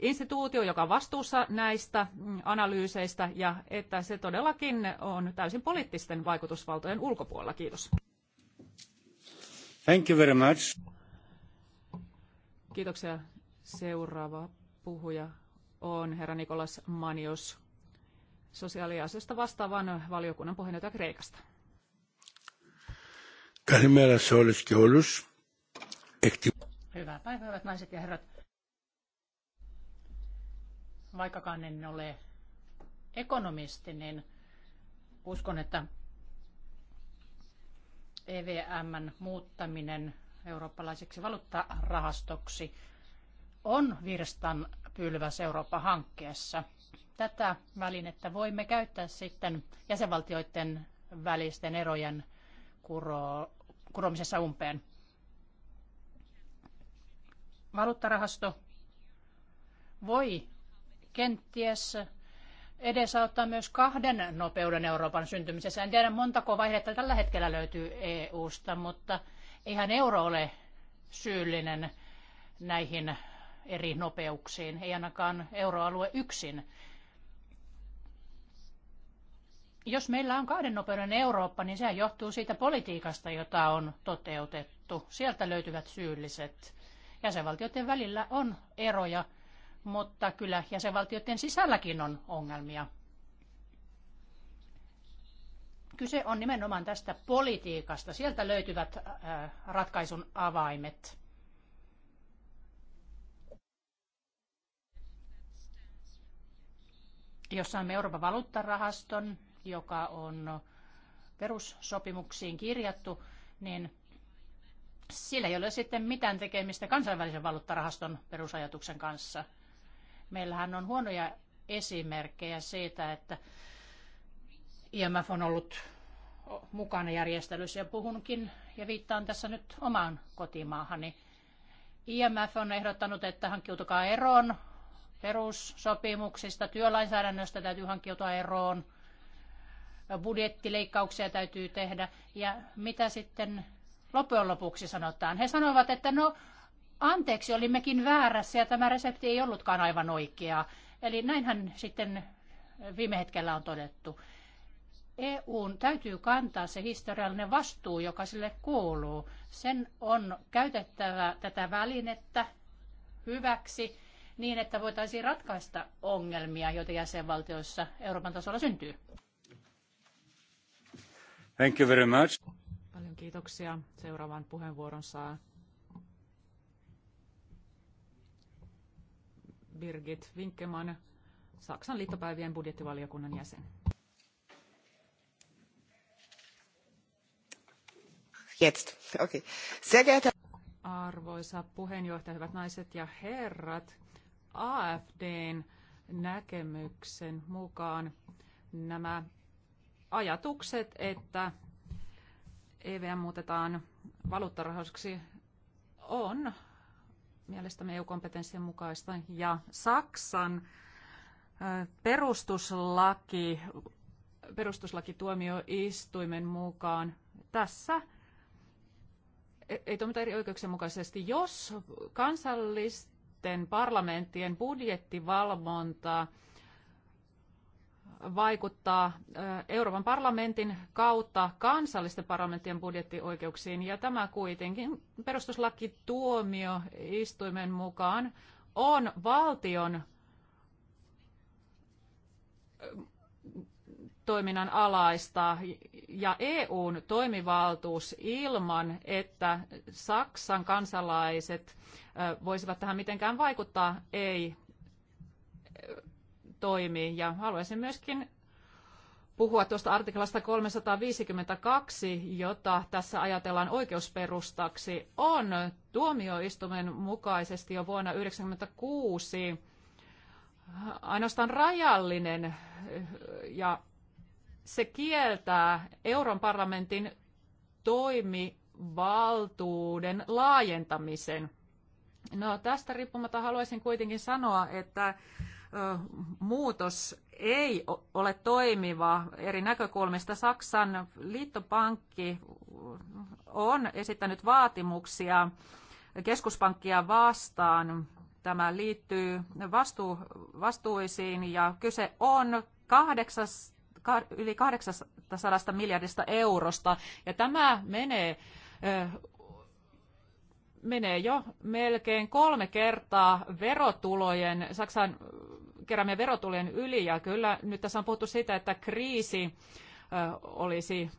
Speaker 4: instituutio, joka on vastuussa näistä mm, analyyseistä ja että se todellakin on täysin poliittisten vaikutusvaltojen ulkopuolella. Kiitos.
Speaker 5: Thank you very much.
Speaker 4: Kiitoksia. Seuraava puhuja on herra Nikolas Manius sosiaaliasioista vastaavan valiokunnan puheenjohtaja Kreikasta.
Speaker 5: Καλημέρα Soliski olus.
Speaker 2: Hyvää päivää, hyvät naiset ja herrat. Vaikkakaan en ole ekonomisti, niin uskon, että EVMn muuttaminen eurooppalaiseksi valuuttarahastoksi on virstan Pylväs Eurooppa-hankkeessa. Tätä välinettä voimme käyttää sitten jäsenvaltioiden välisten erojen kuro, kuromisessa umpeen. Valuuttarahasto voi kenties edesauttaa myös kahden nopeuden Euroopan syntymisessä. En tiedä montako vaihdetta tällä hetkellä löytyy EU-sta, mutta eihän euro ole syyllinen näihin eri nopeuksiin, ei ainakaan euroalue yksin. Jos meillä on kahden nopeuden Eurooppa, niin se johtuu siitä politiikasta, jota on toteutettu. Sieltä löytyvät syylliset. Jäsenvaltioiden välillä on eroja, mutta kyllä jäsenvaltioiden sisälläkin on ongelmia kyse on nimenomaan tästä politiikasta. Sieltä löytyvät äh, ratkaisun avaimet. jossa on Euroopan valuuttarahaston, joka on perussopimuksiin kirjattu, niin sillä ei ole sitten mitään tekemistä kansainvälisen valuuttarahaston perusajatuksen kanssa. Meillähän on huonoja esimerkkejä siitä, että IMF on ollut mukana järjestelyssä ja puhunkin ja viittaan tässä nyt omaan kotimaahani. IMF on ehdottanut, että hankkiutukaa eroon perussopimuksista, työlainsäädännöstä täytyy hankkiutua eroon, budjettileikkauksia täytyy tehdä. Ja mitä sitten loppujen lopuksi sanotaan? He sanovat, että no anteeksi, olimmekin väärässä ja tämä resepti ei ollutkaan aivan oikea. Eli näinhän sitten viime hetkellä on todettu. EUn täytyy kantaa se historiallinen vastuu, joka sille kuuluu. Sen on käytettävä tätä välinettä hyväksi niin, että voitaisiin ratkaista ongelmia, joita jäsenvaltioissa Euroopan tasolla syntyy?
Speaker 5: Thank you very much.
Speaker 4: Paljon kiitoksia. Seuraavan puheenvuoron saa Birgit Winkemann, Saksan liittopäivien budjettivaliokunnan jäsen. Jetzt. Okay. Sehr geehrter Arvoisa puheenjohtaja, hyvät naiset ja herrat. AFDn näkemyksen mukaan nämä ajatukset, että EVM muutetaan valuuttarahoiksi, on mielestämme EU-kompetenssien mukaista. Ja Saksan perustuslaki, perustuslakituomioistuimen mukaan tässä e- ei toimita eri oikeuksien mukaisesti. Jos kansallista sitten parlamenttien budjettivalvonta vaikuttaa Euroopan parlamentin kautta kansallisten parlamenttien budjettioikeuksiin, ja tämä kuitenkin perustuslaki tuomioistuimen mukaan on valtion toiminnan alaista ja EUn toimivaltuus ilman, että Saksan kansalaiset voisivat tähän mitenkään vaikuttaa, ei toimi. Ja haluaisin myöskin puhua tuosta artiklasta 352, jota tässä ajatellaan oikeusperustaksi, on tuomioistuimen mukaisesti jo vuonna 1996 ainoastaan rajallinen ja se kieltää Euron parlamentin toimivaltuuden laajentamisen. No, tästä riippumatta haluaisin kuitenkin sanoa, että muutos ei ole toimiva eri näkökulmista. Saksan liittopankki on esittänyt vaatimuksia keskuspankkia vastaan. Tämä liittyy vastuu, vastuisiin ja kyse on kahdeksas yli 800 miljardista eurosta. Ja tämä menee menee jo melkein kolme kertaa verotulojen, Saksan keräämien verotulojen yli. Ja kyllä nyt tässä on puhuttu siitä, että kriisi olisi,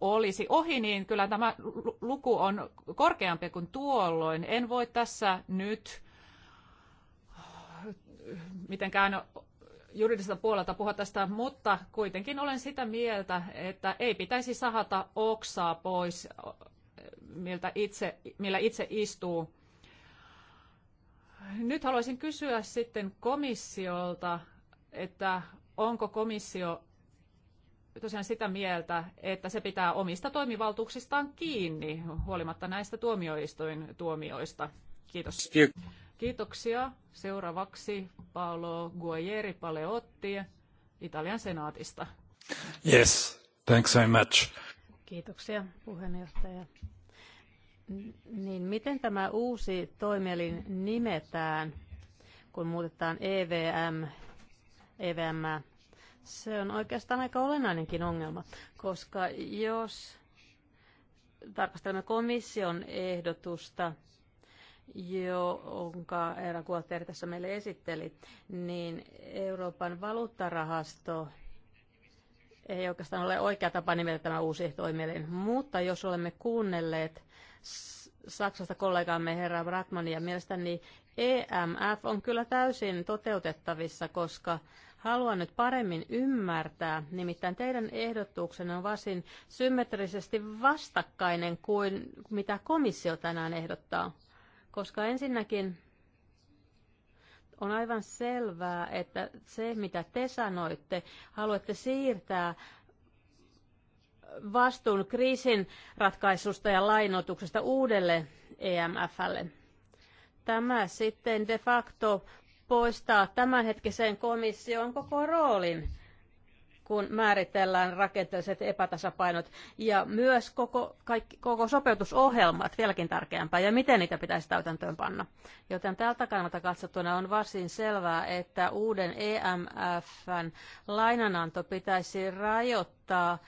Speaker 4: olisi ohi, niin kyllä tämä luku on korkeampi kuin tuolloin. En voi tässä nyt mitenkään juridiselta puolelta puhua tästä, mutta kuitenkin olen sitä mieltä, että ei pitäisi sahata oksaa pois, miltä itse, millä itse istuu. Nyt haluaisin kysyä sitten komissiolta, että onko komissio tosiaan sitä mieltä, että se pitää omista toimivaltuuksistaan kiinni huolimatta näistä tuomioistuin tuomioista. Kiitos. Kiitoksia. Seuraavaksi Paolo Guajeri
Speaker 3: Paleotti Italian senaatista.
Speaker 5: Yes, thanks very much.
Speaker 3: Kiitoksia puheenjohtaja. Niin miten tämä uusi toimielin nimetään, kun muutetaan EVM, EVM? Se on oikeastaan aika olennainenkin ongelma, koska jos tarkastelemme komission ehdotusta – jonka Eera Kuotteri tässä meille esitteli, niin Euroopan valuuttarahasto ei oikeastaan ole oikea tapa nimetä tämä uusi toimielin, mutta jos olemme kuunnelleet Saksasta kollegaamme herra Brackmania, mielestäni EMF on kyllä täysin toteutettavissa, koska haluan nyt paremmin ymmärtää. Nimittäin teidän ehdotuksenne on varsin symmetrisesti vastakkainen kuin mitä komissio tänään ehdottaa koska ensinnäkin on aivan selvää, että se mitä te sanoitte, haluatte siirtää vastuun kriisin ratkaisusta ja lainoituksesta uudelle EMFlle. Tämä sitten de facto poistaa tämänhetkisen komission koko roolin kun määritellään rakenteelliset epätasapainot ja myös koko, kaikki, koko sopeutusohjelmat vieläkin tärkeämpää ja miten niitä pitäisi täytäntöön panna. Joten tältä kannalta katsottuna on varsin selvää, että uuden EMFn lainananto pitäisi rajoittaa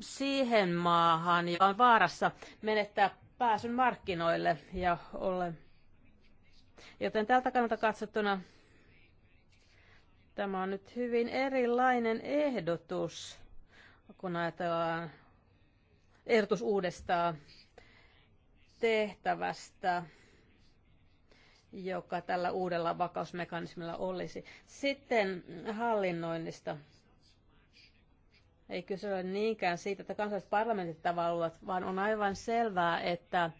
Speaker 3: siihen maahan, joka on vaarassa menettää pääsyn markkinoille ja olle. Joten tältä kannalta katsottuna Tämä on nyt hyvin erilainen ehdotus, kun ajatellaan ehdotus uudesta tehtävästä, joka tällä uudella vakausmekanismilla olisi. Sitten hallinnoinnista. Ei kyse ole niinkään siitä, että kansalliset parlamentit tavallaan, vaan on aivan selvää, että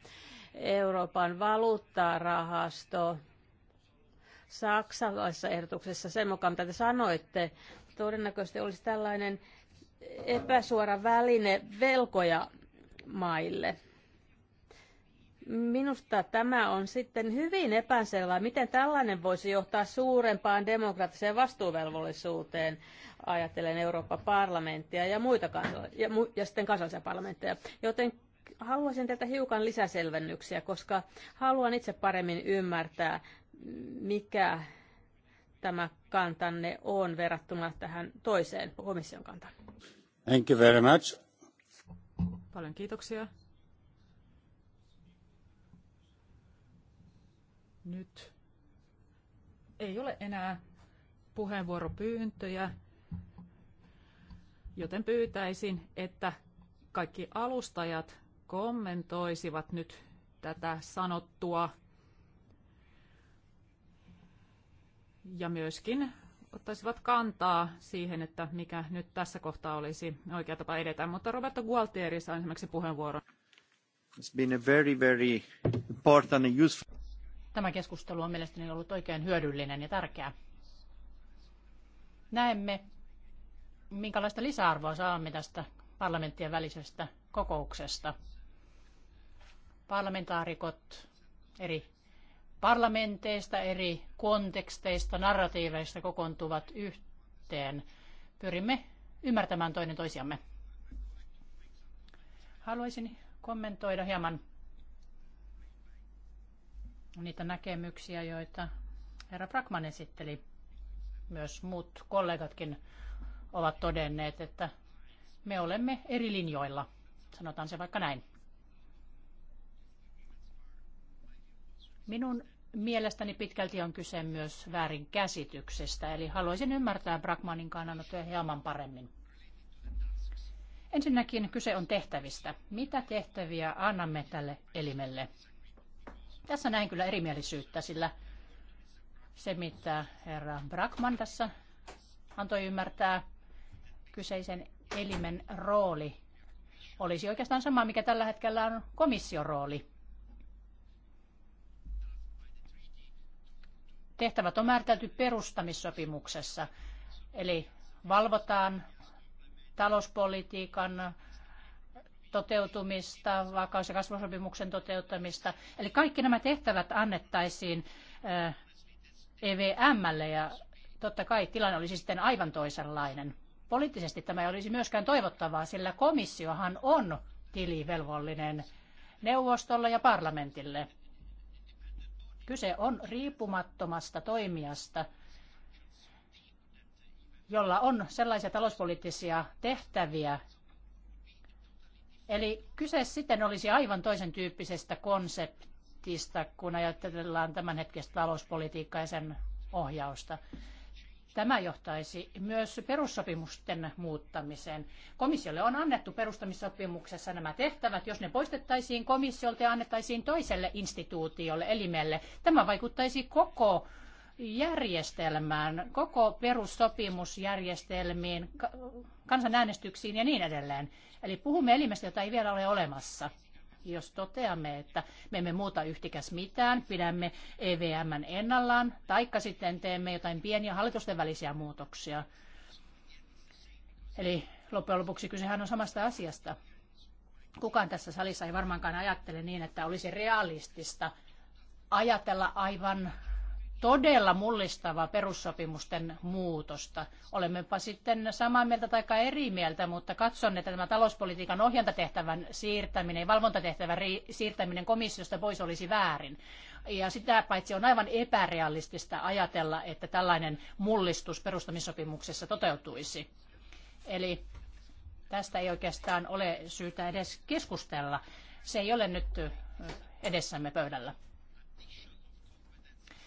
Speaker 3: Euroopan valuuttarahasto rahasto saksalaisessa ehdotuksessa sen mukaan, mitä te sanoitte. Todennäköisesti olisi tällainen epäsuora väline velkoja maille. Minusta tämä on sitten hyvin epäselvää, miten tällainen voisi johtaa suurempaan demokraattiseen vastuuvelvollisuuteen, ajatellen Euroopan parlamenttia ja, muita kansal- ja, mu- ja sitten kansallisia parlamentteja. Joten haluaisin tätä hiukan lisäselvennyksiä, koska haluan itse paremmin ymmärtää, mikä tämä kantanne on verrattuna tähän toiseen komission kantaan.
Speaker 5: Thank you very much.
Speaker 3: Paljon kiitoksia.
Speaker 4: Nyt ei ole enää puheenvuoropyyntöjä, joten pyytäisin, että kaikki alustajat kommentoisivat nyt tätä sanottua ja myöskin ottaisivat kantaa siihen, että mikä nyt tässä kohtaa olisi oikea tapa edetä. Mutta Roberto Gualtieri saa esimerkiksi puheenvuoron.
Speaker 5: It's been a very, very important and
Speaker 2: useful. Tämä keskustelu on mielestäni ollut oikein hyödyllinen ja tärkeä. Näemme, minkälaista lisäarvoa saamme tästä parlamenttien välisestä kokouksesta. Parlamentaarikot eri parlamenteista, eri konteksteista, narratiiveista kokoontuvat yhteen. Pyrimme ymmärtämään toinen toisiamme. Haluaisin kommentoida hieman niitä näkemyksiä, joita herra Brackman esitteli. Myös muut kollegatkin ovat todenneet, että me olemme eri linjoilla. Sanotaan se vaikka näin. Minun Mielestäni pitkälti on kyse myös väärinkäsityksestä, eli haluaisin ymmärtää Brackmanin kannanottoja hieman paremmin. Ensinnäkin kyse on tehtävistä. Mitä tehtäviä annamme tälle elimelle? Tässä näen kyllä erimielisyyttä, sillä se, mitä herra Brackman tässä antoi ymmärtää, kyseisen elimen rooli olisi oikeastaan sama, mikä tällä hetkellä on komission rooli. tehtävät on määritelty perustamissopimuksessa. Eli valvotaan talouspolitiikan toteutumista, vakaus- ja kasvusopimuksen toteuttamista. Eli kaikki nämä tehtävät annettaisiin EVMlle eh, e ja totta kai tilanne olisi sitten aivan toisenlainen. Poliittisesti tämä ei olisi myöskään toivottavaa, sillä komissiohan on tilivelvollinen neuvostolle ja parlamentille. Kyse on riippumattomasta toimijasta, jolla on sellaisia talouspoliittisia tehtäviä, Eli kyse sitten olisi aivan toisen tyyppisestä konseptista, kun ajatellaan tämänhetkistä talouspolitiikkaa ja sen ohjausta. Tämä johtaisi myös perussopimusten muuttamiseen. Komissiolle on annettu perustamissopimuksessa nämä tehtävät. Jos ne poistettaisiin komissiolta ja annettaisiin toiselle instituutiolle, elimelle, tämä vaikuttaisi koko järjestelmään, koko perussopimusjärjestelmiin, kansanäänestyksiin ja niin edelleen. Eli puhumme elimestä, jota ei vielä ole olemassa jos toteamme, että me emme muuta yhtikäs mitään, pidämme EVMn ennallaan, taikka sitten teemme jotain pieniä hallitusten välisiä muutoksia. Eli loppujen lopuksi kysehän on samasta asiasta. Kukaan tässä salissa ei varmaankaan ajattele niin, että olisi realistista ajatella aivan todella mullistavaa perussopimusten muutosta. Olemmepa sitten samaa mieltä tai eri mieltä, mutta katson, että tämä talouspolitiikan ohjantatehtävän siirtäminen, valvontatehtävän siirtäminen komissiosta pois olisi väärin. Ja sitä paitsi on aivan epärealistista ajatella, että tällainen mullistus perustamissopimuksessa toteutuisi. Eli tästä ei oikeastaan ole syytä edes keskustella. Se ei ole nyt edessämme pöydällä.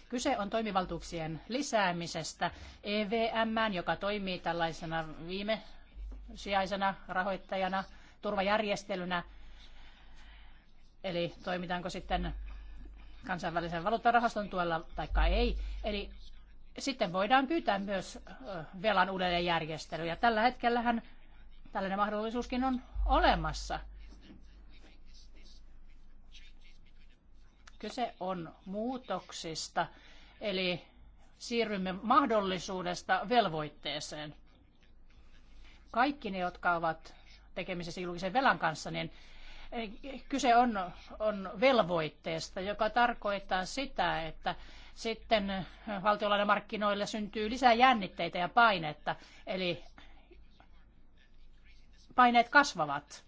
Speaker 2: Kyse on toimivaltuuksien lisäämisestä EVM, joka toimii tällaisena viime sijaisena rahoittajana, turvajärjestelynä. Eli toimitaanko sitten kansainvälisen valuuttarahaston tuella tai ei. Eli sitten voidaan pyytää myös velan uudelleenjärjestelyä. Tällä hetkellähän tällainen mahdollisuuskin on olemassa – Kyse on muutoksista, eli siirrymme mahdollisuudesta velvoitteeseen. Kaikki ne, jotka ovat tekemisissä julkisen velan kanssa, niin eh, kyse on, on velvoitteesta, joka tarkoittaa sitä, että sitten markkinoille syntyy lisää jännitteitä ja painetta, eli paineet kasvavat.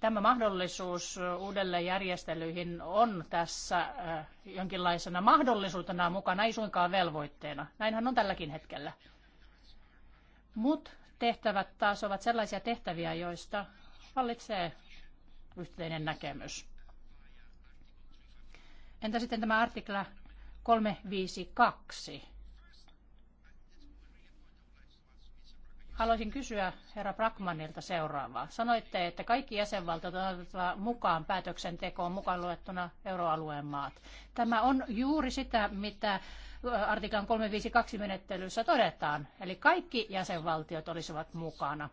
Speaker 2: tämä mahdollisuus uudelleenjärjestelyihin on tässä äh, jonkinlaisena mahdollisuutena mukana, ei suinkaan velvoitteena. Näinhän on tälläkin hetkellä. Mut tehtävät taas ovat sellaisia tehtäviä, joista vallitsee yhteinen näkemys. Entä sitten tämä artikla 352? Haluaisin kysyä herra Brackmanilta seuraavaa. Sanoitte, että kaikki jäsenvaltiot otettava mukaan päätöksentekoon mukaan luettuna euroalueen maat. Tämä on juuri sitä, mitä artiklan 352 menettelyssä todetaan. Eli kaikki jäsenvaltiot olisivat mukana.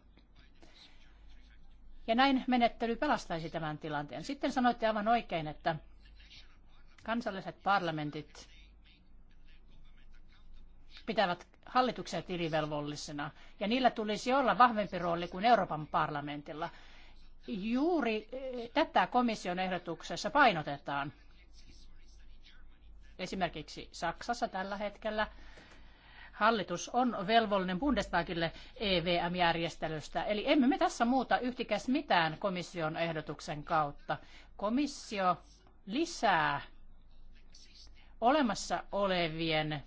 Speaker 2: Ja näin menettely pelastaisi tämän tilanteen. Sitten sanoitte aivan oikein, että kansalliset parlamentit pitävät hallituksia tilivelvollisena, ja niillä tulisi olla vahvempi rooli kuin Euroopan parlamentilla. Juuri eh, tätä komission ehdotuksessa painotetaan. Esimerkiksi Saksassa tällä hetkellä hallitus on velvollinen Bundestagille EVM-järjestelystä. Eli emme me tässä muuta yhtikäs mitään komission ehdotuksen kautta. Komissio lisää olemassa olevien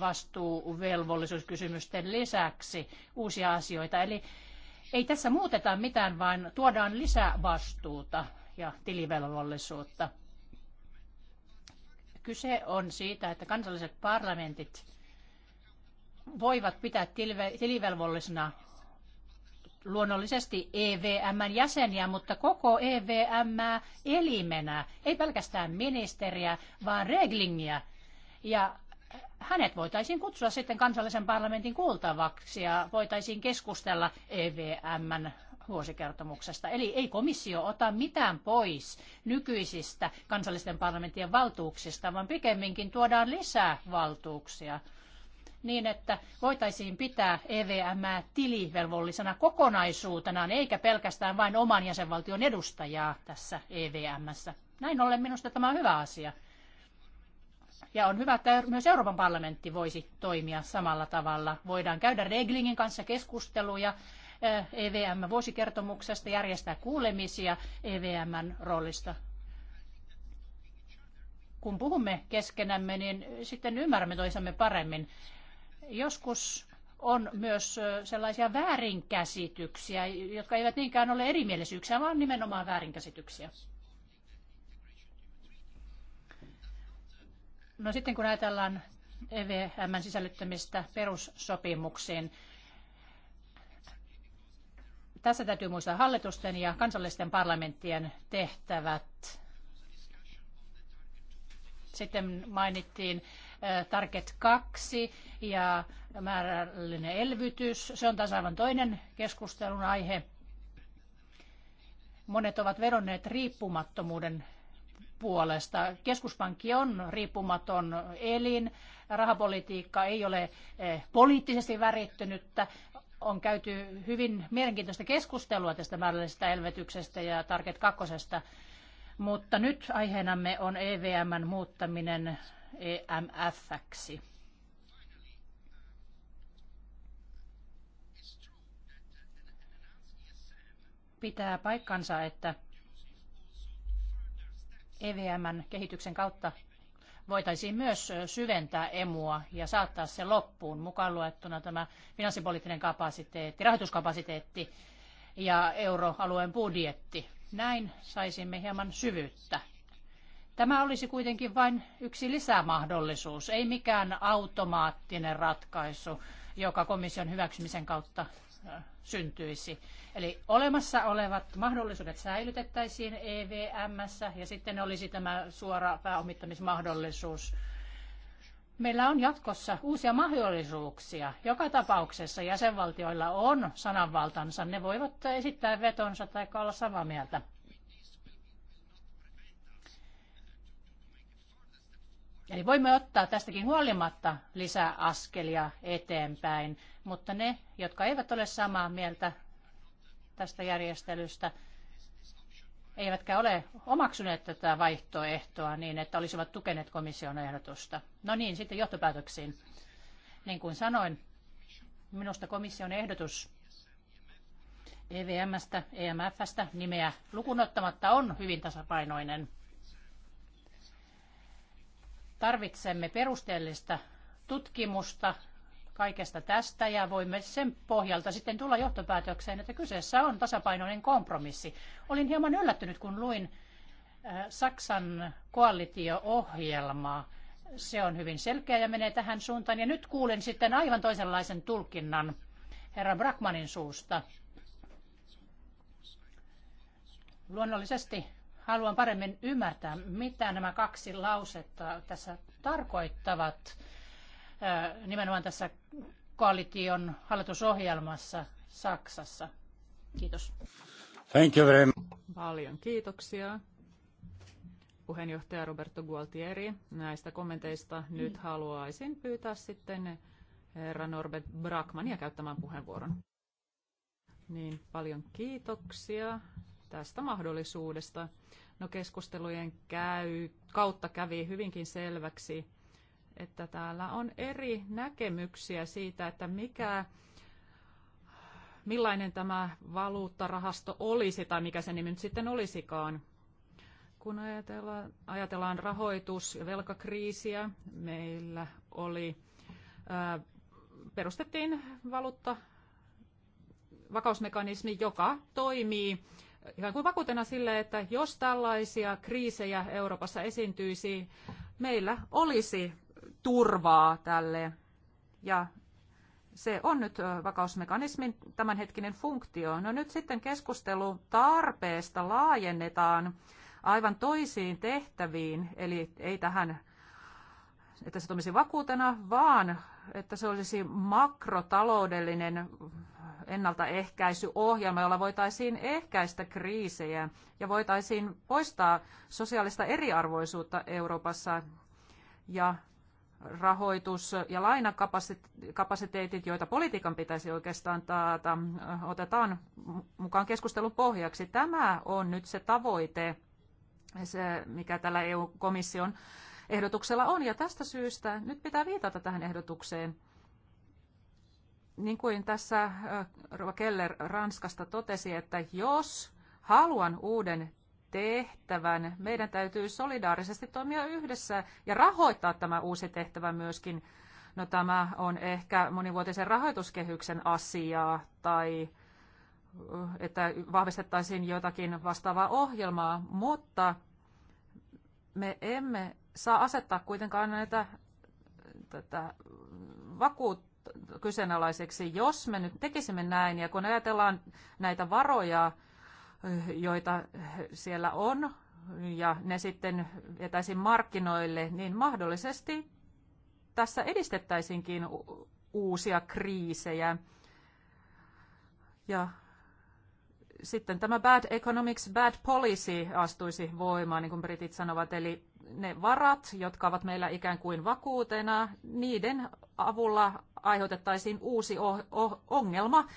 Speaker 2: vastuuvelvollisuuskysymysten lisäksi uusia asioita. Eli ei tässä muuteta mitään, vaan tuodaan lisävastuuta ja tilivelvollisuutta. Kyse on siitä, että kansalliset parlamentit voivat pitää tilivelvollisena luonnollisesti EVMn jäseniä, mutta koko EVM elimenä, ei pelkästään ministeriä, vaan reglingiä. Ja hänet voitaisiin kutsua sitten kansallisen parlamentin kuultavaksi ja voitaisiin keskustella EVMn vuosikertomuksesta. Eli ei komissio ota mitään pois nykyisistä kansallisten parlamenttien valtuuksista, vaan pikemminkin tuodaan lisää valtuuksia niin, että voitaisiin pitää EVM tilivelvollisena kokonaisuutenaan, eikä pelkästään vain oman jäsenvaltion edustajaa tässä EVMssä. Näin ollen minusta tämä on hyvä asia. Ja on hyvä, että myös Euroopan parlamentti voisi toimia samalla tavalla. Voidaan käydä Reglingin kanssa keskusteluja EVM-vuosikertomuksesta, eh, e järjestää kuulemisia EVMn roolista. Kun puhumme keskenämme, niin sitten ymmärrämme toisamme paremmin. Joskus on myös eh, sellaisia väärinkäsityksiä, jotka eivät niinkään ole erimielisyyksiä, vaan nimenomaan väärinkäsityksiä. No sitten kun ajatellaan EVMn sisällyttämistä perussopimuksiin, tässä täytyy muistaa hallitusten ja kansallisten parlamenttien tehtävät. Sitten mainittiin Target 2 ja määrällinen elvytys. Se on taas aivan toinen keskustelun aihe. Monet ovat vedonneet riippumattomuuden puolesta. Keskuspankki on riippumaton elin, rahapolitiikka ei ole eh, poliittisesti värittynyttä. On käyty hyvin mielenkiintoista keskustelua tästä määrällisestä elvytyksestä ja Target 2. Mutta nyt aiheenamme on EVMn muuttaminen EMFksi. Pitää paikkansa, että EVMn kehityksen kautta voitaisiin myös syventää emua ja saattaa se loppuun, mukaan luettuna tämä finanssipoliittinen kapasiteetti, rahoituskapasiteetti ja euroalueen budjetti. Näin saisimme hieman syvyyttä. Tämä olisi kuitenkin vain yksi lisämahdollisuus, ei mikään automaattinen ratkaisu, joka komission hyväksymisen kautta syntyisi. Eli olemassa olevat mahdollisuudet säilytettäisiin EVMssä ja sitten olisi tämä suora pääomittamismahdollisuus. Meillä on jatkossa uusia mahdollisuuksia. Joka tapauksessa jäsenvaltioilla on sananvaltansa. Ne voivat esittää vetonsa tai olla samaa mieltä. Eli voimme ottaa tästäkin huolimatta lisää askelia eteenpäin, mutta ne, jotka eivät ole samaa mieltä tästä järjestelystä, eivätkä ole omaksuneet tätä vaihtoehtoa niin, että olisivat tukeneet komission ehdotusta. No niin, sitten johtopäätöksiin. Niin kuin sanoin, minusta komission ehdotus EVMstä, EMFstä nimeä lukunottamatta on hyvin tasapainoinen. Tarvitsemme perusteellista tutkimusta kaikesta tästä ja voimme sen pohjalta sitten tulla johtopäätökseen, että kyseessä on tasapainoinen kompromissi. Olin hieman yllättynyt, kun luin äh, Saksan koalitio-ohjelmaa. Se on hyvin selkeä ja menee tähän suuntaan. Ja nyt kuulen sitten aivan toisenlaisen tulkinnan herra Brackmanin suusta. Luonnollisesti haluan paremmin ymmärtää, mitä nämä kaksi lausetta tässä tarkoittavat nimenomaan tässä koalition hallitusohjelmassa Saksassa. Kiitos.
Speaker 5: Thank you very much.
Speaker 4: Paljon kiitoksia puheenjohtaja Roberto Gualtieri näistä kommenteista. Nyt mm. haluaisin pyytää sitten herra Norbert Brackmania käyttämään puheenvuoron. Niin, paljon kiitoksia tästä mahdollisuudesta. No keskustelujen käy, kautta kävi hyvinkin selväksi, että täällä on eri näkemyksiä siitä, että mikä, millainen tämä valuuttarahasto olisi tai mikä se nimi nyt sitten olisikaan. Kun ajatellaan, ajatellaan rahoitus- ja velkakriisiä, meillä oli, ää, perustettiin valuutta vakausmekanismi, joka toimii ikään kuin vakuutena sille, että jos tällaisia kriisejä Euroopassa esiintyisi, meillä olisi turvaa tälle. Ja se on nyt vakausmekanismin tämänhetkinen funktio. No nyt sitten keskustelu tarpeesta laajennetaan aivan toisiin tehtäviin, eli ei tähän, että se toimisi vakuutena, vaan että se olisi makrotaloudellinen ennaltaehkäisyohjelma, jolla voitaisiin ehkäistä kriisejä ja voitaisiin poistaa sosiaalista eriarvoisuutta Euroopassa ja rahoitus- ja lainakapasiteetit, joita politiikan pitäisi oikeastaan taata, otetaan mukaan keskustelun pohjaksi. Tämä on nyt se tavoite, se, mikä tällä EU-komission ehdotuksella on, ja tästä syystä nyt pitää viitata tähän ehdotukseen niin kuin tässä äh, Rova Keller Ranskasta totesi, että jos haluan uuden tehtävän, meidän täytyy solidaarisesti toimia yhdessä ja rahoittaa tämä uusi tehtävä myöskin. No tämä on ehkä monivuotisen rahoituskehyksen asiaa tai äh, että vahvistettaisiin jotakin vastaavaa ohjelmaa, mutta me emme saa asettaa kuitenkaan näitä tätä vakuut, kyseenalaiseksi, jos me nyt tekisimme näin. Ja kun ajatellaan näitä varoja, eh, joita siellä on, ja ne sitten vetäisiin markkinoille, niin mahdollisesti tässä edistettäisinkin uusia kriisejä. Ja sitten tämä bad economics, bad policy astuisi voimaan, niin kuin britit sanovat, eli ne varat, jotka ovat meillä ikään kuin vakuutena, niiden avulla aiheutettaisiin uusi ongelma,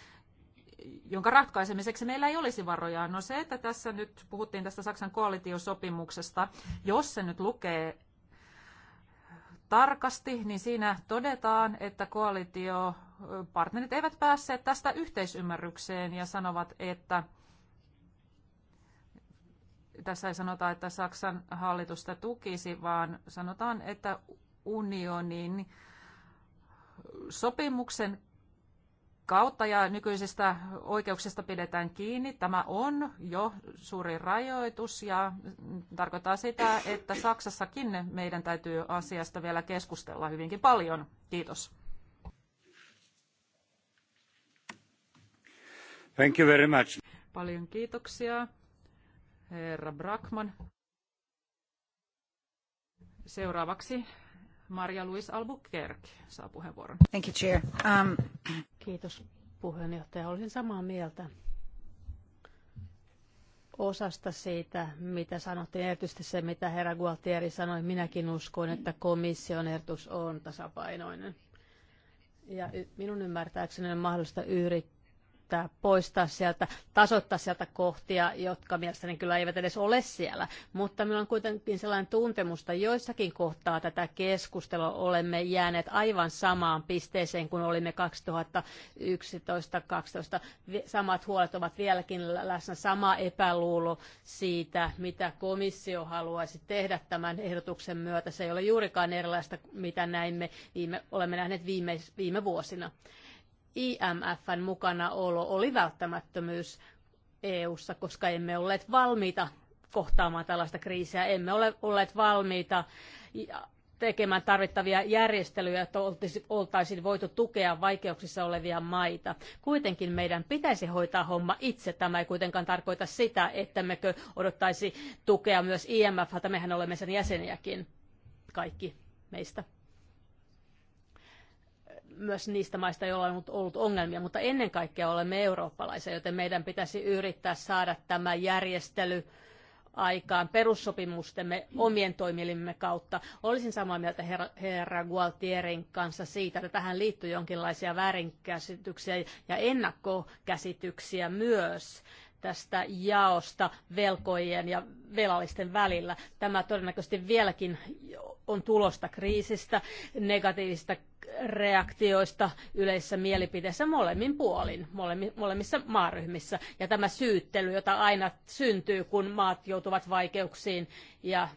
Speaker 4: jonka ratkaisemiseksi meillä ei olisi varoja. No se, että tässä nyt puhuttiin tästä Saksan koalitiosopimuksesta, jos se nyt lukee tarkasti, niin siinä todetaan, että koalitiopartnerit eivät päässeet tästä yhteisymmärrykseen ja sanovat, että tässä ei sanota, että Saksan hallitusta tukisi, vaan sanotaan, että unionin sopimuksen kautta ja nykyisistä oikeuksista pidetään kiinni. Tämä on jo suuri rajoitus ja tarkoittaa sitä, että Saksassakin meidän täytyy asiasta vielä keskustella hyvinkin paljon. Kiitos.
Speaker 5: Thank you very much.
Speaker 4: Paljon kiitoksia, herra Brackman. Seuraavaksi Maria Luis Albuquerque saa puheenvuoron. Thank you, Chair.
Speaker 3: Um... Kiitos puheenjohtaja. Olisin samaa mieltä osasta siitä, mitä sanottiin, erityisesti se, mitä herra Gualtieri sanoi. Minäkin uskon, että komission ehdotus on tasapainoinen. Ja minun ymmärtääkseni on mahdollista yrit, yrittää poistaa sieltä, tasoittaa sieltä kohtia, jotka mielestäni kyllä eivät edes ole siellä. Mutta minulla on kuitenkin sellainen tuntemus, että joissakin kohtaa tätä keskustelua olemme jääneet aivan samaan pisteeseen kuin olimme 2011-2012. Samat huolet ovat vieläkin läsnä, sama epäluulo siitä, mitä komissio haluaisi tehdä tämän ehdotuksen myötä. Se ei ole juurikaan erilaista, mitä näimme, viime, olemme nähneet viime, viime vuosina. IMFn mukanaolo oli välttämättömyys EU:ssa, koska emme olleet valmiita kohtaamaan tällaista kriisiä. Emme ole olleet valmiita tekemään tarvittavia järjestelyjä, että oltaisiin voitu tukea vaikeuksissa olevia maita. Kuitenkin meidän pitäisi hoitaa homma itse. Tämä ei kuitenkaan tarkoita sitä, että mekö odottaisi tukea myös IMF, mehän olemme sen jäseniäkin, kaikki meistä myös niistä maista, joilla on ollut ongelmia, mutta ennen kaikkea olemme eurooppalaisia, joten meidän pitäisi yrittää saada tämä järjestely aikaan perussopimustemme omien toimielimme kautta. Olisin samaa mieltä herra, herra Gualtierin kanssa siitä, että tähän liittyy jonkinlaisia väärinkäsityksiä ja ennakkokäsityksiä myös tästä jaosta velkojen ja velallisten välillä. Tämä todennäköisesti vieläkin on tulosta kriisistä, negatiivisista reaktioista yleisessä mielipiteessä molemmin puolin, molemmissa maaryhmissä. Ja tämä syyttely, jota aina syntyy, kun maat joutuvat vaikeuksiin ja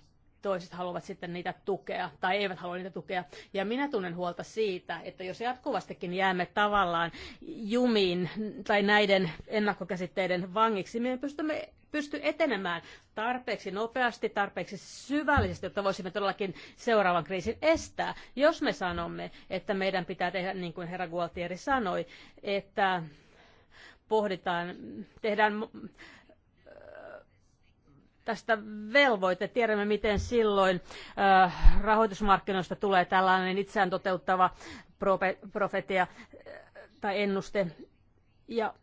Speaker 3: toiset haluavat sitten niitä tukea tai eivät halua niitä tukea. Ja minä tunnen huolta siitä, että jos jatkuvastikin jäämme tavallaan jumiin tai näiden ennakkokäsitteiden vangiksi, me pystymme pysty etenemään tarpeeksi nopeasti, tarpeeksi syvällisesti, jotta voisimme todellakin seuraavan kriisin estää. Jos me sanomme, että meidän pitää tehdä niin kuin herra Gualtieri sanoi, että pohditaan, tehdään tästä velvoite. Tiedämme, miten silloin äh, rahoitusmarkkinoista tulee tällainen itseään toteuttava profetia äh, tai ennuste. Ja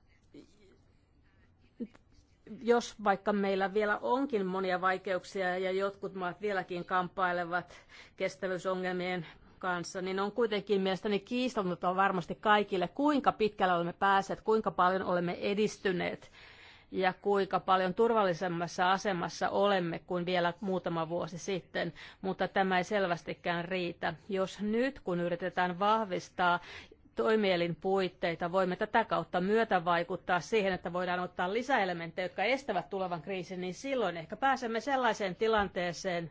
Speaker 3: jos vaikka meillä vielä onkin monia vaikeuksia ja jotkut maat vieläkin kamppailevat kestävyysongelmien kanssa, niin on kuitenkin mielestäni kiistatonta varmasti kaikille, kuinka pitkälle olemme päässeet, kuinka paljon olemme edistyneet ja kuinka paljon turvallisemmassa asemassa olemme kuin vielä muutama vuosi sitten, mutta tämä ei selvästikään riitä. Jos nyt, kun yritetään vahvistaa toimielin puitteita, voimme tätä kautta myötä vaikuttaa siihen, että voidaan ottaa lisäelementtejä, jotka estävät tulevan kriisin, niin silloin ehkä pääsemme sellaiseen tilanteeseen,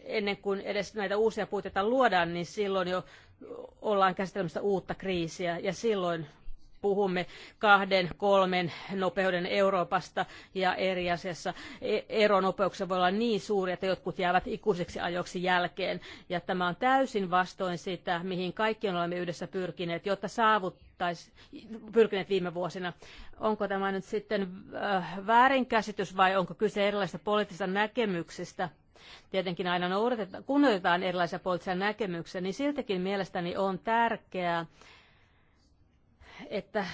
Speaker 3: ennen kuin edes näitä uusia puitteita luodaan, niin silloin jo ollaan käsittelemässä uutta kriisiä ja silloin puhumme kahden, kolmen nopeuden Euroopasta ja eri asiassa e- eronopeuksia voi olla niin suuri, että jotkut jäävät ikuisiksi ajoksi jälkeen. Ja tämä on täysin vastoin sitä, mihin kaikki olemme yhdessä pyrkineet, jotta saavuttaisiin pyrkineet viime vuosina. Onko tämä nyt sitten äh, väärinkäsitys vai onko kyse erilaisista poliittisista näkemyksistä? tietenkin aina noudatetaan, kunnioitetaan erilaisia poliittisia näkemyksiä, niin siltikin mielestäni on tärkeää, että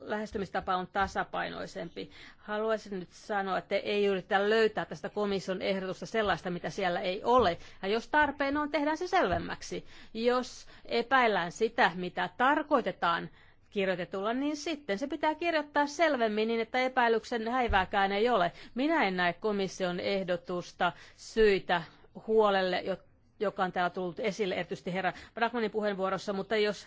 Speaker 3: lähestymistapa on tasapainoisempi. Haluaisin nyt sanoa, että ei yritä löytää tästä komission ehdotusta sellaista, mitä siellä ei ole. Ja jos tarpeen on, tehdään se selvemmäksi. Jos epäillään sitä, mitä tarkoitetaan kirjoitetulla, niin sitten se pitää kirjoittaa selvemmin niin, että epäilyksen häivääkään ei ole. Minä en näe komission ehdotusta syitä huolelle, joka on täällä tullut esille erityisesti herra Brackmanin puheenvuorossa, mutta jos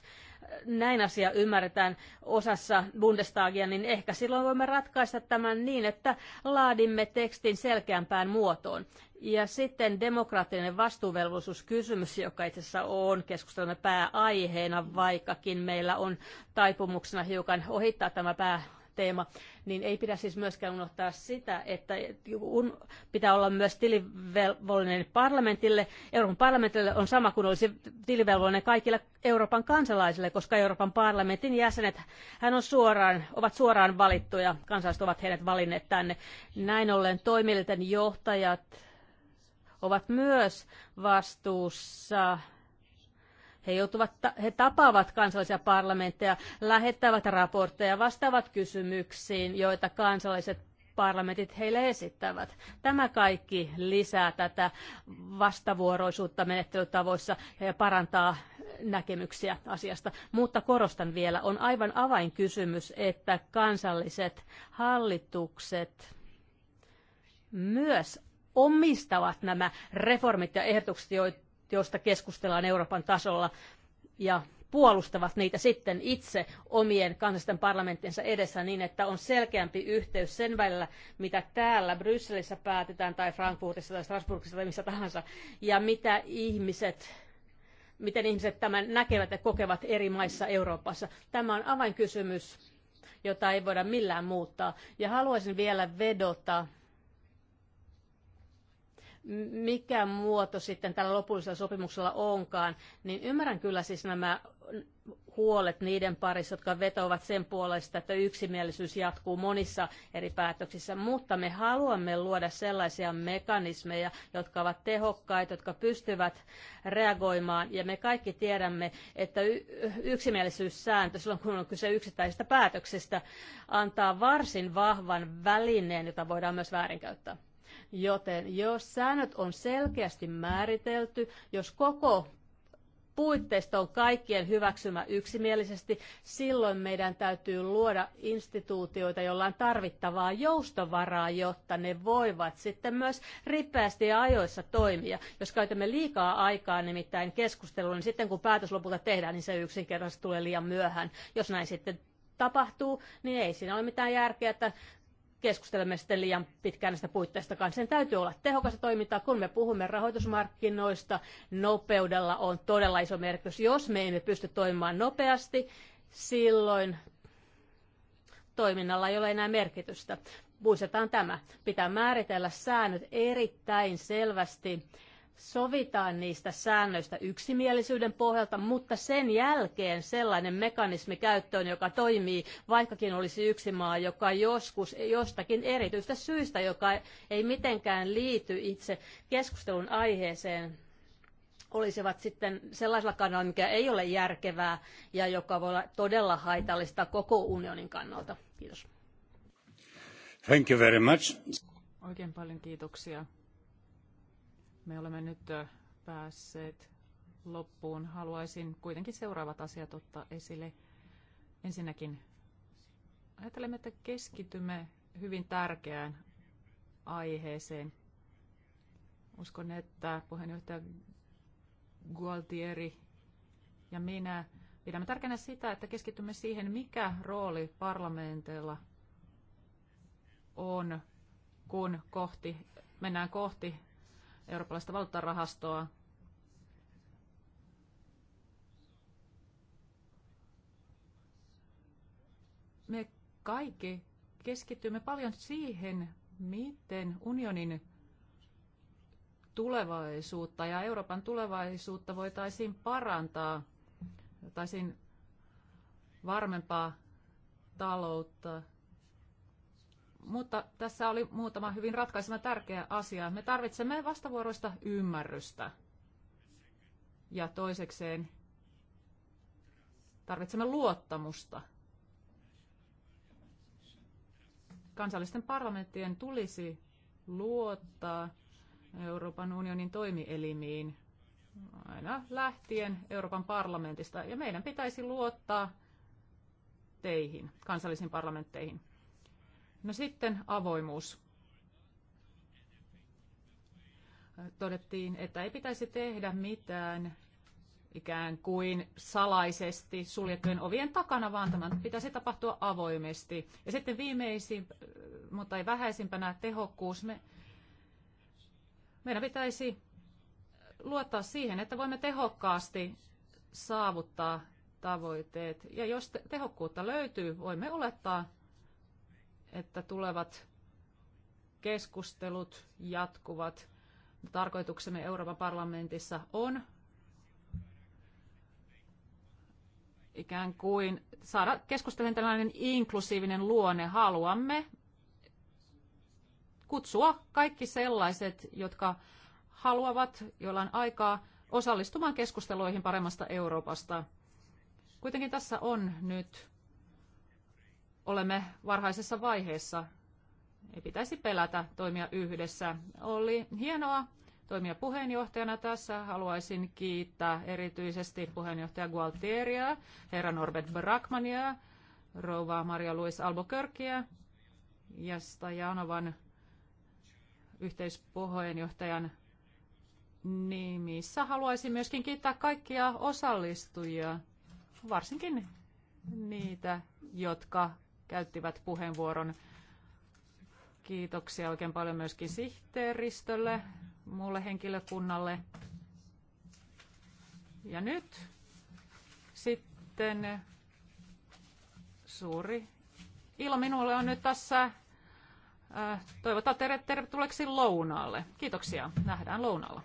Speaker 3: näin asia ymmärretään osassa Bundestagia, niin ehkä silloin voimme ratkaista tämän niin, että laadimme tekstin selkeämpään muotoon. Ja sitten demokraattinen vastuuvelvollisuuskysymys, joka itse asiassa on keskustelumme pääaiheena, vaikkakin meillä on taipumuksena hiukan ohittaa tämä pääteema niin ei pidä siis myöskään unohtaa sitä, että pitää olla myös tilivelvollinen parlamentille. Euroopan parlamentille on sama kuin olisi tilivelvollinen kaikille Euroopan kansalaisille, koska Euroopan parlamentin jäsenet hän on suoraan, ovat suoraan valittuja, kansalaiset ovat heidät valinneet tänne. Näin ollen toimielinten johtajat ovat myös vastuussa he, joutuvat, he tapaavat kansallisia parlamentteja, lähettävät raportteja, vastaavat kysymyksiin, joita kansalliset parlamentit heille esittävät. Tämä kaikki lisää tätä vastavuoroisuutta menettelytavoissa ja parantaa näkemyksiä asiasta. Mutta korostan vielä, on aivan avainkysymys, että kansalliset hallitukset myös omistavat nämä reformit ja ehdotukset, joita joista keskustellaan Euroopan tasolla ja puolustavat niitä sitten itse omien kansallisten parlamenttinsa edessä niin, että on selkeämpi yhteys sen välillä, mitä täällä Brysselissä päätetään tai Frankfurtissa tai Strasbourgissa tai missä tahansa, ja mitä ihmiset miten ihmiset tämän näkevät ja kokevat eri maissa Euroopassa. Tämä on avainkysymys, jota ei voida millään muuttaa. Ja haluaisin vielä vedota mikä muoto sitten tällä lopullisella sopimuksella onkaan, niin ymmärrän kyllä siis nämä huolet niiden parissa, jotka vetovat sen puolesta, että yksimielisyys jatkuu monissa eri päätöksissä, mutta me haluamme luoda sellaisia mekanismeja, jotka ovat tehokkaita, jotka pystyvät reagoimaan, ja me kaikki tiedämme, että yksimielisyyssääntö, silloin kun on kyse yksittäisestä päätöksestä, antaa varsin vahvan välineen, jota voidaan myös väärinkäyttää. Joten jos säännöt on selkeästi määritelty, jos koko puitteista on kaikkien hyväksymä yksimielisesti, silloin meidän täytyy luoda instituutioita, joilla on tarvittavaa joustovaraa, jotta ne voivat sitten myös ripeästi ja ajoissa toimia. Jos käytämme liikaa aikaa nimittäin keskusteluun, niin sitten kun päätös lopulta tehdään, niin se yksinkertaisesti tulee liian myöhään. Jos näin sitten tapahtuu, niin ei siinä ole mitään järkeä, että keskustelemme sitten liian pitkään näistä puitteista kanssa. Sen täytyy olla tehokasta toimintaa, kun me puhumme rahoitusmarkkinoista. Nopeudella on todella iso merkitys. Jos me emme pysty toimimaan nopeasti, silloin toiminnalla ei ole enää merkitystä. Muistetaan tämä. Pitää määritellä säännöt erittäin selvästi sovitaan niistä säännöistä yksimielisyyden pohjalta, mutta sen jälkeen sellainen mekanismi käyttöön, joka toimii, vaikkakin olisi yksi maa, joka joskus jostakin erityistä syystä, joka ei mitenkään liity itse keskustelun aiheeseen, olisivat sitten sellaisella kannalla, mikä ei ole järkevää ja joka voi olla todella haitallista koko unionin kannalta. Kiitos.
Speaker 5: Thank you very much.
Speaker 3: Oikein paljon kiitoksia.
Speaker 4: Me olemme nyt päässeet loppuun. Haluaisin kuitenkin seuraavat asiat ottaa esille. Ensinnäkin ajattelemme, että keskitymme hyvin tärkeään aiheeseen. Uskon, että puheenjohtaja Gualtieri ja minä pidämme tärkeänä sitä, että keskitymme siihen, mikä rooli parlamenteilla on, kun kohti, mennään kohti eurooppalaista valuuttarahastoa. Me kaikki keskittyimme paljon siihen, miten unionin tulevaisuutta ja Euroopan tulevaisuutta voitaisiin parantaa, voitaisiin varmempaa taloutta mutta tässä oli muutama hyvin ratkaisema tärkeä asia. Me tarvitsemme vastavuoroista ymmärrystä. Ja toisekseen tarvitsemme luottamusta. Kansallisten parlamenttien tulisi luottaa Euroopan unionin toimielimiin aina lähtien Euroopan parlamentista. Ja meidän pitäisi luottaa teihin, kansallisiin parlamentteihin. No sitten avoimuus. Todettiin, että ei pitäisi tehdä mitään ikään kuin salaisesti suljettujen ovien takana, vaan tämän pitäisi tapahtua avoimesti. Ja sitten viimeisin, mutta ei vähäisimpänä, tehokkuus. Me, meidän pitäisi luottaa siihen, että voimme tehokkaasti saavuttaa tavoitteet. Ja jos tehokkuutta löytyy, voimme olettaa, että tulevat keskustelut jatkuvat. Tarkoituksemme Euroopan parlamentissa on ikään kuin saada keskustelun tällainen inklusiivinen luonne. Haluamme kutsua kaikki sellaiset, jotka haluavat, joilla on aikaa osallistumaan keskusteluihin paremmasta Euroopasta. Kuitenkin tässä on nyt olemme varhaisessa vaiheessa. Ei pitäisi pelätä toimia yhdessä. Oli hienoa toimia puheenjohtajana tässä. Haluaisin kiittää erityisesti puheenjohtaja Gualtieria, herra Norbert Brackmania, rouva Maria Luis Albuquerquea ja Stajanovan yhteispuheenjohtajan nimissä. Haluaisin myöskin kiittää kaikkia osallistujia, varsinkin niitä, jotka käyttivät puheenvuoron. Kiitoksia oikein paljon myöskin sihteeristölle, muulle henkilökunnalle. Ja nyt sitten suuri ilo minulle on nyt tässä äh, toivottaa teidät tervetulleeksi lounaalle. Kiitoksia. Nähdään lounaalla.